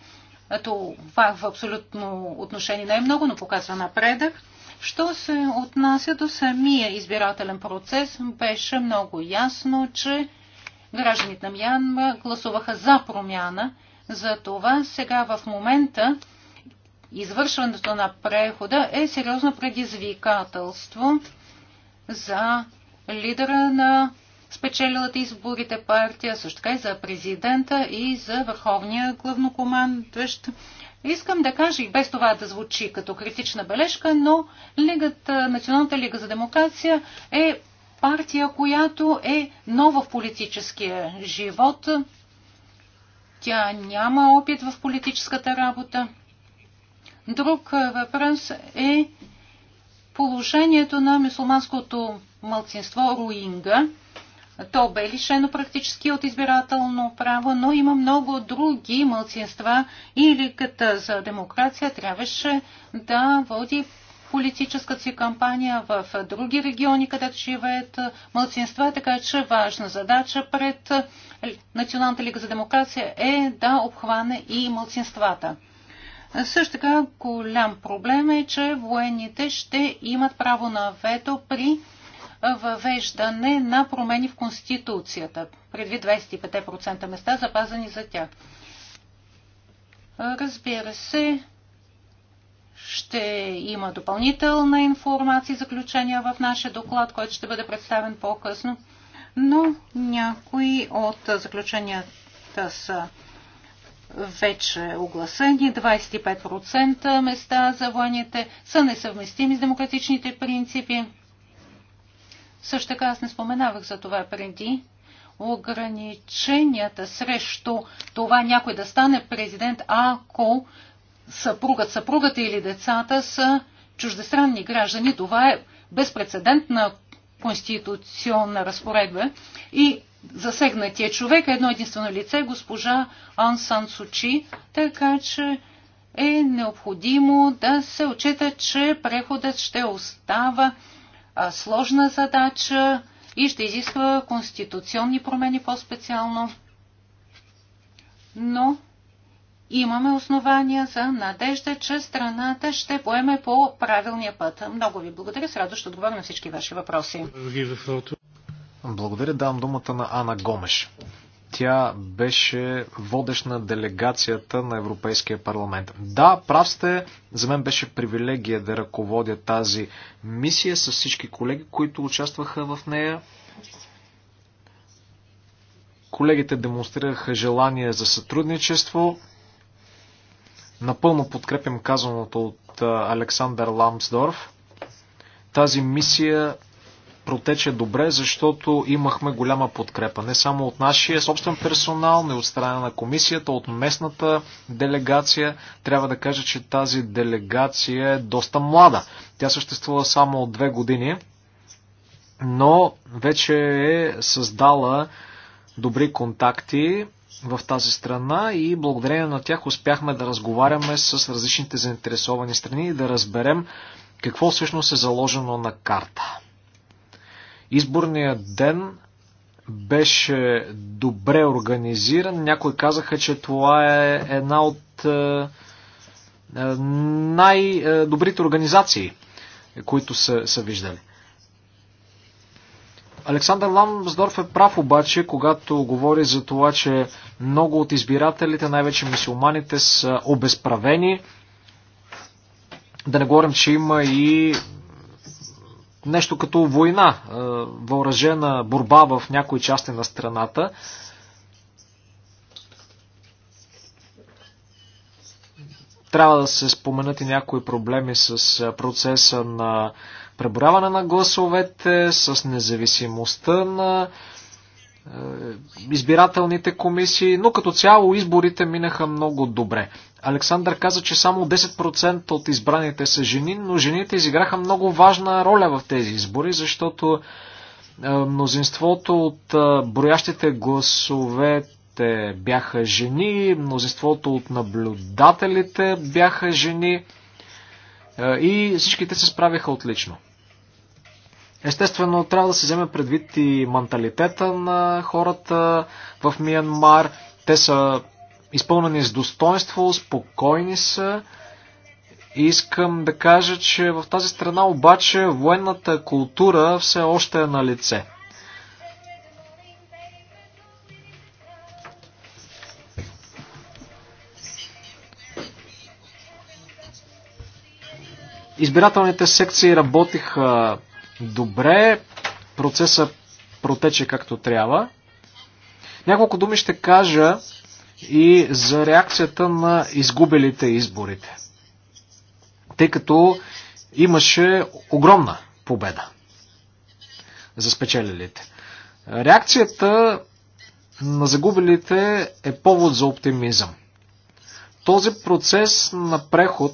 това е в абсолютно отношение не е много, но показва напредък. Що се отнася до самия избирателен процес, беше много ясно, че гражданите на Мянма гласуваха за промяна. За това сега в момента извършването на прехода е сериозно предизвикателство за лидера на спечелилата изборите партия, също така и за президента и за върховния главнокомандващ. Искам да кажа и без това да звучи като критична бележка, но Лигата, Националната лига за демокрация е партия, която е нова в политическия живот. Тя няма опит в политическата работа. Друг въпрос е положението на мусулманското мълцинство Руинга. То бе лишено практически от избирателно право, но има много други мълцинства и Лигата за демокрация трябваше да води политическата си кампания в други региони, където живеят мълцинства, така че важна задача пред Националната лига за демокрация е да обхване и мълцинствата. Също така голям проблем е, че военните ще имат право на вето при въвеждане на промени в Конституцията, предвид 25% места, запазени за тях. Разбира се, ще има допълнителна информация и заключения в нашия доклад, който ще бъде представен по-късно, но някои от заключенията са вече огласени. 25% места за военните са несъвместими с демократичните принципи. Също така аз не споменавах за това преди. Ограниченията срещу това някой да стане президент, ако съпругът, съпругата или децата са чуждестранни граждани. Това е безпредседентна конституционна разпоредба и засегнатия е човек е едно единствено лице, госпожа Ан Сан Сучи, така че е необходимо да се отчита, че преходът ще остава сложна задача и ще изисква конституционни промени по-специално. Но имаме основания за надежда, че страната ще поеме по правилния път. Много ви благодаря. С радост ще отговоря на всички ваши въпроси. Благодаря. Давам думата на Ана Гомеш. Тя беше на делегацията на Европейския парламент. Да, прав сте, за мен беше привилегия да ръководя тази мисия с всички колеги, които участваха в нея. Колегите демонстрираха желание за сътрудничество. Напълно подкрепям казаното от Александър Ламсдорф. Тази мисия протече добре, защото имахме голяма подкрепа. Не само от нашия собствен персонал, не от страна на комисията, от местната делегация. Трябва да кажа, че тази делегация е доста млада. Тя съществува само от две години, но вече е създала добри контакти в тази страна и благодарение на тях успяхме да разговаряме с различните заинтересовани страни и да разберем какво всъщност е заложено на карта. Изборният ден беше добре организиран. Някои казаха, че това е една от е, е, най-добрите организации, които са, са виждали. Александър Ламсдорф е прав обаче, когато говори за това, че много от избирателите, най-вече мусулманите, са обезправени. Да не говорим, че има и нещо като война, е, въоръжена борба в някои части на страната. Трябва да се споменат и някои проблеми с е, процеса на преброяване на гласовете, с независимостта на е, избирателните комисии, но като цяло изборите минаха много добре. Александър каза, че само 10% от избраните са жени, но жените изиграха много важна роля в тези избори, защото е, мнозинството от е, броящите гласовете бяха жени, мнозинството от наблюдателите бяха жени е, и всичките се справиха отлично. Естествено, трябва да се вземе предвид и менталитета на хората в Миянмар. Те са изпълнени с достоинство, спокойни са. И искам да кажа, че в тази страна обаче военната култура все още е на лице. Избирателните секции работиха добре, процеса протече както трябва. Няколко думи ще кажа и за реакцията на изгубелите изборите. Тъй като имаше огромна победа за спечелилите. Реакцията на загубилите е повод за оптимизъм. Този процес на преход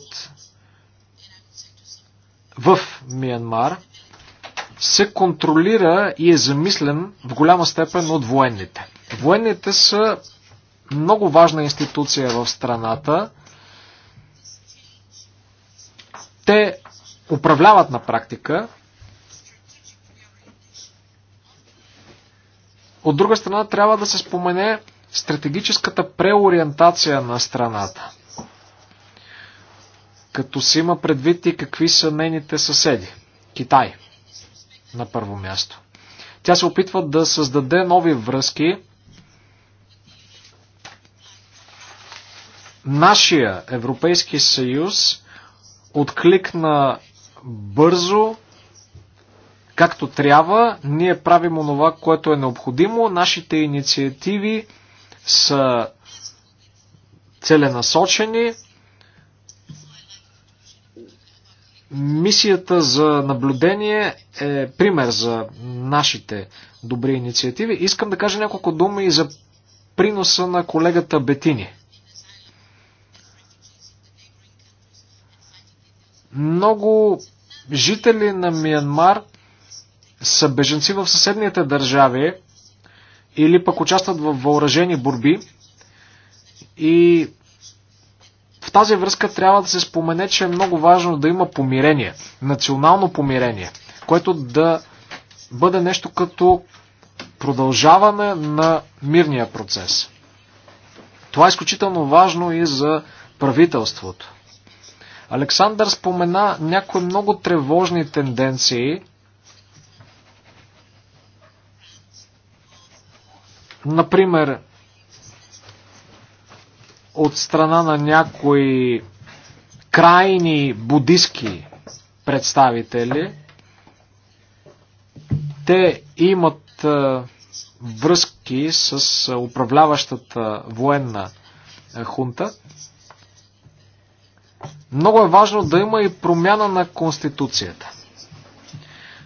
в Миянмар се контролира и е замислен в голяма степен от военните. Военните са много важна институция в страната. Те управляват на практика. От друга страна трябва да се спомене стратегическата преориентация на страната. Като се има предвид и какви са нейните съседи. Китай на първо място. Тя се опитва да създаде нови връзки Нашия Европейски съюз откликна бързо, както трябва. Ние правим онова, което е необходимо. Нашите инициативи са целенасочени. Мисията за наблюдение е пример за нашите добри инициативи. Искам да кажа няколко думи и за приноса на колегата Бетини. Много жители на Миянмар са беженци в съседните държави или пък участват в въоръжени борби. И в тази връзка трябва да се спомене, че е много важно да има помирение, национално помирение, което да бъде нещо като продължаване на мирния процес. Това е изключително важно и за правителството. Александър спомена някои много тревожни тенденции. Например, от страна на някои крайни будистки представители, те имат връзки с управляващата военна хунта. Много е важно да има и промяна на Конституцията.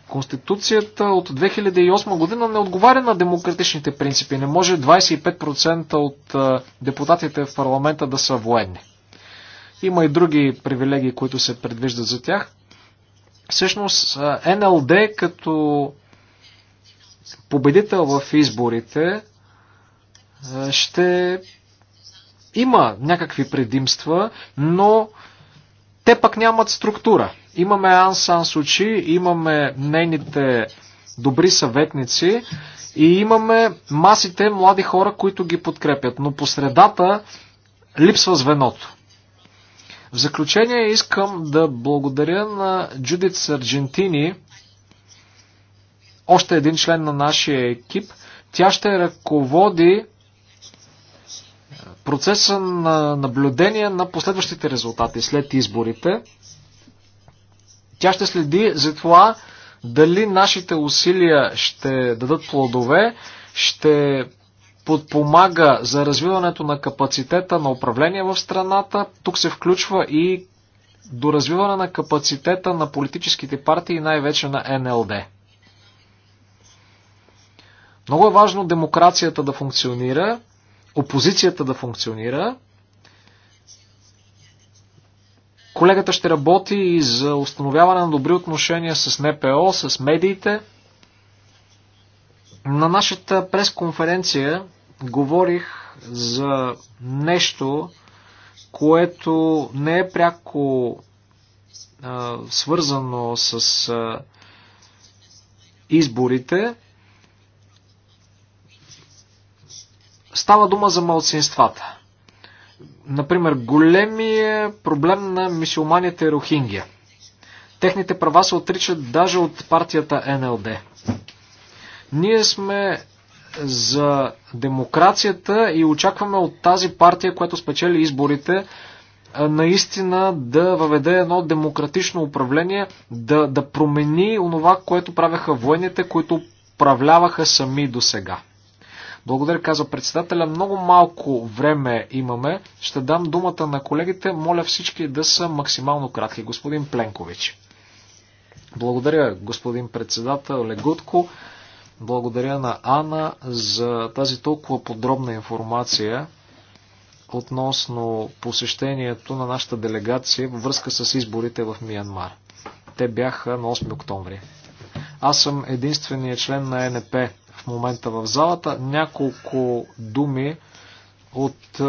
Конституцията от 2008 година не отговаря на демократичните принципи. Не може 25% от депутатите в парламента да са военни. Има и други привилегии, които се предвиждат за тях. Всъщност НЛД като победител в изборите ще има някакви предимства, но те пък нямат структура. Имаме Сан Сучи, имаме нейните добри съветници и имаме масите млади хора, които ги подкрепят. Но по средата липсва звеното. В заключение искам да благодаря на Джудит Сарджентини, още един член на нашия екип. Тя ще ръководи процеса на наблюдение на последващите резултати след изборите. Тя ще следи за това дали нашите усилия ще дадат плодове, ще подпомага за развиването на капацитета на управление в страната. Тук се включва и до развиване на капацитета на политическите партии, най-вече на НЛД. Много е важно демокрацията да функционира опозицията да функционира. Колегата ще работи и за установяване на добри отношения с НПО, с медиите. На нашата пресконференция говорих за нещо, което не е пряко а, свързано с а, изборите, Става дума за малцинствата. Например, големия проблем на мисиоманите Рохингия. Техните права се отричат даже от партията НЛД. Ние сме за демокрацията и очакваме от тази партия, която спечели изборите, наистина да въведе едно демократично управление, да, да промени онова, което правеха военните, които управляваха сами до сега. Благодаря, казва председателя. Много малко време имаме. Ще дам думата на колегите. Моля всички да са максимално кратки. Господин Пленкович. Благодаря, господин председател Легутко. Благодаря на Ана за тази толкова подробна информация относно посещението на нашата делегация във връзка с изборите в Миянмар. Те бяха на 8 октомври. Аз съм единственият член на НП момента в залата. Няколко думи от е,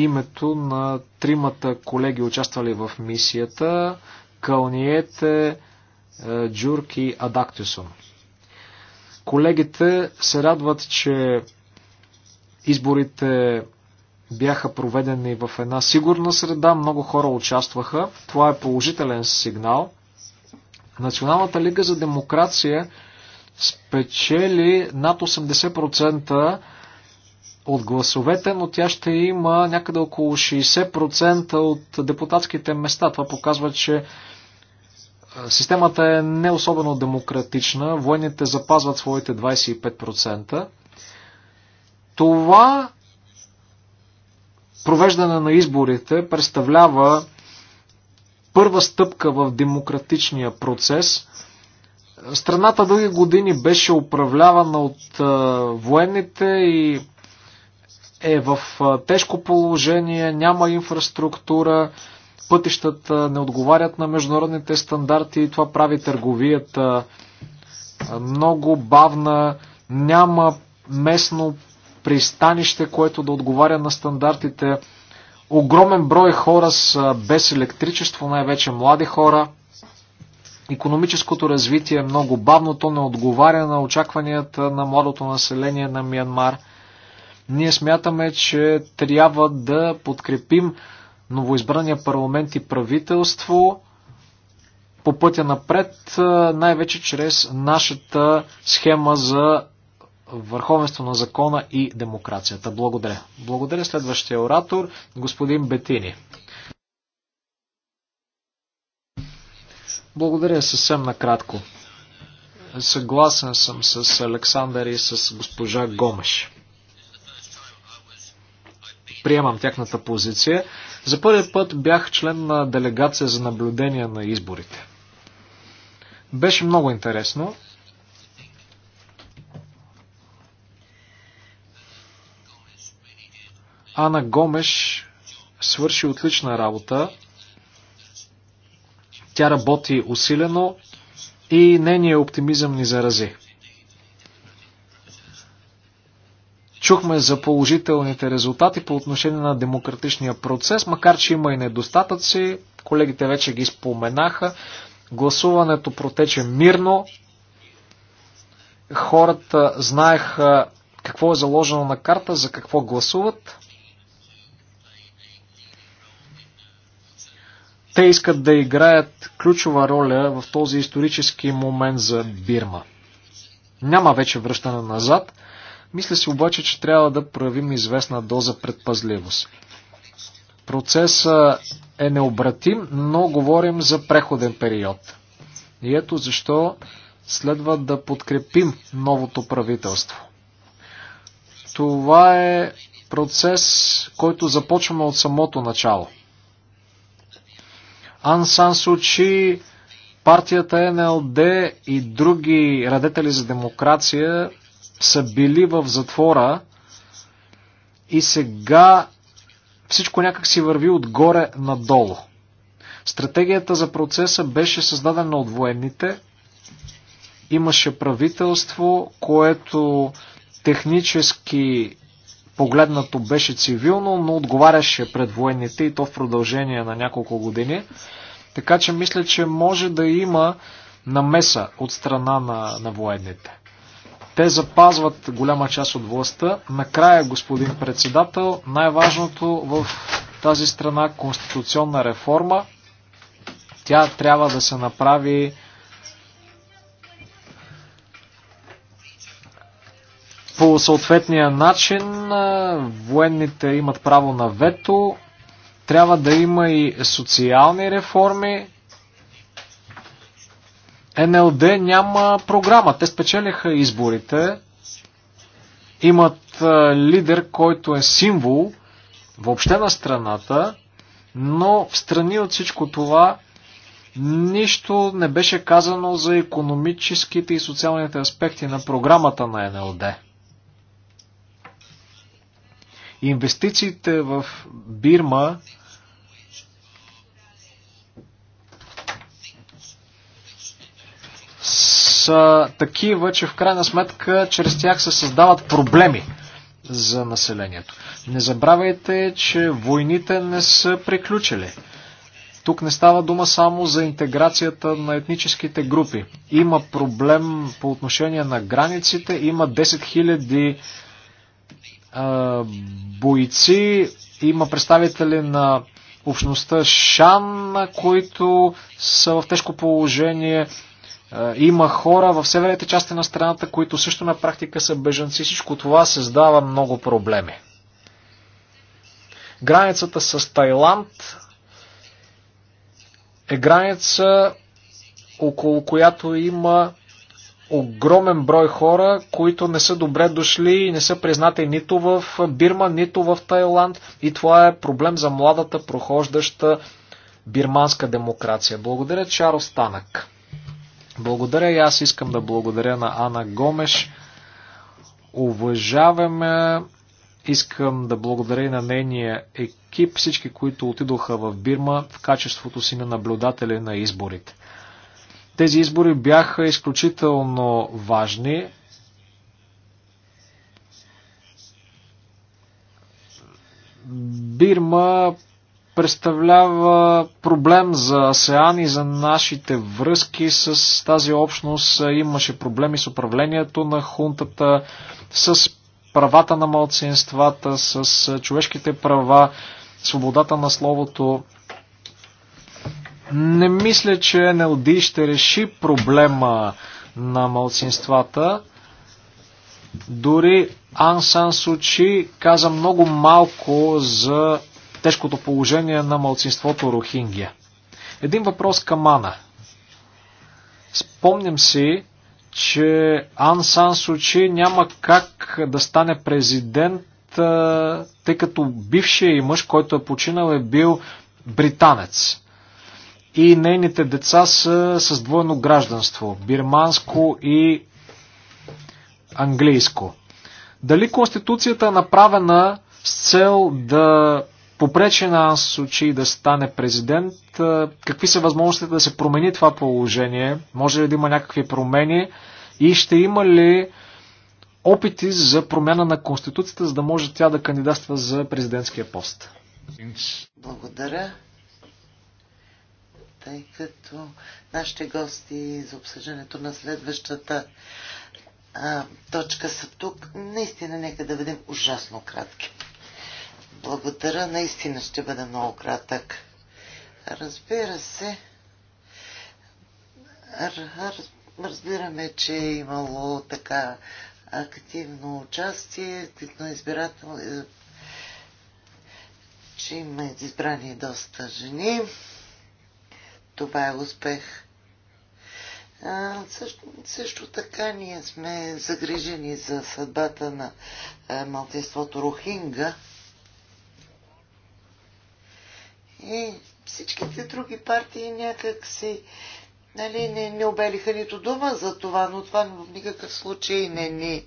името на тримата колеги, участвали в мисията Кълниете, е, Джурк и Адактисон. Колегите се радват, че изборите бяха проведени в една сигурна среда, много хора участваха. Това е положителен сигнал. Националната лига за демокрация спечели над 80% от гласовете, но тя ще има някъде около 60% от депутатските места. Това показва, че е, системата е не особено демократична. Военните запазват своите 25%. Това провеждане на изборите представлява първа стъпка в демократичния процес – Страната дълги години беше управлявана от военните и е в тежко положение, няма инфраструктура, пътищата не отговарят на международните стандарти и това прави търговията много бавна, няма местно пристанище, което да отговаря на стандартите. Огромен брой хора са без електричество, най-вече млади хора – Економическото развитие е много бавно, то не отговаря на очакванията на младото население на Миянмар. Ние смятаме, че трябва да подкрепим новоизбрания парламент и правителство по пътя напред, най-вече чрез нашата схема за върховенство на закона и демокрацията. Благодаря. Благодаря следващия оратор, господин Бетини. Благодаря съвсем накратко. Съгласен съм с Александър и с госпожа Гомеш. Приемам тяхната позиция. За първи път бях член на делегация за наблюдение на изборите. Беше много интересно. Ана Гомеш свърши отлична работа. Тя работи усилено и нейният оптимизъм ни зарази. Чухме за положителните резултати по отношение на демократичния процес, макар че има и недостатъци. Колегите вече ги споменаха. Гласуването протече мирно. Хората знаеха какво е заложено на карта, за какво гласуват. Те искат да играят ключова роля в този исторически момент за Бирма. Няма вече връщане назад. Мисля си обаче, че трябва да проявим известна доза предпазливост. Процесът е необратим, но говорим за преходен период. И ето защо следва да подкрепим новото правителство. Това е процес, който започваме от самото начало – Ансан Сучи, партията НЛД и други радетели за демокрация са били в затвора и сега всичко някак си върви отгоре надолу. Стратегията за процеса беше създадена от военните. Имаше правителство, което технически погледнато беше цивилно, но отговаряше пред военните и то в продължение на няколко години. Така че мисля, че може да има намеса от страна на, на военните. Те запазват голяма част от властта. Накрая, господин председател, най-важното в тази страна конституционна реформа. Тя трябва да се направи по съответния начин. Военните имат право на вето. Трябва да има и социални реформи. НЛД няма програма. Те спечелиха изборите. Имат лидер, който е символ въобще на страната, но в страни от всичко това нищо не беше казано за економическите и социалните аспекти на програмата на НЛД. Инвестициите в Бирма са такива, че в крайна сметка чрез тях се създават проблеми за населението. Не забравяйте, че войните не са приключили. Тук не става дума само за интеграцията на етническите групи. Има проблем по отношение на границите, има 10 000 бойци, има представители на общността Шан, които са в тежко положение. Има хора в северните части на страната, които също на практика са бежанци. Всичко това създава много проблеми. Границата с Тайланд е граница, около която има огромен брой хора, които не са добре дошли и не са признати нито в Бирма, нито в Тайланд. И това е проблем за младата, прохождаща бирманска демокрация. Благодаря, Чаро Станък. Благодаря и аз искам да благодаря на Ана Гомеш. Уважаваме. Искам да благодаря и на нейния екип, всички, които отидоха в Бирма в качеството си на наблюдатели на изборите. Тези избори бяха изключително важни. Бирма представлява проблем за АСЕАН и за нашите връзки с тази общност. Имаше проблеми с управлението на хунтата, с правата на малцинствата, с човешките права, свободата на словото. Не мисля, че НЛД ще реши проблема на малцинствата. Дори Ан Сан Сучи каза много малко за тежкото положение на малцинството Рохингия. Един въпрос към Ана. Спомням си, че Ан Сан Сучи няма как да стане президент, тъй като бившия и мъж, който е починал, е бил британец и нейните деца са с двойно гражданство бирманско и английско. Дали Конституцията е направена с цел да попречи на Сочи да стане президент? Какви са възможностите да се промени това положение? Може ли да има някакви промени? И ще има ли опити за промяна на Конституцията, за да може тя да кандидатства за президентския пост? Благодаря тъй като нашите гости за обсъждането на следващата а, точка са тук. Наистина, нека да бъдем ужасно кратки. Благодаря, наистина ще бъда много кратък. Разбира се, разбираме, че е имало така активно участие, активно избирател, е, че има избрани доста жени това е успех. А, също, също така ние сме загрижени за съдбата на а, малтеството Рохинга и всичките други партии някак си нали, не, не обелиха нито дума за това, но това в никакъв случай не ни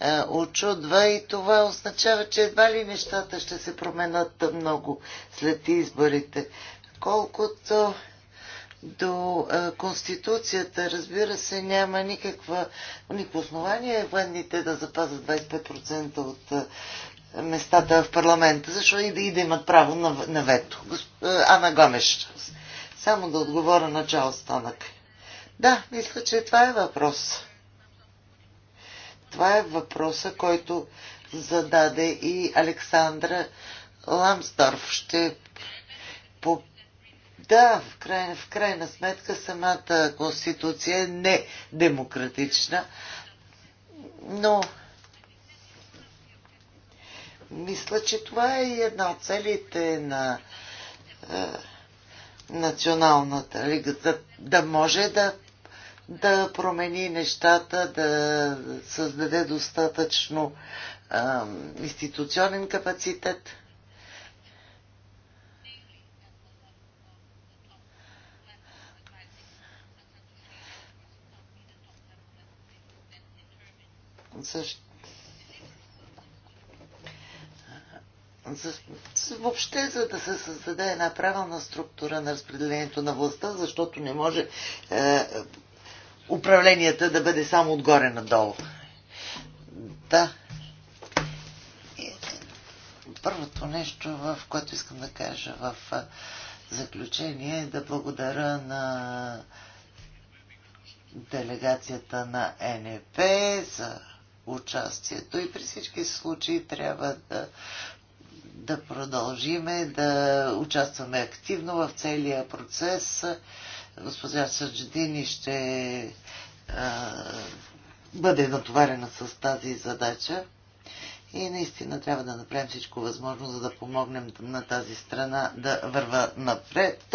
а, очудва и това означава, че едва ли нещата ще се променят много след изборите. Колкото до Конституцията, разбира се, няма никаква, никакво основание военните да запазят 25% от местата в парламента, защото и да, и да имат право на, на вето. Госп... Ана Гомеш. Само да отговоря на Чарлз Танък. Да, мисля, че това е въпрос. Това е въпроса, който зададе и Александра Ламсдорф. Ще по да, в крайна, в крайна сметка самата конституция е недемократична, но мисля, че това е една от целите на е, Националната лига, да, да може да, да промени нещата, да създаде достатъчно е, институционен капацитет. За, въобще за да се създаде една правилна структура на разпределението на властта, защото не може е, управленията да бъде само отгоре надолу. Да. И, първото нещо, в което искам да кажа в е, заключение е да благодаря на делегацията на НП е за участието и при всички случаи трябва да, да продължиме да участваме активно в целия процес. Госпожа Съджедини ще а, бъде натоварена с тази задача. И наистина трябва да направим всичко възможно, за да помогнем на тази страна да върва напред.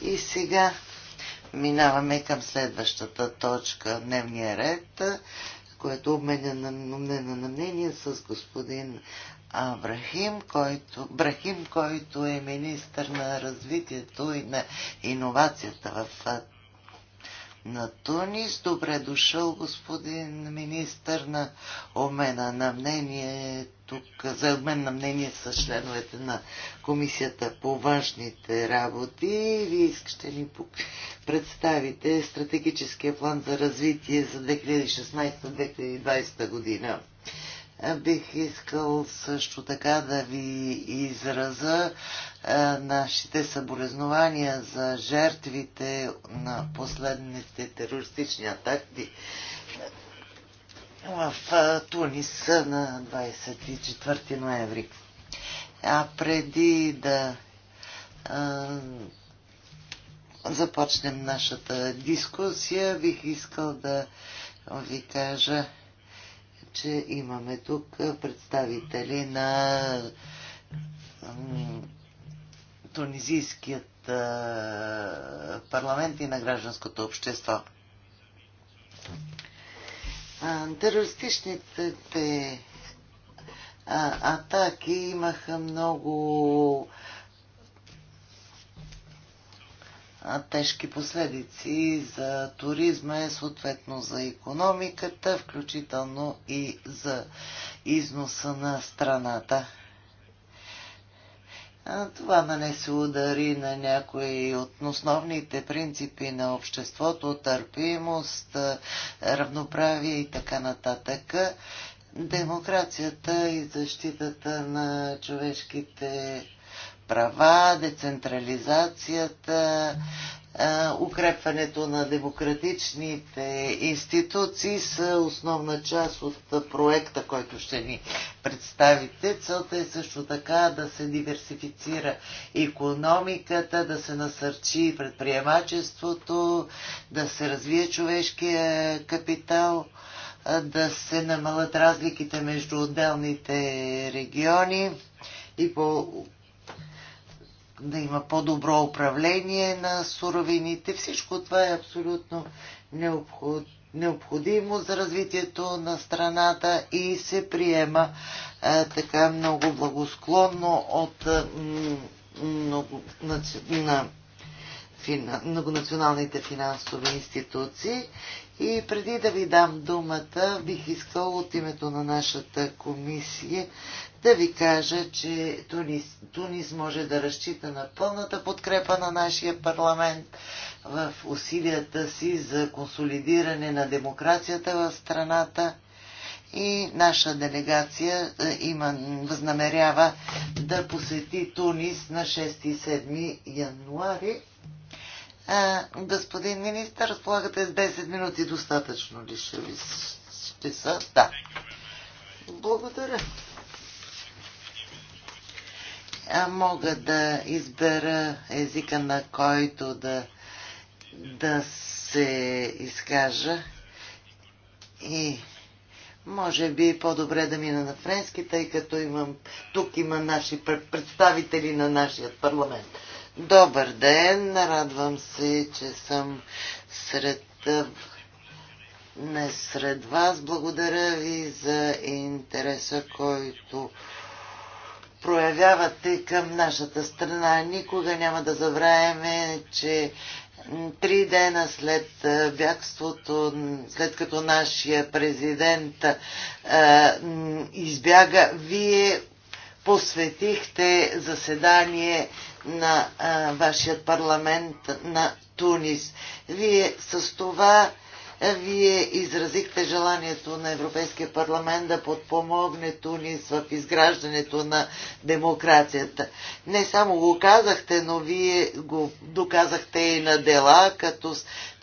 И сега минаваме към следващата точка дневния ред което обменя на, на, на мнение с господин Абрахим, който, Брахим, който е министър на развитието и на иновацията в на Тунис. Добре дошъл, господин министър, на обмена на мнение тук, за обмен на мнение с членовете на Комисията по външните работи. Вие ще ни представите стратегическия план за развитие за 2016-2020 година. Бих искал също така да ви израза нашите съболезнования за жертвите на последните терористични атаки в Тунис на 24 ноември. А преди да започнем нашата дискусия, бих искал да ви кажа, че имаме тук представители на тунизийският парламент и на гражданското общество. Терористичните атаки имаха много тежки последици за туризма, е съответно за економиката, включително и за износа на страната. Това нанесе нали удари на някои от основните принципи на обществото, търпимост, равноправие и така нататък. Демокрацията и защитата на човешките права, децентрализацията, укрепването на демократичните институции са основна част от проекта, който ще ни представите. Целта е също така да се диверсифицира економиката, да се насърчи предприемачеството, да се развие човешкия капитал, да се намалят разликите между отделните региони и по да има по-добро управление на суровините. Всичко това е абсолютно необход, необходимо за развитието на страната и се приема а, така много благосклонно от много, на, на многонационалните финансови институции и преди да ви дам думата, бих искал от името на нашата комисия да ви кажа, че Тунис, Тунис може да разчита на пълната подкрепа на нашия парламент в усилията си за консолидиране на демокрацията в страната и наша делегация е, има, възнамерява да посети Тунис на 6 и 7 януари а, господин министр, разполагате с 10 минути достатъчно ли ще ви ще са? Да. Благодаря. А мога да избера езика, на който да, да се изкажа. И може би по-добре да мина на френски, тъй като имам, тук има наши представители на нашия парламент. Добър ден, радвам се, че съм сред не сред вас. Благодаря ви за интереса, който проявявате към нашата страна. Никога няма да забравяме, че три дена след бягството, след като нашия президент а, избяга, вие посветихте заседание на а, вашия парламент на Тунис. Вие с това вие изразихте желанието на Европейския парламент да подпомогне Тунис в изграждането на демокрацията. Не само го казахте, но вие го доказахте и на дела, като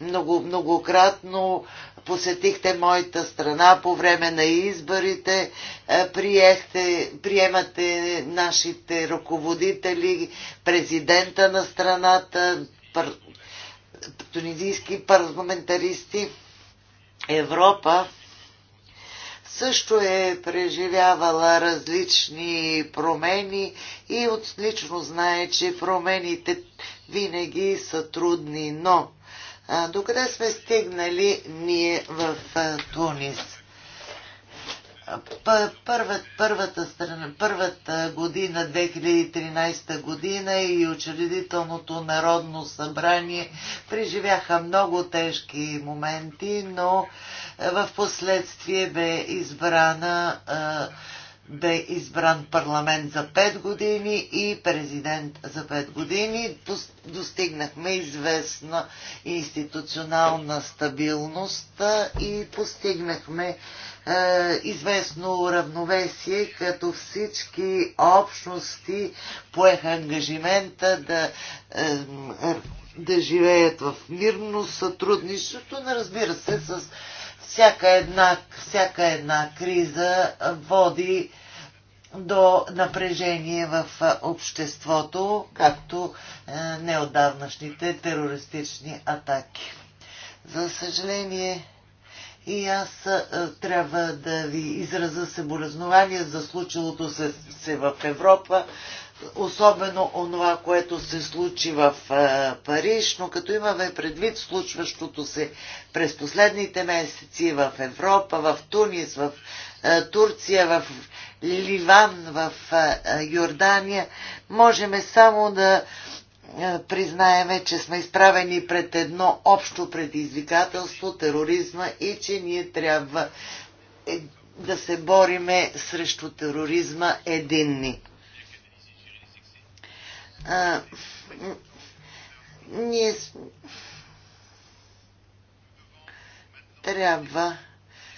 много, многократно посетихте моята страна по време на изборите, е, приехте, приемате нашите ръководители, президента на страната, пар... тунизийски парламентаристи. Европа също е преживявала различни промени и отлично знае, че промените винаги са трудни, но докъде сме стигнали ние в а, Тунис? Първат, първата, страна, първата година, 2013 година и учредителното народно събрание преживяха много тежки моменти, но в последствие бе избрана а, бе избран парламент за 5 години и президент за 5 години. Достигнахме известна институционална стабилност и постигнахме е, известно равновесие, като всички общности поеха ангажимента да е, да живеят в мирно сътрудничество, но разбира се, с всяка една, всяка една криза води до напрежение в обществото, както неодавнашните терористични атаки. За съжаление, и аз трябва да ви израза съболезнования за случилото се, в Европа, особено онова, което се случи в е, Париж, но като имаме предвид случващото се през последните месеци в Европа, в Тунис, в е, Турция, в Ливан, в е, Йордания, можем само да признаеме, че сме изправени пред едно общо предизвикателство тероризма и че ние трябва да се бориме срещу тероризма единни. А, ние трябва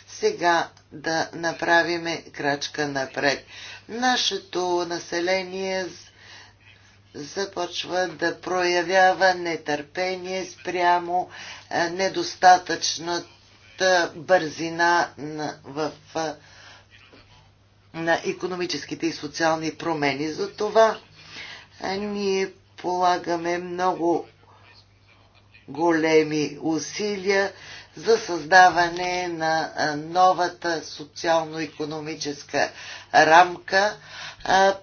сега да направиме крачка напред. Нашето население започва да проявява нетърпение спрямо недостатъчната бързина на, в, на економическите и социални промени. Затова ние полагаме много големи усилия за създаване на новата социално-економическа рамка.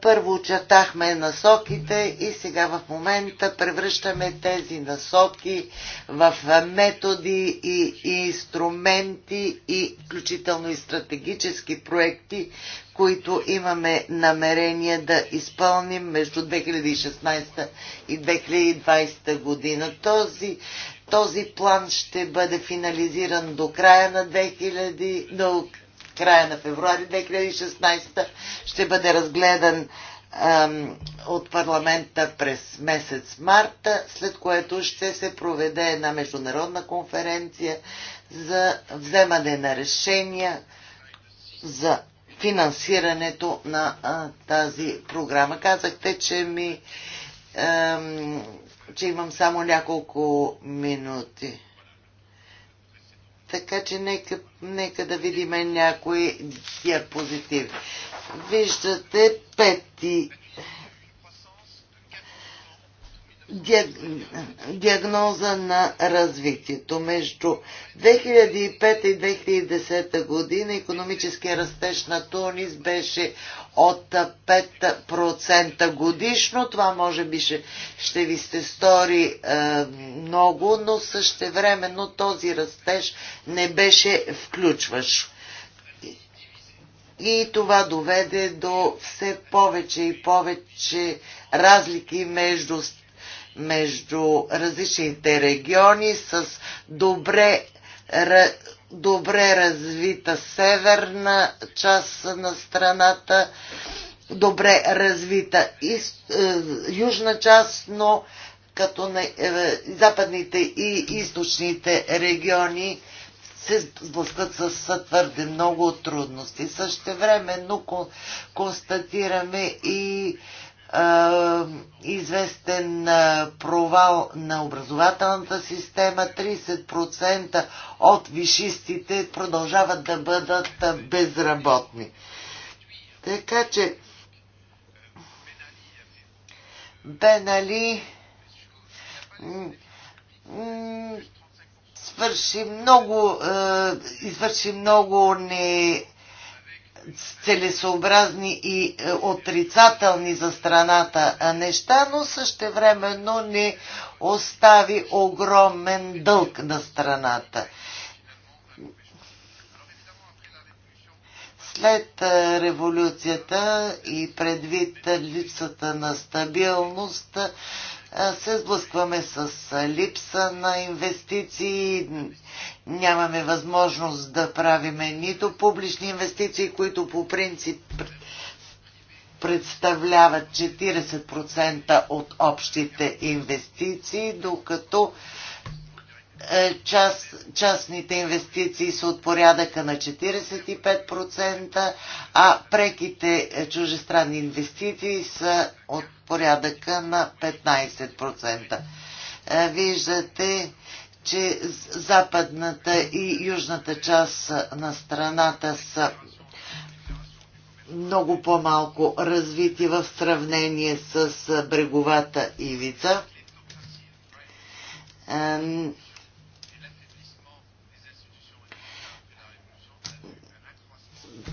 Първо очертахме насоките и сега в момента превръщаме тези насоки в методи и инструменти и включително и стратегически проекти, които имаме намерение да изпълним между 2016 и 2020 година. Този този план ще бъде финализиран до края на 2000, до края на февруари 2016. Ще бъде разгледан ам, от парламента през месец марта, след което ще се проведе една международна конференция за вземане на решения за финансирането на а, тази програма. Казахте, че ми ам, че имам само няколко минути. Така че нека, нека да видим някои диапозитиви. Виждате пети диагноза на развитието. Между 2005 и 2010 година економическия растеж на Тунис беше от 5% годишно. Това може би ще, ще ви сте стори е, много, но същевременно този растеж не беше включващ. И това доведе до все повече и повече разлики между между различните региони с добре, добре развита северна част на страната, добре развита и, е, южна част, но като на е, западните и източните региони се сблъскат с твърде много трудности. Същевременно констатираме и известен провал на образователната система. 30% от вишистите продължават да бъдат безработни. Така че Бенали, нали, свърши много, извърши много не целесообразни и е, отрицателни за страната неща, но същевременно не остави огромен дълг на страната. След е, революцията и предвид липсата на стабилност, се сблъскваме с липса на инвестиции, нямаме възможност да правиме нито публични инвестиции, които по принцип представляват 40% от общите инвестиции, докато е, част, частните инвестиции са от порядъка на 45%, а преките е, чужестранни инвестиции са от порядъка на 15%. Е, виждате, че западната и южната част на страната са много по-малко развити в сравнение с бреговата ивица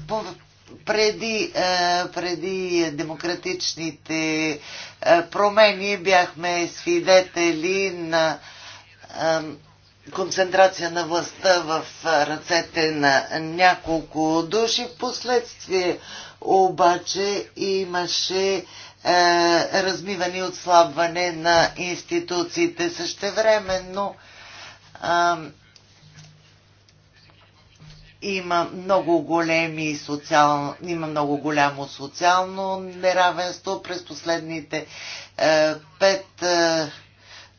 по, преди, е, преди демократичните е, промени бяхме свидетели на е, концентрация на властта в ръцете на няколко души. Впоследствие обаче имаше размиване и отслабване на институциите. Същевременно времено има много, големи социал, има много голямо социално неравенство през последните е, пет е,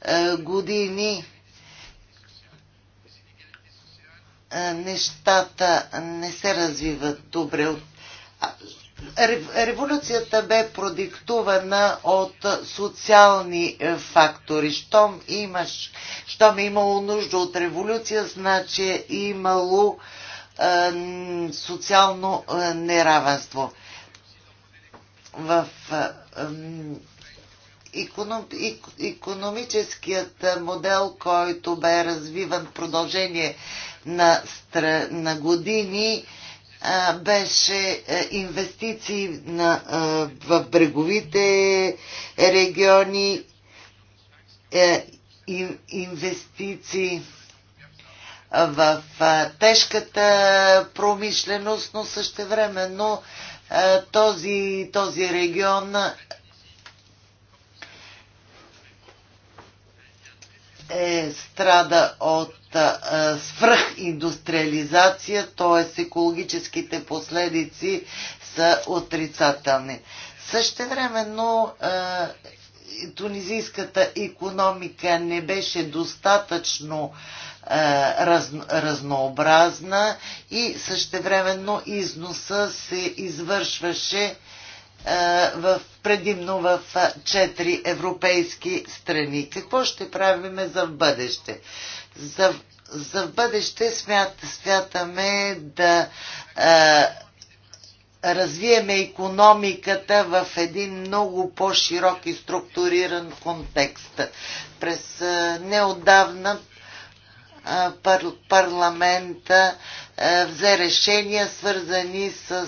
е години. Е, нещата не се развиват добре. Революцията бе продиктувана от социални е, фактори. Щом, имаш, щом е имало нужда от революция, значи е имало е, е, социално е, неравенство. В економическият е, модел, който бе развиван в продължение на, на години, беше инвестиции на, в бреговите региони, инвестиции в тежката промишленост, но същевременно този, този регион е, страда от а, свръхиндустриализация, т.е. екологическите последици са отрицателни. Същевременно а, тунизийската економика не беше достатъчно а, е, раз, разнообразна и същевременно износа се извършваше е, в, предимно в е, четири европейски страни. Какво ще правиме за в бъдеще? За, за в бъдеще смят, смятаме да а, развиеме економиката в един много по-широк и структуриран контекст. През неодавна пар, парламента взе решения, свързани с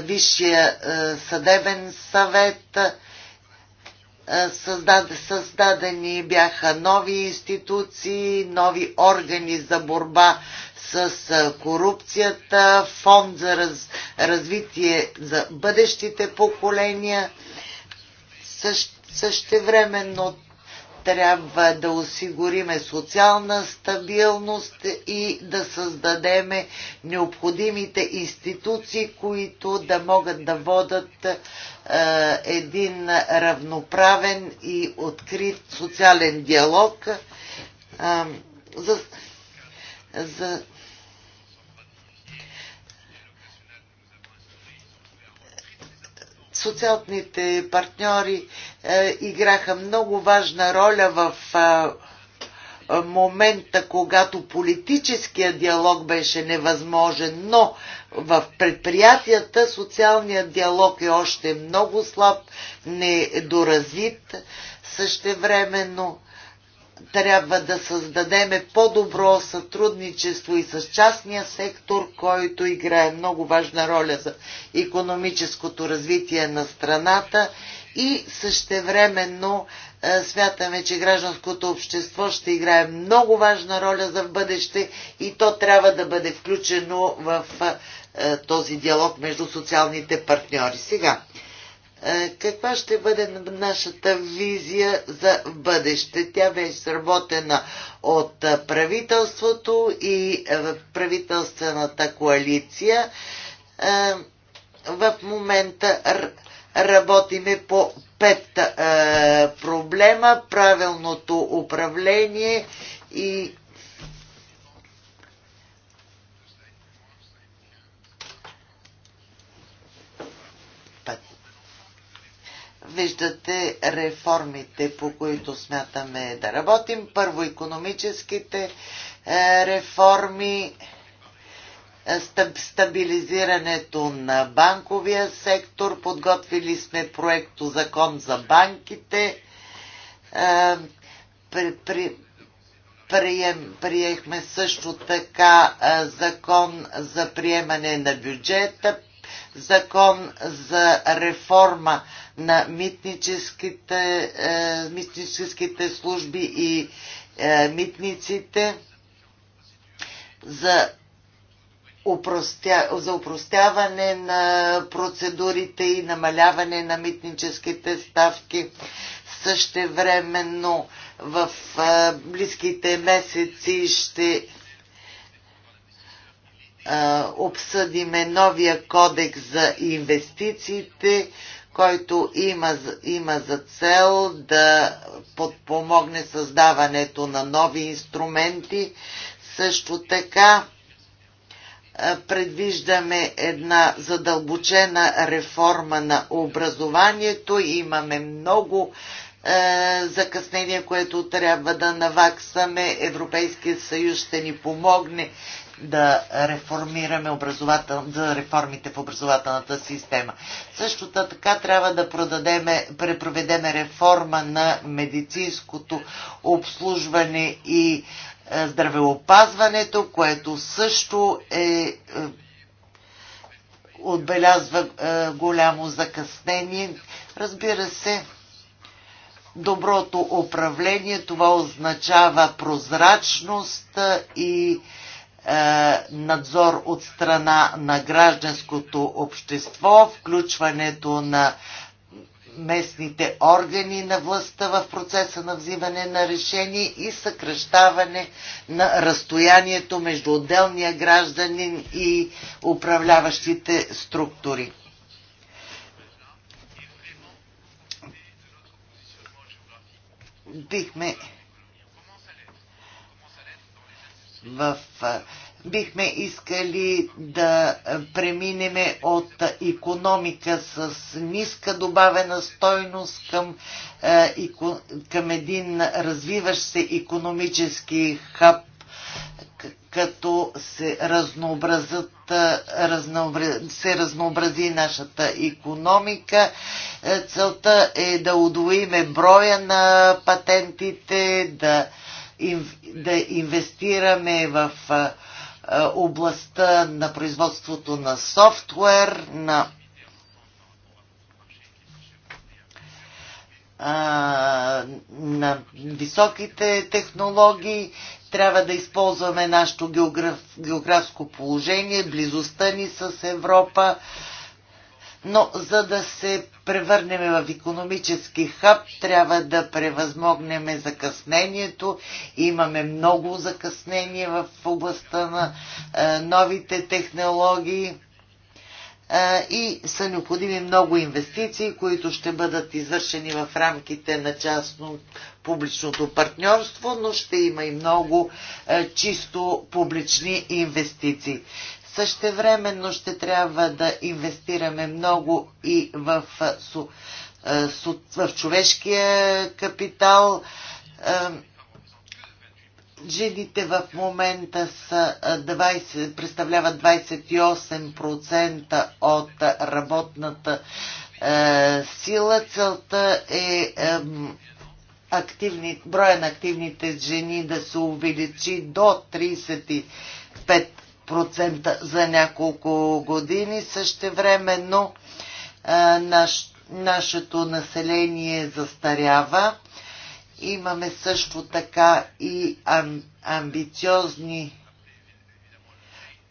Висшия съдебен съвет. Създаде, създадени бяха нови институции, нови органи за борба с корупцията, фонд за раз, развитие за бъдещите поколения. Също, същевременно трябва да осигуриме социална стабилност и да създадеме необходимите институции, които да могат да водат е, един равноправен и открит социален диалог. Е, за, за, социалните партньори е, играха много важна роля в е, е, момента, когато политическия диалог беше невъзможен, но в предприятията социалният диалог е още много слаб, недоразвит същевременно трябва да създадеме по-добро сътрудничество и с частния сектор, който играе много важна роля за економическото развитие на страната и същевременно е, смятаме, че гражданското общество ще играе много важна роля за в бъдеще и то трябва да бъде включено в е, този диалог между социалните партньори. Сега, е, каква ще бъде нашата визия за бъдеще. Тя беше сработена от е, правителството и е, правителствената коалиция. В момента работиме по пет проблема, правилното управление и Виждате реформите, по които смятаме да работим. Първо економическите е, реформи, е, стабилизирането на банковия сектор, подготвили сме проекто закон за банките, е, при, при, прием, приехме също така закон за приемане на бюджета, закон за реформа на митническите, е, митническите служби и е, митниците за, упростя, за упростяване на процедурите и намаляване на митническите ставки. Същевременно в е, близките месеци ще е, обсъдиме новия кодекс за инвестициите, който има, има за цел да подпомогне създаването на нови инструменти. Също така е, предвиждаме една задълбочена реформа на образованието. Имаме много е, закъснения, което трябва да наваксаме. Европейският съюз ще ни помогне да реформираме образовател, за реформите в образователната система. Също така трябва да продадеме, препроведеме реформа на медицинското обслужване и е, здравеопазването, което също е, е отбелязва е, голямо закъснение. Разбира се, доброто управление, това означава прозрачност и е, надзор от страна на гражданското общество, включването на местните органи на властта в процеса на взимане на решение и съкръщаване на разстоянието между отделния гражданин и управляващите структури. Бихме в бихме искали да преминеме от економика с ниска добавена стойност към, към един развиващ се економически хаб, като се, разнообразят, разнообрази, се разнообрази нашата економика. Целта е да удвоиме броя на патентите, да да инвестираме в областта на производството на софтуер, на на високите технологии, трябва да използваме нашето географско положение, близостта ни с Европа, но за да се превърнем в економически хъб, трябва да превъзмогнем закъснението. Имаме много закъснение в областта на е, новите технологии е, и са необходими много инвестиции, които ще бъдат извършени в рамките на частно-публичното партньорство, но ще има и много е, чисто публични инвестиции. Същевременно ще трябва да инвестираме много и в, в човешкия капитал. Жените в момента са 20, представляват 28% от работната сила. Целта е активни, броя на активните жени да се увеличи до 35% процента за няколко години. Същевременно наш, нашето население застарява. Имаме също така и ам, амбициозни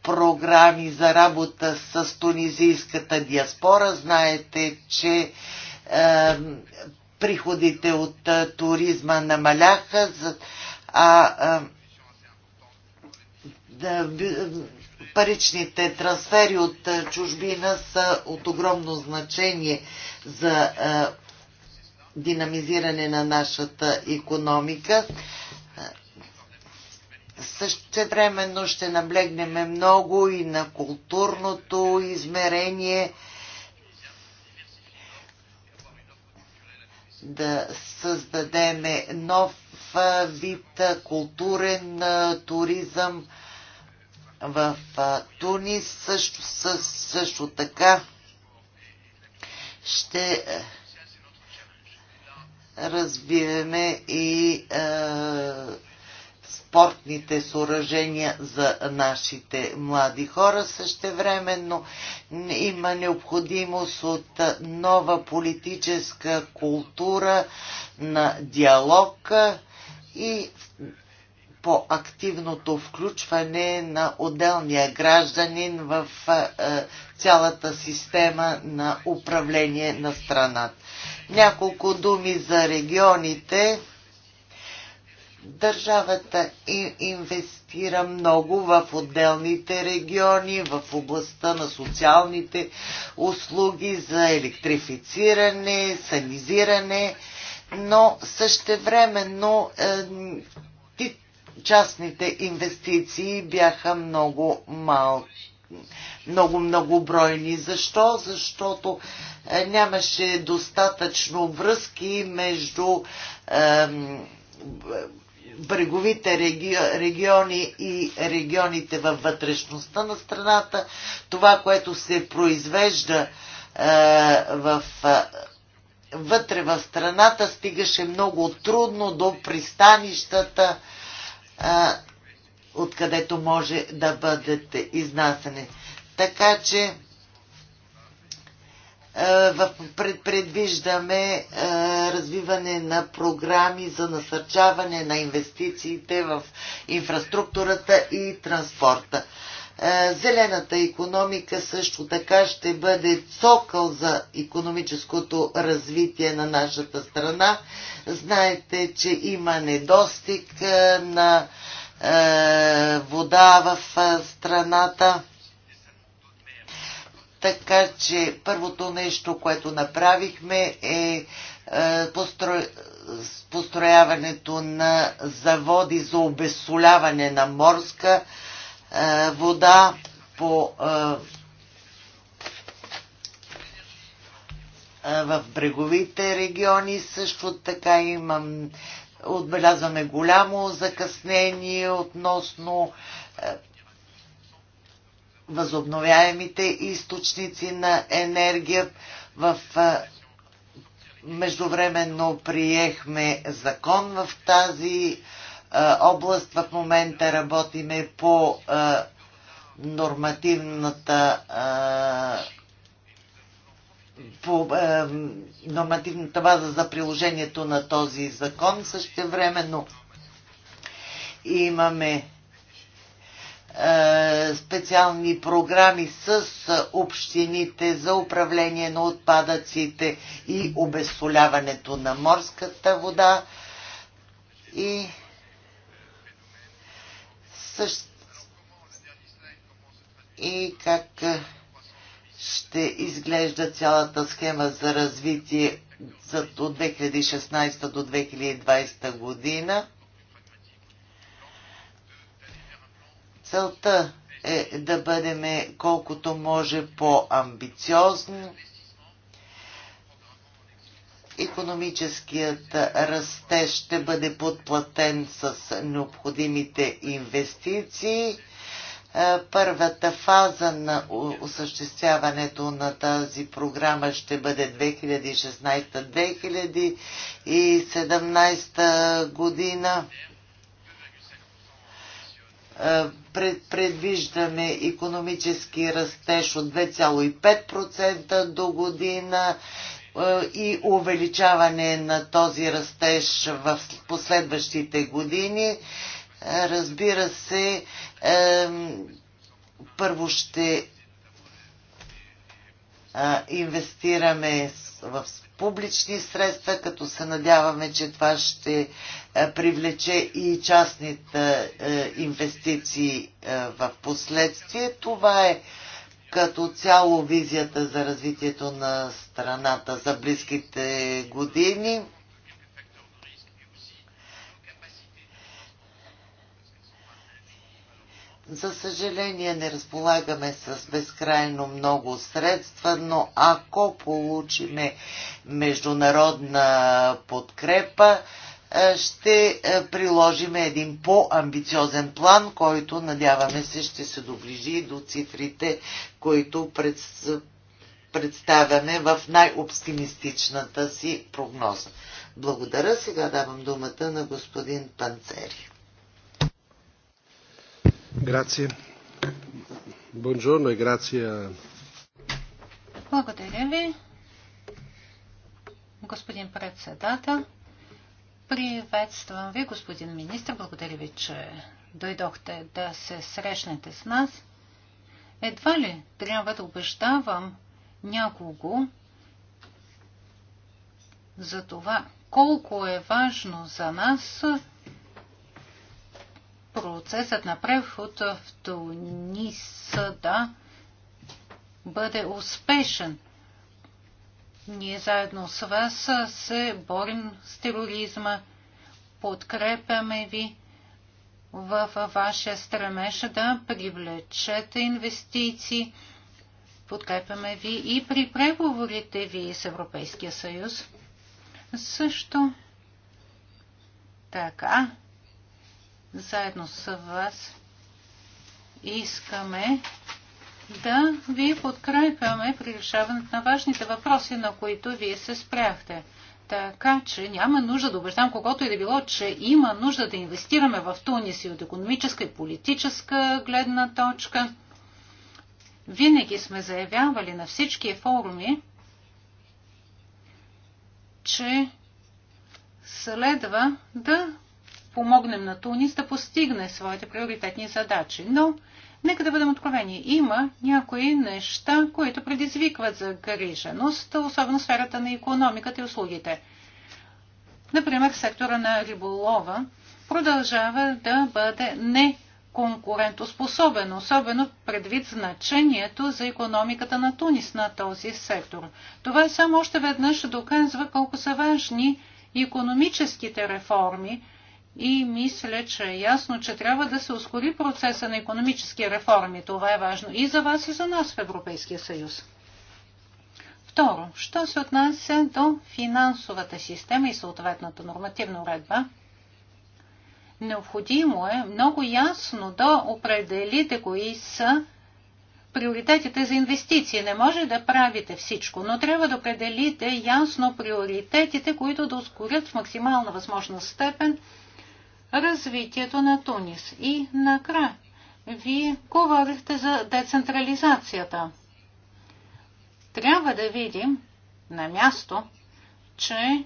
програми за работа с тунизийската диаспора. Знаете, че е, приходите от туризма намаляха, а е, е, е, паричните трансфери от е, чужбина са от огромно значение за динамизиране на нашата економика. Същевременно ще наблегнем много и на културното измерение, да създадеме нов вид културен туризъм, в Тунис също, също, също така ще е, развиеме и а, е, спортните съоръжения за нашите млади хора. Същевременно има необходимост от нова политическа култура на диалог и по-активното включване на отделния гражданин в цялата система на управление на страната. Няколко думи за регионите. Държавата инвестира много в отделните региони, в областта на социалните услуги за електрифициране, санизиране, но същевременно е, частните инвестиции бяха много малки много многобройни. Защо? Защото е, нямаше достатъчно връзки между е, бреговите реги, региони и регионите във вътрешността на страната. Това, което се произвежда е, в, вътре в страната, стигаше много трудно до пристанищата, е, откъдето може да бъдат изнасяне. Така че предвиждаме развиване на програми за насърчаване на инвестициите в инфраструктурата и транспорта. Е, зелената економика също така ще бъде цокъл за економическото развитие на нашата страна. Знаете, че има недостиг е, на е, вода в страната. Така че първото нещо, което направихме е постро... построяването на заводи за обесоляване на морска е, вода по е, е, в бреговите региони също така имам, отбелязваме голямо закъснение относно възобновяемите източници на енергия. В междувременно приехме закон в тази е, област. В момента работиме по е, нормативната е, по нормативната база за приложението на този закон. времено имаме специални програми с общините за управление на отпадъците и обезсоляването на морската вода. И също... И как ще изглежда цялата схема за развитие от 2016 до 2020 година. Целта е да бъдем колкото може по-амбициозни економическият растеж ще бъде подплатен с необходимите инвестиции. Първата фаза на осъществяването на тази програма ще бъде 2016-2017 година. предвиждаме економически растеж от 2,5% до година е, и увеличаване на този растеж в последващите години. Е, разбира се, е, първо ще инвестираме в публични средства, като се надяваме, че това ще привлече и частните инвестиции в последствие. Това е като цяло визията за развитието на страната за близките години. За съжаление не разполагаме с безкрайно много средства, но ако получиме международна подкрепа, е, ще е, приложим един по-амбициозен план, който надяваме се ще се доближи до цифрите, които пред, представяме в най-оптимистичната си прогноза. Благодаря. Сега давам думата на господин Панцери. Грация. Бонжорно и грация. Благодаря ви, господин председател. Приветствам ви, господин министр. Благодаря ви, че дойдохте да се срещнете с нас. Едва ли трябва да обещавам някого за това, колко е важно за нас процесът на преход в Тунис да бъде успешен – ние заедно с вас се борим с тероризма, подкрепяме ви в вашия стремеж да привлечете инвестиции, подкрепяме ви и при преговорите ви с Европейския съюз. Също така, заедно с вас искаме да ви подкрепяме при решаването на важните въпроси, на които вие се спряхте. Така че няма нужда да убеждам когото и да било, че има нужда да инвестираме в Тунис и от економическа и политическа гледна точка. Винаги сме заявявали на всички форуми, че следва да помогнем на Тунис да постигне своите приоритетни задачи. Но Нека да бъдем откровени. Има някои неща, които предизвикват загриженост, особено в сферата на економиката и услугите. Например, сектора на риболова продължава да бъде неконкурентоспособен, особено предвид значението за економиката на Тунис на този сектор. Това само още веднъж доказва колко са важни економическите реформи, и мисля, че е ясно, че трябва да се ускори процеса на економически реформи. Това е важно и за вас, и за нас в Европейския съюз. Второ, що се отнася до финансовата система и съответната нормативна уредба, необходимо е много ясно да определите кои са приоритетите за инвестиции. Не може да правите всичко, но трябва да определите ясно приоритетите, които да ускорят в максимална възможна степен – развитието на Тунис. И накрая, вие говорихте за децентрализацията. Трябва да видим на място, че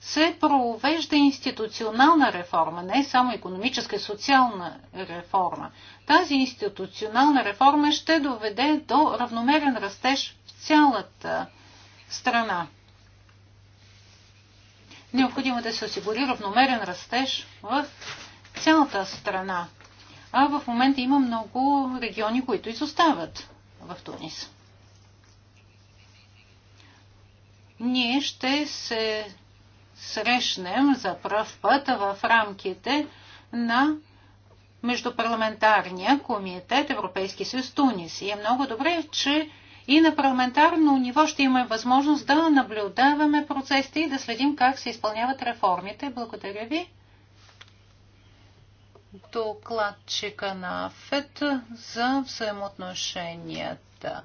се провежда институционална реформа, не само економическа и социална реформа. Тази институционална реформа ще доведе до равномерен растеж в цялата страна. Необходимо да се осигури равномерен растеж в цялата страна. А в момента има много региони, които изостават в Тунис. Ние ще се срещнем за пръв път в рамките на Междупарламентарния комитет Европейски съюз Тунис. И е много добре, че и на парламентарно ниво ще имаме възможност да наблюдаваме процесите и да следим как се изпълняват реформите. Благодаря ви. Докладчика на ФЕД за взаимоотношенията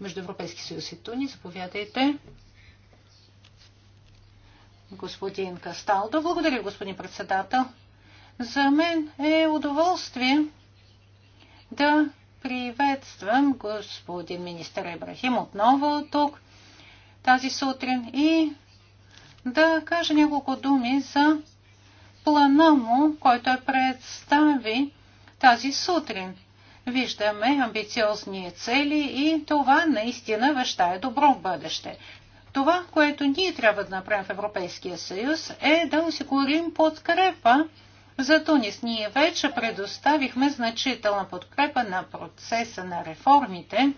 между Европейски съюз и Туни. Заповядайте. Господин Касталдо. Благодаря, господин председател. За мен е удоволствие да Приветствам господин министър Ибрахим отново тук тази сутрин и да кажа няколко думи за плана му, който е представи тази сутрин. Виждаме амбициозни цели и това наистина вещае добро бъдеще. Това, което ние трябва да направим в Европейския съюз е да осигурим подкрепа за Тунис ние вече предоставихме значителна подкрепа на процеса на реформите.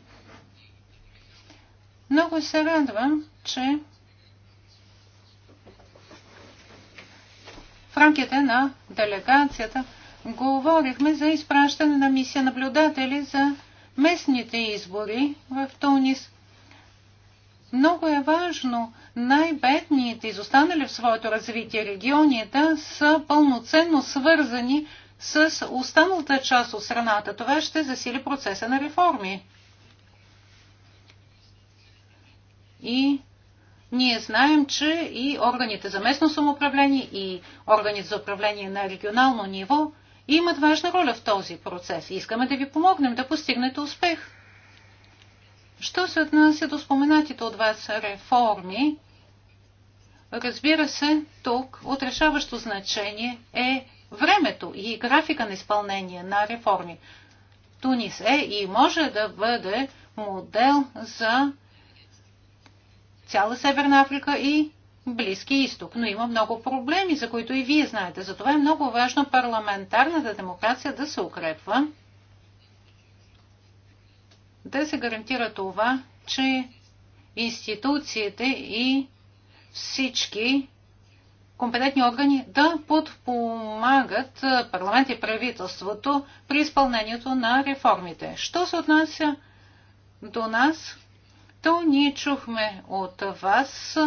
Много се радвам, че в рамките на делегацията говорихме за изпращане на мисия наблюдатели за местните избори в Тунис. Много е важно най-бедните, изостанали в своето развитие регионията са пълноценно свързани с останалата част от страната. Това ще засили процеса на реформи. И ние знаем, че и органите за местно самоуправление, и органите за управление на регионално ниво имат важна роля в този процес. Искаме да ви помогнем да постигнете успех. Що се отнася до споменатите от вас реформи, Разбира се, тук от решаващо значение е времето и графика на изпълнение на реформи. Тунис е и може да бъде модел за цяла Северна Африка и Близки изток. Но има много проблеми, за които и вие знаете. Затова е много важно парламентарната демокрация да се укрепва, да се гарантира това, че институциите и всички компетентни органи да подпомагат парламент и правителството при изпълнението на реформите. Що се отнася до нас, то ние чухме от вас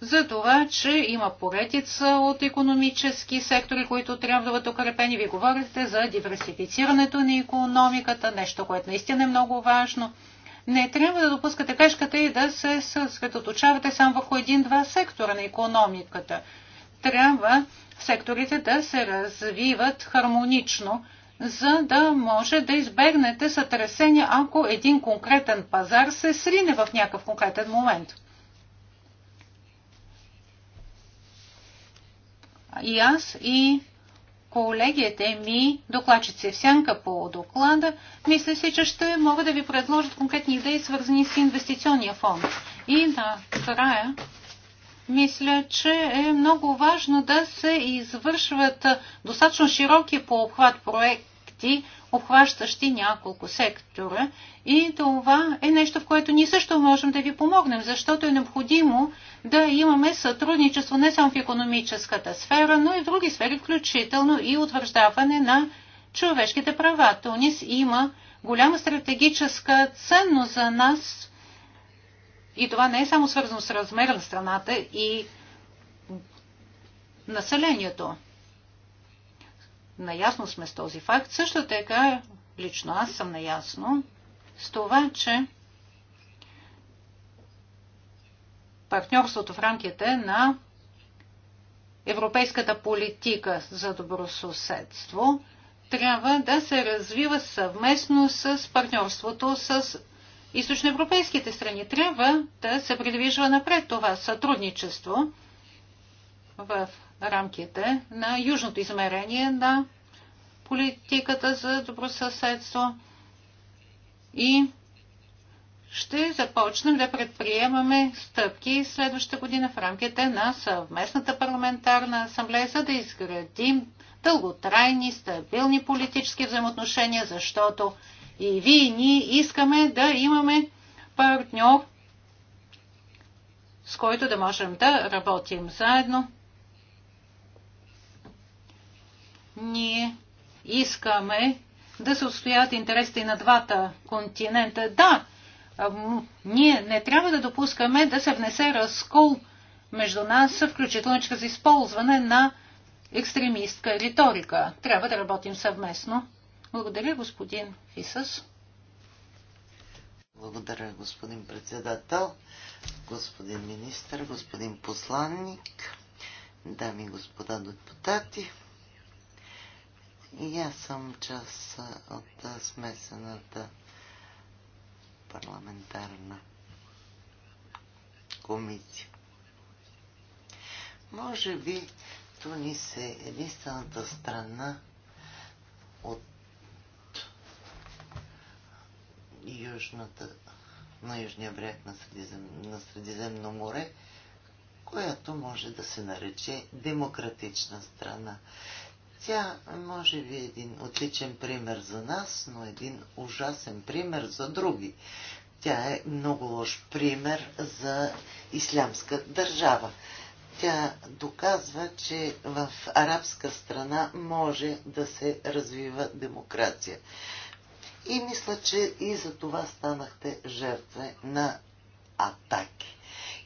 за това, че има поредица от економически сектори, които трябва да бъдат укрепени. Ви говорите за диверсифицирането на економиката, нещо, което наистина е много важно – не трябва да допускате грешката и да се съсредоточавате само върху един-два сектора на економиката. Трябва секторите да се развиват хармонично, за да може да избегнете сътресения, ако един конкретен пазар се срине в някакъв конкретен момент. И аз и колегите ми, докладчици се сянка по доклада, мисля си, че ще могат да ви предложат конкретни идеи, свързани с инвестиционния фонд. И на края, мисля, че е много важно да се извършват достатъчно широки по обхват проект области, обхващащи няколко сектора. И това е нещо, в което ние също можем да ви помогнем, защото е необходимо да имаме сътрудничество не само в економическата сфера, но и в други сфери, включително и утвърждаване на човешките права. Тунис има голяма стратегическа ценност за нас и това не е само свързано с размера на страната и населението. Наясно сме с този факт. Също така, лично аз съм наясно с това, че партньорството в рамките на европейската политика за добрососедство трябва да се развива съвместно с партньорството с източноевропейските страни. Трябва да се придвижва напред това сътрудничество в рамките на южното измерение на политиката за добросъседство и ще започнем да предприемаме стъпки следващата година в рамките на съвместната парламентарна асамблея, за да изградим дълготрайни, стабилни политически взаимоотношения, защото и вие и ние искаме да имаме партньор, с който да можем да работим заедно Ние искаме да се отстоят интересите на двата континента. Да, ние не трябва да допускаме да се внесе разкол между нас, включително чрез използване на екстремистка риторика. Трябва да работим съвместно. Благодаря, господин Фисъс. Благодаря, господин председател, господин министр, господин посланник, дами и господа депутати. И аз съм част от смесената парламентарна комисия. Може би Тунис е единствената страна от южната, на южния бряг на, Средизем, на Средиземно море, която може да се нарече демократична страна. Тя може би е един отличен пример за нас, но един ужасен пример за други. Тя е много лош пример за ислямска държава. Тя доказва, че в арабска страна може да се развива демокрация. И мисля, че и за това станахте жертве на атаки.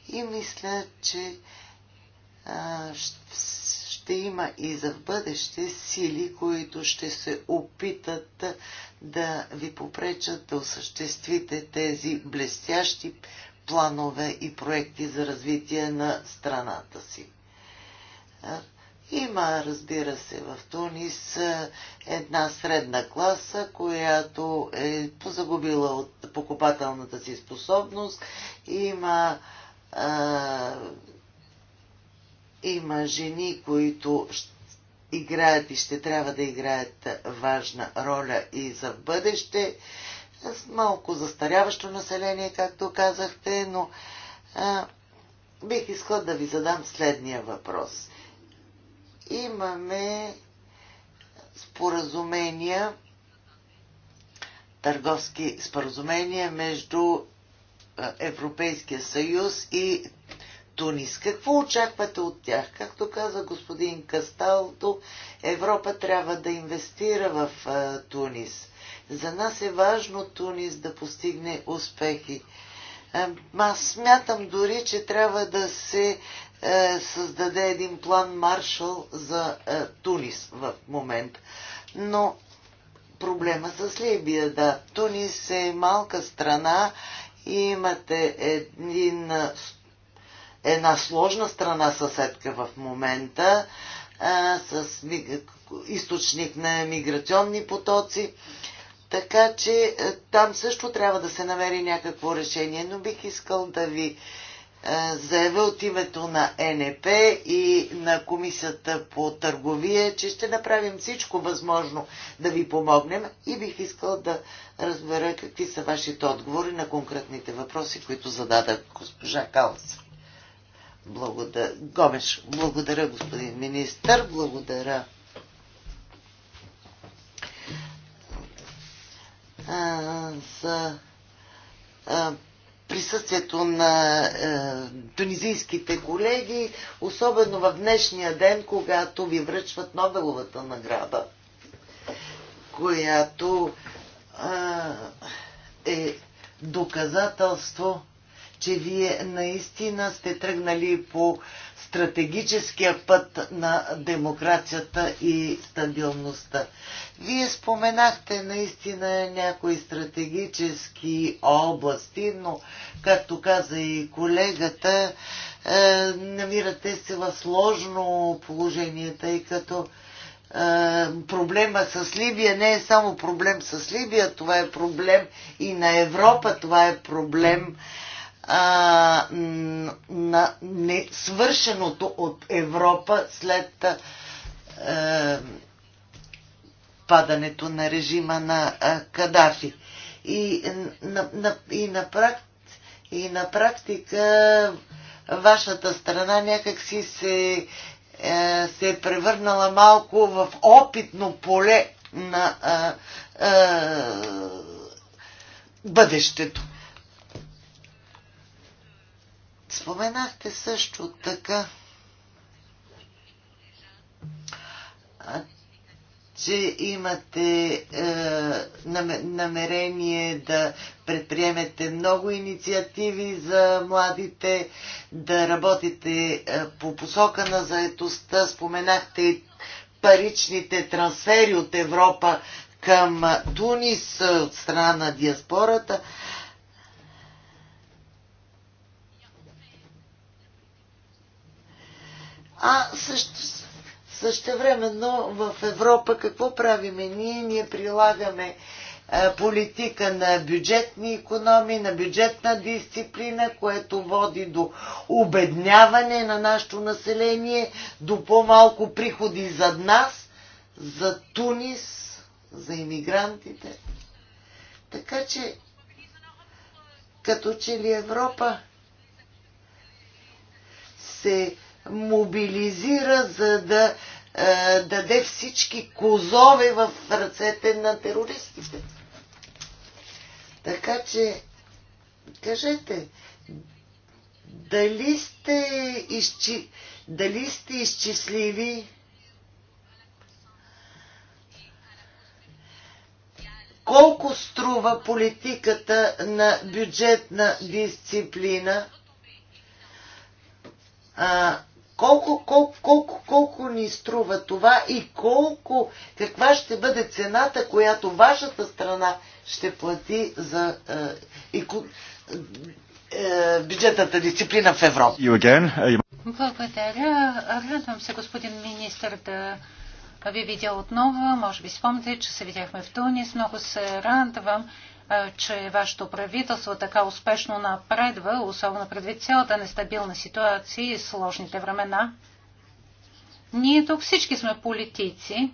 И мисля, че а, ще има и за в бъдеще сили, които ще се опитат да ви попречат да осъществите тези блестящи планове и проекти за развитие на страната си. Има, разбира се, в Тунис една средна класа, която е позагубила от покупателната си способност. Има а, има жени, които играят и ще трябва да играят важна роля и за бъдеще. С малко застаряващо население, както казахте, но а, бих искал да ви задам следния въпрос. Имаме споразумения, търговски споразумения между Европейския съюз и Тунис. Какво очаквате от тях? Както каза господин Касталто, Европа трябва да инвестира в Тунис. За нас е важно Тунис да постигне успехи. Аз смятам дори, че трябва да се създаде един план Маршал за Тунис в момент. Но проблема с Либия, да. Тунис е малка страна и имате един една сложна страна съседка в момента, а, с ми, източник на миграционни потоци. Така че там също трябва да се намери някакво решение, но бих искал да ви заявя от името на НП и на Комисията по търговия, че ще направим всичко възможно да ви помогнем и бих искал да разбера какви са вашите отговори на конкретните въпроси, които зададат госпожа Калс. Благодаря, Гомеш. Благодаря, господин министър. Благодаря. за присъствието на е, тунизийските колеги, особено в днешния ден, когато ви връчват Нобеловата награда, която е доказателство че вие наистина сте тръгнали по стратегическия път на демокрацията и стабилността. Вие споменахте наистина някои стратегически области, но, както каза и колегата, е, намирате се в сложно положение, тъй като е, проблема с Либия не е само проблем с Либия, това е проблем и на Европа, това е проблем а, на несвършеното от Европа след а, е, падането на режима на а, Кадафи. И на, на, и, на практи, и на практика вашата страна си се, е, се е превърнала малко в опитно поле на а, а, бъдещето. Споменахте също така, че имате е, намерение да предприемете много инициативи за младите, да работите е, по посока на заетостта. Споменахте и паричните трансфери от Европа към е, Тунис е, от страна на диаспората. А също, времено в Европа какво правиме ние? Ние прилагаме е, политика на бюджетни економии, на бюджетна дисциплина, което води до обедняване на нашето население, до по-малко приходи за нас, за Тунис, за иммигрантите. Така че, като че ли Европа се мобилизира, за да е, даде всички козове в ръцете на терористите. Така че, кажете, дали сте, изчи... дали сте изчислили колко струва политиката на бюджетна дисциплина а, колко, колко, колко, колко ни струва това и колко, каква ще бъде цената, която вашата страна ще плати за е, е, е, бюджетната дисциплина в Европа? Е, Благодаря. Радвам се, господин министр, да ви видя отново. Може би спомните, че се видяхме в Тунис. Много се радвам, че вашето правителство така успешно напредва, особено предвид цялата нестабилна ситуация и сложните времена. Ние тук всички сме политици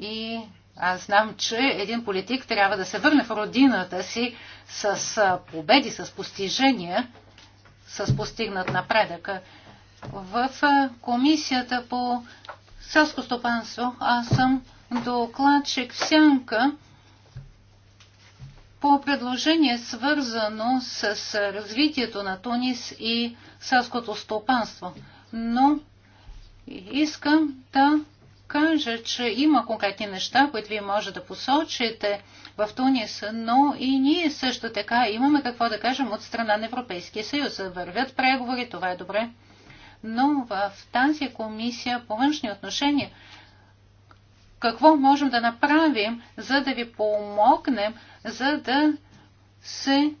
и аз знам, че един политик трябва да се върне в родината си с победи, с постижения, с постигнат напредък. В комисията по селско стопанство аз съм докладчик в сянка по предложение свързано с развитието на Тунис и селското стопанство. Но искам да кажа, че има конкретни неща, които вие може да посочите в Тунис, но и ние също така имаме какво да кажем от страна на Европейския съюз. Вървят преговори, това е добре. Но в тази комисия по външни отношения какво можем да направим, за да ви помогнем, за да се,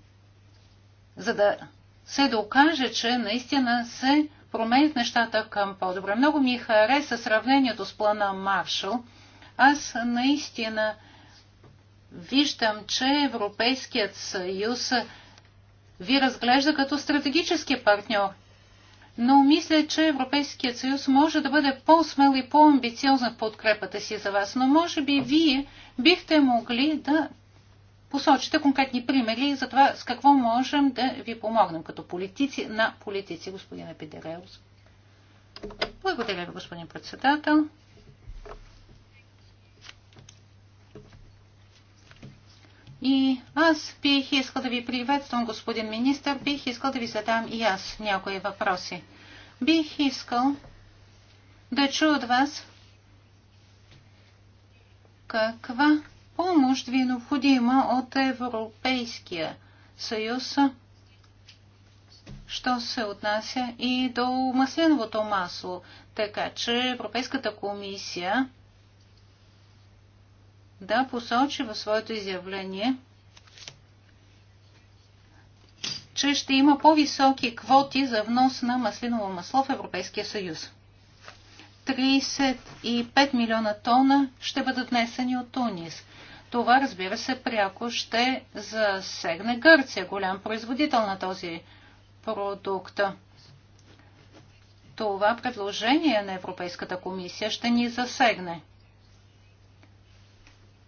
за да се докаже, че наистина се променят нещата към по-добре. Много ми хареса сравнението с плана Маршал. Аз наистина виждам, че Европейският съюз ви разглежда като стратегически партньор – но мисля, че Европейският съюз може да бъде по-смел и по-амбициозен в подкрепата си за вас, но може би вие бихте могли да посочите конкретни примери за това с какво можем да ви помогнем като политици на политици, господин Епидереус. Благодаря ви, господин председател. И аз бих искал да ви приветствам, господин министр. Бих искал да ви задам и аз някои въпроси. Бих искал да чу от вас каква помощ ви е необходима от Европейския съюз, що се отнася и до масленовото масло. Така че Европейската комисия да посочи в своето изявление, че ще има по-високи квоти за внос на маслиново масло в Европейския съюз. 35 милиона тона ще бъдат внесени от Тунис. Това, разбира се, пряко ще засегне Гърция, голям производител на този продукт. Това предложение на Европейската комисия ще ни засегне.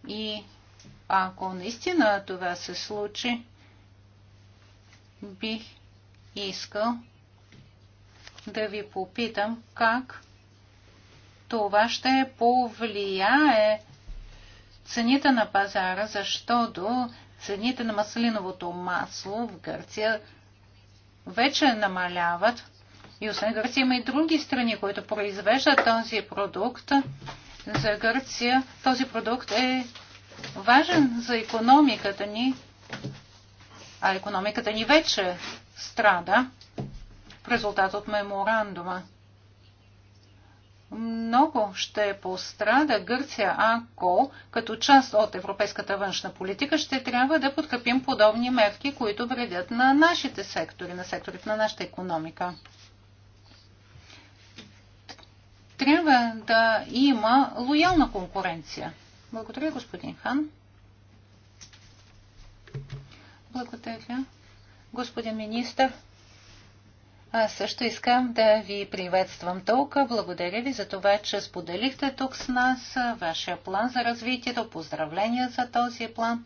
И ако наистина това се случи, бих искал да ви попитам как това ще повлияе цените на пазара, защото цените на маслиновото масло в Гърция вече намаляват. И освен Гърция има и други страни, които произвеждат този продукт за Гърция. Този продукт е важен за економиката ни, а економиката ни вече страда в резултат от меморандума. Много ще пострада Гърция, ако като част от европейската външна политика ще трябва да подкрепим подобни мерки, които вредят на нашите сектори, на секторите на нашата економика трябва да има лоялна конкуренция. Благодаря, господин Хан. Благодаря, господин министр. Аз също искам да ви приветствам толкова. Благодаря ви за това, че споделихте тук с нас вашия план за развитието. Поздравления за този план.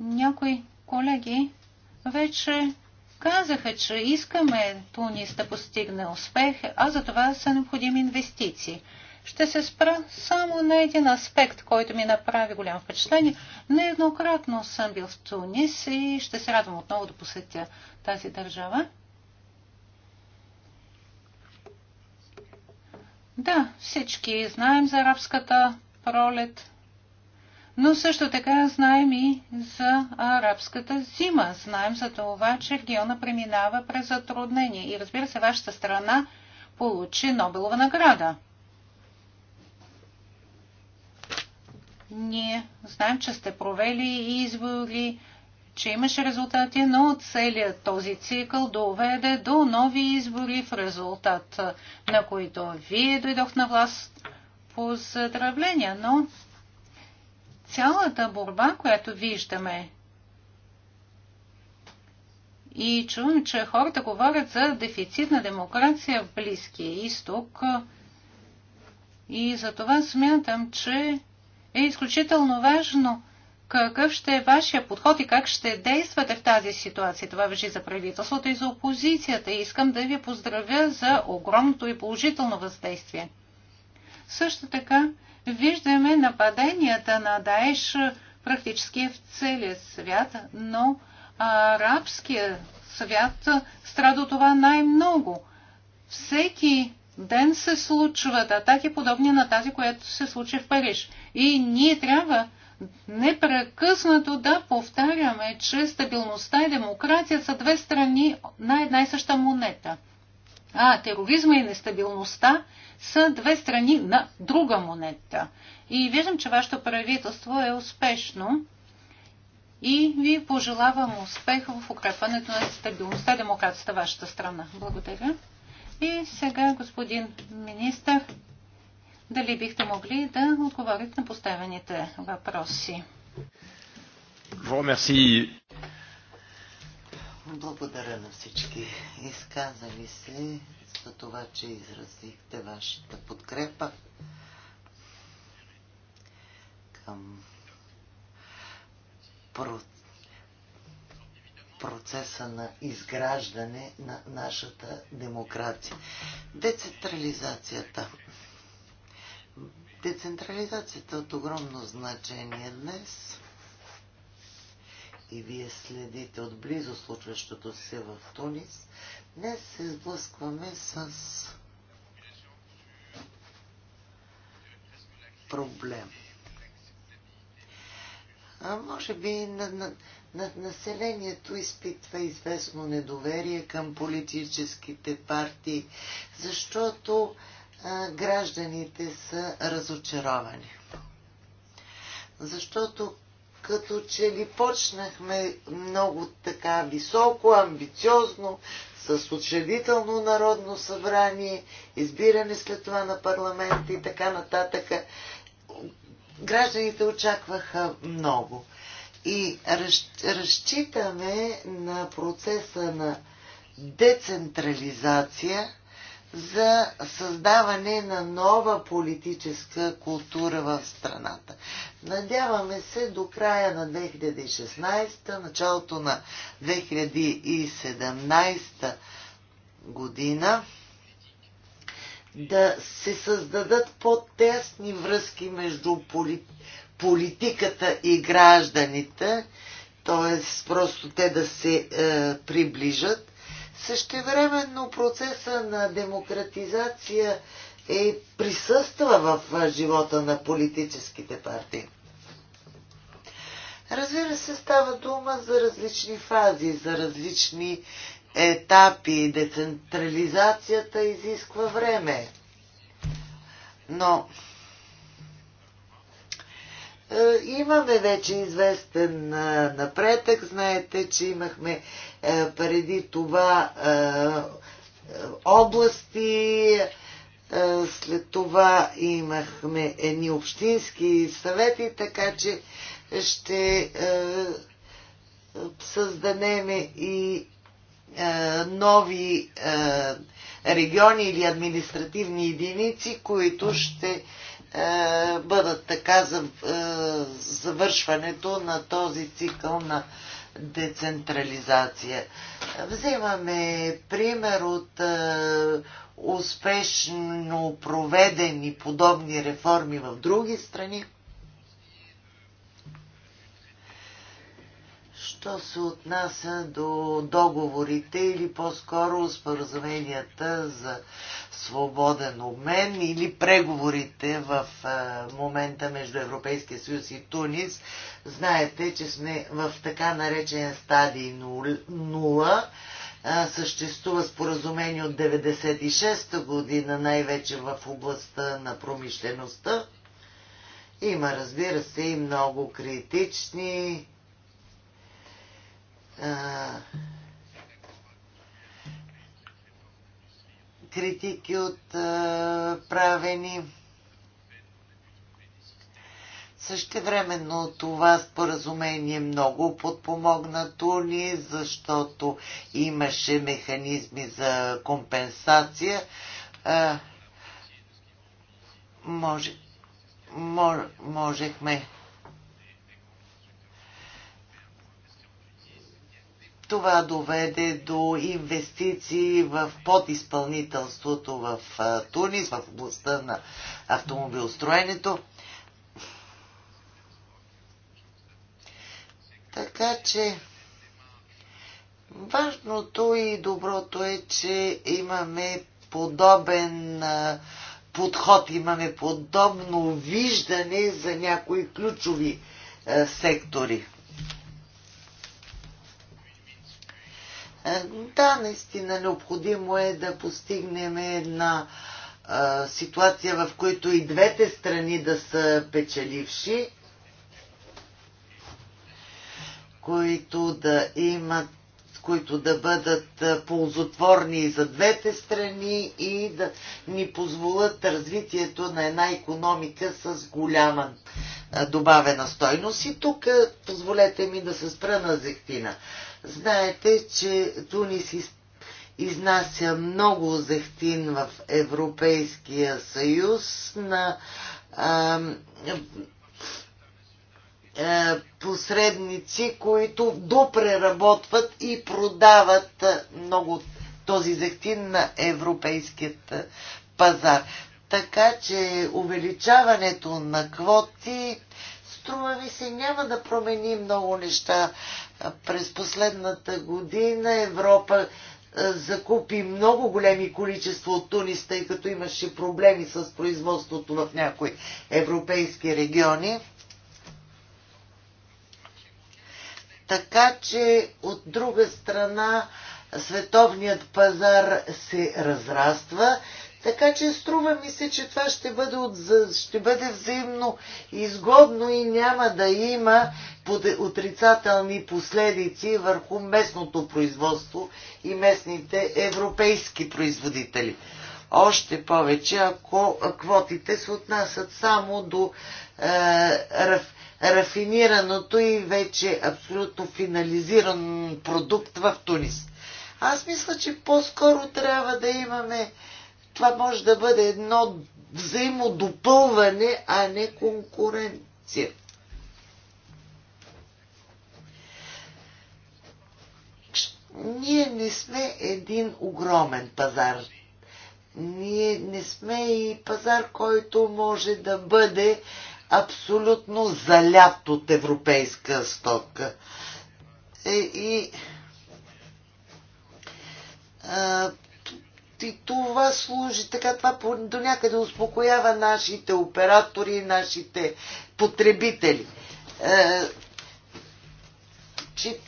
Някои колеги вече казаха, че искаме Тунис да постигне успех, а за това са необходими инвестиции. Ще се спра само на един аспект, който ми направи голямо впечатление. Нееднократно съм бил в Тунис и ще се радвам отново да посетя тази държава. Да, всички знаем за арабската пролет. Но също така знаем и за арабската зима. Знаем за това, че региона преминава през затруднение. И разбира се, вашата страна получи Нобелова награда. Ние знаем, че сте провели избори, че имаше резултати, но целият този цикъл доведе до нови избори, в резултат на които вие дойдох на власт по задравления, но цялата борба, която виждаме. И чувам, че хората говорят за дефицит на демокрация в Близкия изток. И за това смятам, че е изключително важно какъв ще е вашия подход и как ще действате в тази ситуация. Това въжи за правителството и за опозицията. И искам да ви поздравя за огромното и положително въздействие. Също така виждаме нападенията на Даеш практически в целия свят, но арабският свят страда от това най-много. Всеки ден се случват атаки, подобни на тази, която се случи в Париж. И ние трябва непрекъснато да повтаряме, че стабилността и демокрация са две страни на една и съща монета – а тероризма и нестабилността са две страни на друга монета. И виждам, че вашето правителство е успешно и ви пожелавам успех в укрепването на стабилността и демокрацията в вашата страна. Благодаря. И сега, господин министр, дали бихте могли да отговорите на поставените въпроси? Благодаря. Благодаря на всички изказали се за това, че изразихте вашата подкрепа към процеса на изграждане на нашата демокрация. Децентрализацията. Децентрализацията е от огромно значение днес и вие следите отблизо случващото се в Тунис, днес се сблъскваме с проблем. А може би на, на, на, населението изпитва известно недоверие към политическите партии, защото а, гражданите са разочаровани. Защото като че ли почнахме много така високо, амбициозно, с учредително народно събрание, избиране след това на парламент и така нататък. Гражданите очакваха много. И раз, разчитаме на процеса на децентрализация – за създаване на нова политическа култура в страната. Надяваме се до края на 2016, началото на 2017 година да се създадат по-тесни връзки между политиката и гражданите, т.е. просто те да се е, приближат Същевременно процеса на демократизация е присъства в живота на политическите партии. Разбира се, става дума за различни фази, за различни етапи. Децентрализацията изисква време. Но е, имаме вече известен е, напредък. Знаете, че имахме е, преди това области, след това имахме едни общински съвети, така че ще създадеме и нови региони или административни единици, които ще е, бъдат така за е, завършването на този цикъл на децентрализация. Взимаме пример от е, успешно проведени подобни реформи в други страни. Що се отнася до договорите или по-скоро споразуменията за свободен обмен или преговорите в момента между Европейския съюз и Тунис, знаете, че сме в така наречен стадий 0 съществува споразумение от 96-та година, най-вече в областта на промишлеността. Има, разбира се, и много критични а, критики от а, правени. Същевременно това споразумение много подпомогна Туни, защото имаше механизми за компенсация. А, може, мож, можехме Това доведе до инвестиции в подизпълнителството в Тунис, в областта на автомобилстроенето. Така че важното и доброто е, че имаме подобен подход, имаме подобно виждане за някои ключови сектори. Е, да, наистина необходимо е да постигнем една е, ситуация, в които и двете страни да са печеливши, които да имат които да бъдат е, ползотворни за двете страни и да ни позволят развитието на една економика с голяма добавена стойност. И тук позволете ми да се спра на зехтина. Знаете, че Тунис изнася много зехтин в Европейския съюз на а, а, е, посредници, които допреработват и продават е, много този зехтин на европейският е, пазар. Така че увеличаването на квоти струва ми се, няма да промени много неща. През последната година Европа е, закупи много големи количества от Тунис, тъй като имаше проблеми с производството в някои европейски региони. Така че от друга страна световният пазар се разраства така че струва ми се, че това ще бъде, от, ще бъде взаимно изгодно и няма да има отрицателни последици върху местното производство и местните европейски производители. Още повече, ако квотите се отнасят само до е, раф, рафинираното и вече абсолютно финализиран продукт в Тунис. Аз мисля, че по-скоро трябва да имаме това може да бъде едно взаимодопълване, а не конкуренция. Ние не сме един огромен пазар. Ние не сме и пазар, който може да бъде абсолютно залят от европейска стока. И, е, и а, и това служи, така това до някъде успокоява нашите оператори, нашите потребители. Е, че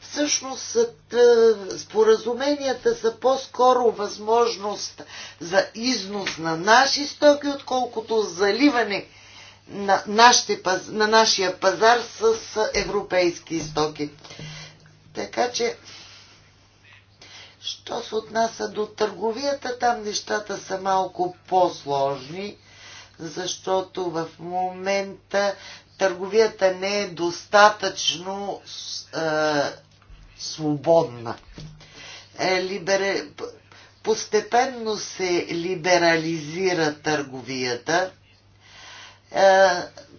всъщност е, споразуменията са по-скоро възможност за износ на наши стоки, отколкото заливане на, нашите, на нашия пазар с европейски стоки. Така че Що се отнася до търговията, там нещата са малко по-сложни, защото в момента търговията не е достатъчно е, свободна. Е, либер... Постепенно се либерализира търговията, е,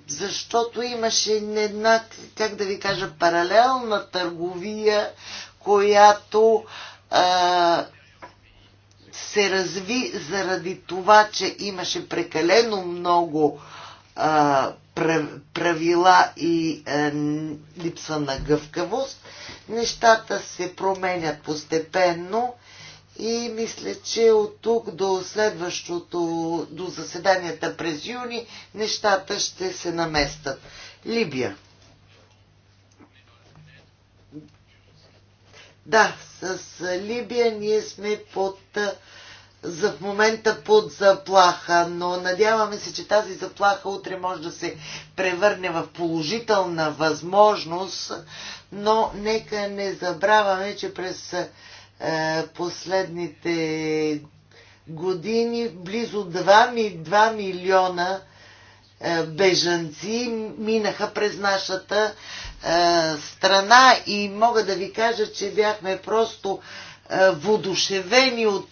защото имаше една, как да ви кажа, паралелна търговия, която е, а, се разви заради това, че имаше прекалено много а, правила и а, липса на гъвкавост. Нещата се променят постепенно и мисля, че от тук до следващото, до заседанията през юни, нещата ще се наместят. Либия. Да, с Либия ние сме под, за в момента под заплаха, но надяваме се, че тази заплаха утре може да се превърне в положителна възможност, но нека не забравяме, че през е, последните години близо 2, 2 милиона бежанци минаха през нашата е, страна и мога да ви кажа, че бяхме просто е, водушевени от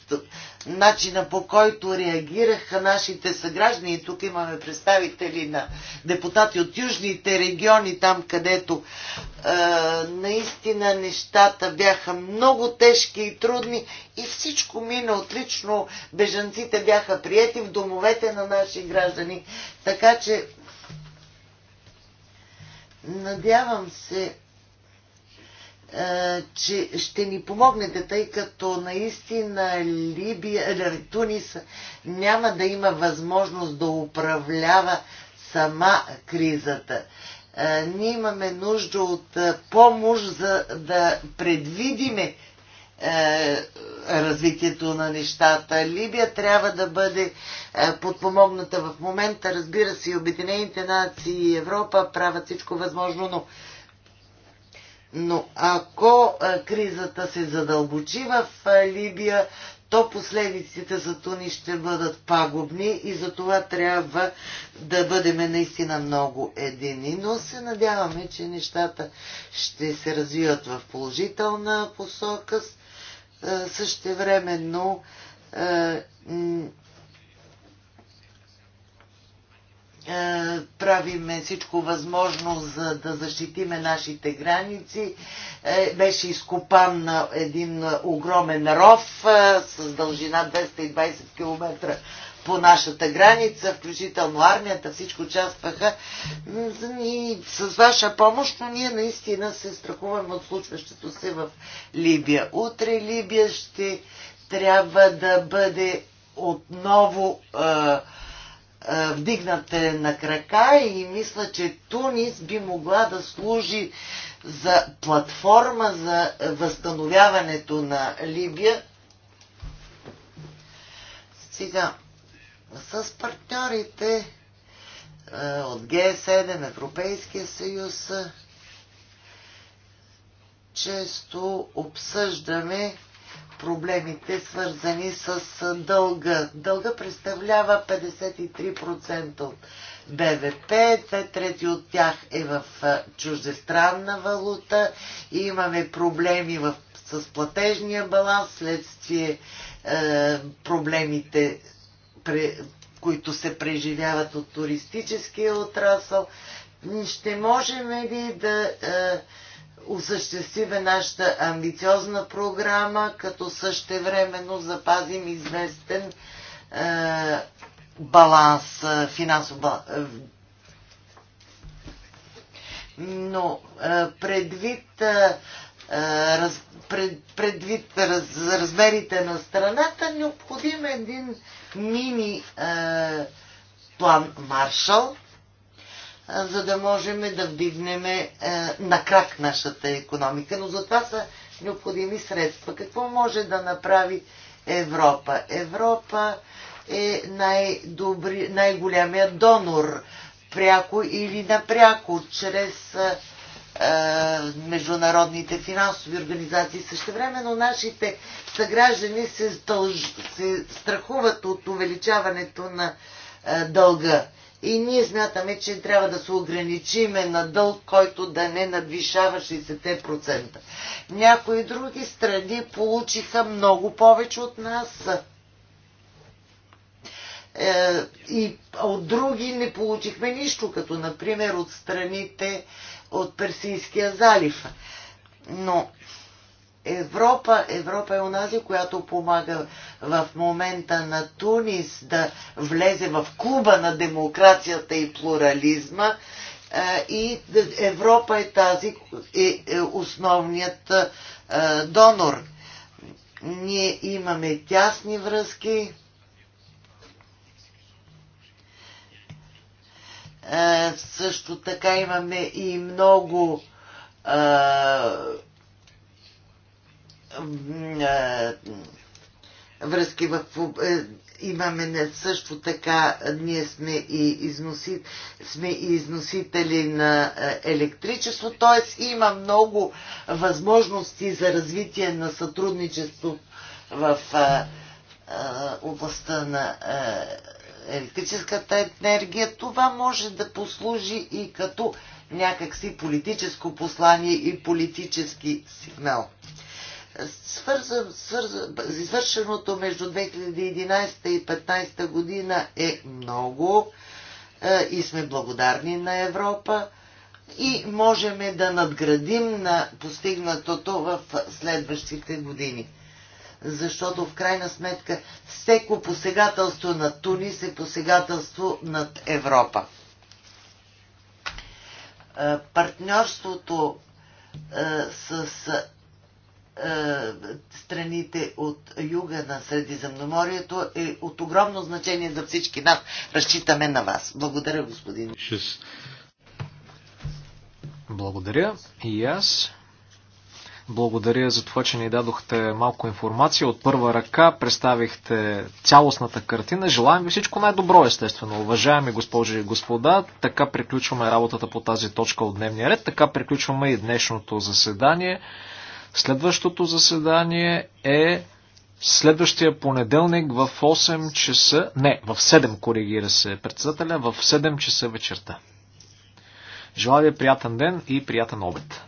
начина по който реагираха нашите съграждани. тук имаме представители на депутати от южните региони, там където е, наистина нещата бяха много тежки и трудни и всичко мина отлично. Бежанците бяха приети в домовете на наши граждани. Така че Надявам се, че ще ни помогнете, тъй като наистина Либия, Тунис няма да има възможност да управлява сама кризата. Ние имаме нужда от помощ, за да предвидиме е, развитието на нещата. Либия трябва да бъде е, подпомогната в момента. Разбира се, и Обединените нации и Европа правят всичко възможно, но, но ако е, кризата се задълбочи в Либия, то последиците за Туни ще бъдат пагубни и за това трябва да бъдеме наистина много едини. Но се надяваме, че нещата ще се развиват в положителна посока. Е, същевременно е, е, правиме всичко възможно за да защитиме нашите граници. Беше изкопан един огромен ров с дължина 220 км по нашата граница, включително армията, всичко участваха. И с ваша помощ, но ние наистина се страхуваме от случващото се в Либия. Утре Либия ще трябва да бъде отново а, а, вдигната на крака и мисля, че Тунис би могла да служи за платформа за възстановяването на Либия. Сега, с партньорите е, от Г7, Европейския съюз, често обсъждаме проблемите, свързани с дълга. Дълга представлява 53% от БВП, две трети от тях е в е, чуждестранна валута и имаме проблеми в, с платежния баланс, следствие е, проблемите които се преживяват от туристическия отрасъл, ще можем ли да е, осъществиме нашата амбициозна програма, като същевременно запазим известен е, баланс, е, финансов баланс. Е, но е, предвид раз, пред, предвид раз, размерите на страната, необходим е един мини а, план Маршал, за да можем да вдигнем а, на крак нашата економика. Но за това са необходими средства. Какво може да направи Европа? Европа е най-голямия най донор, пряко или напряко, чрез а, е, международните финансови организации. Също време, но нашите съграждани се, дълж, се страхуват от увеличаването на а, е, дълга. И ние смятаме, че трябва да се ограничиме на дълг, който да не надвишава 60%. Някои други страни получиха много повече от нас. Е, и от други не получихме нищо, като например от страните от Персийския залив. Но Европа, Европа е онази, която помага в момента на Тунис да влезе в клуба на демокрацията и плурализма. Е, и Европа е тази е, е основният е, донор. Ние имаме тясни връзки Е, също така имаме и много е, е, връзки в имаме също така, ние сме и, износи, сме и износители на електричество, т.е. има много възможности за развитие на сътрудничество в а, а, областта на а, електрическата енергия, това може да послужи и като някакси политическо послание и политически сигнал. Свързан, свързан, извършеното между 2011 и 2015 година е много е, и сме благодарни на Европа и можем да надградим на постигнатото в следващите години защото в крайна сметка всеко посегателство на Тунис е посегателство над Европа. Е, партньорството е, с е, страните от юга на Средиземноморието е от огромно значение за всички нас. Разчитаме на вас. Благодаря, господин. Благодаря и аз. Благодаря за това, че ни дадохте малко информация от първа ръка, представихте цялостната картина. Желаем ви всичко най-добро, естествено. Уважаеми госпожи и господа, така приключваме работата по тази точка от дневния ред, така приключваме и днешното заседание. Следващото заседание е следващия понеделник в 8 часа, не, в 7 коригира се председателя, в 7 часа вечерта. Желая ви приятен ден и приятен обед.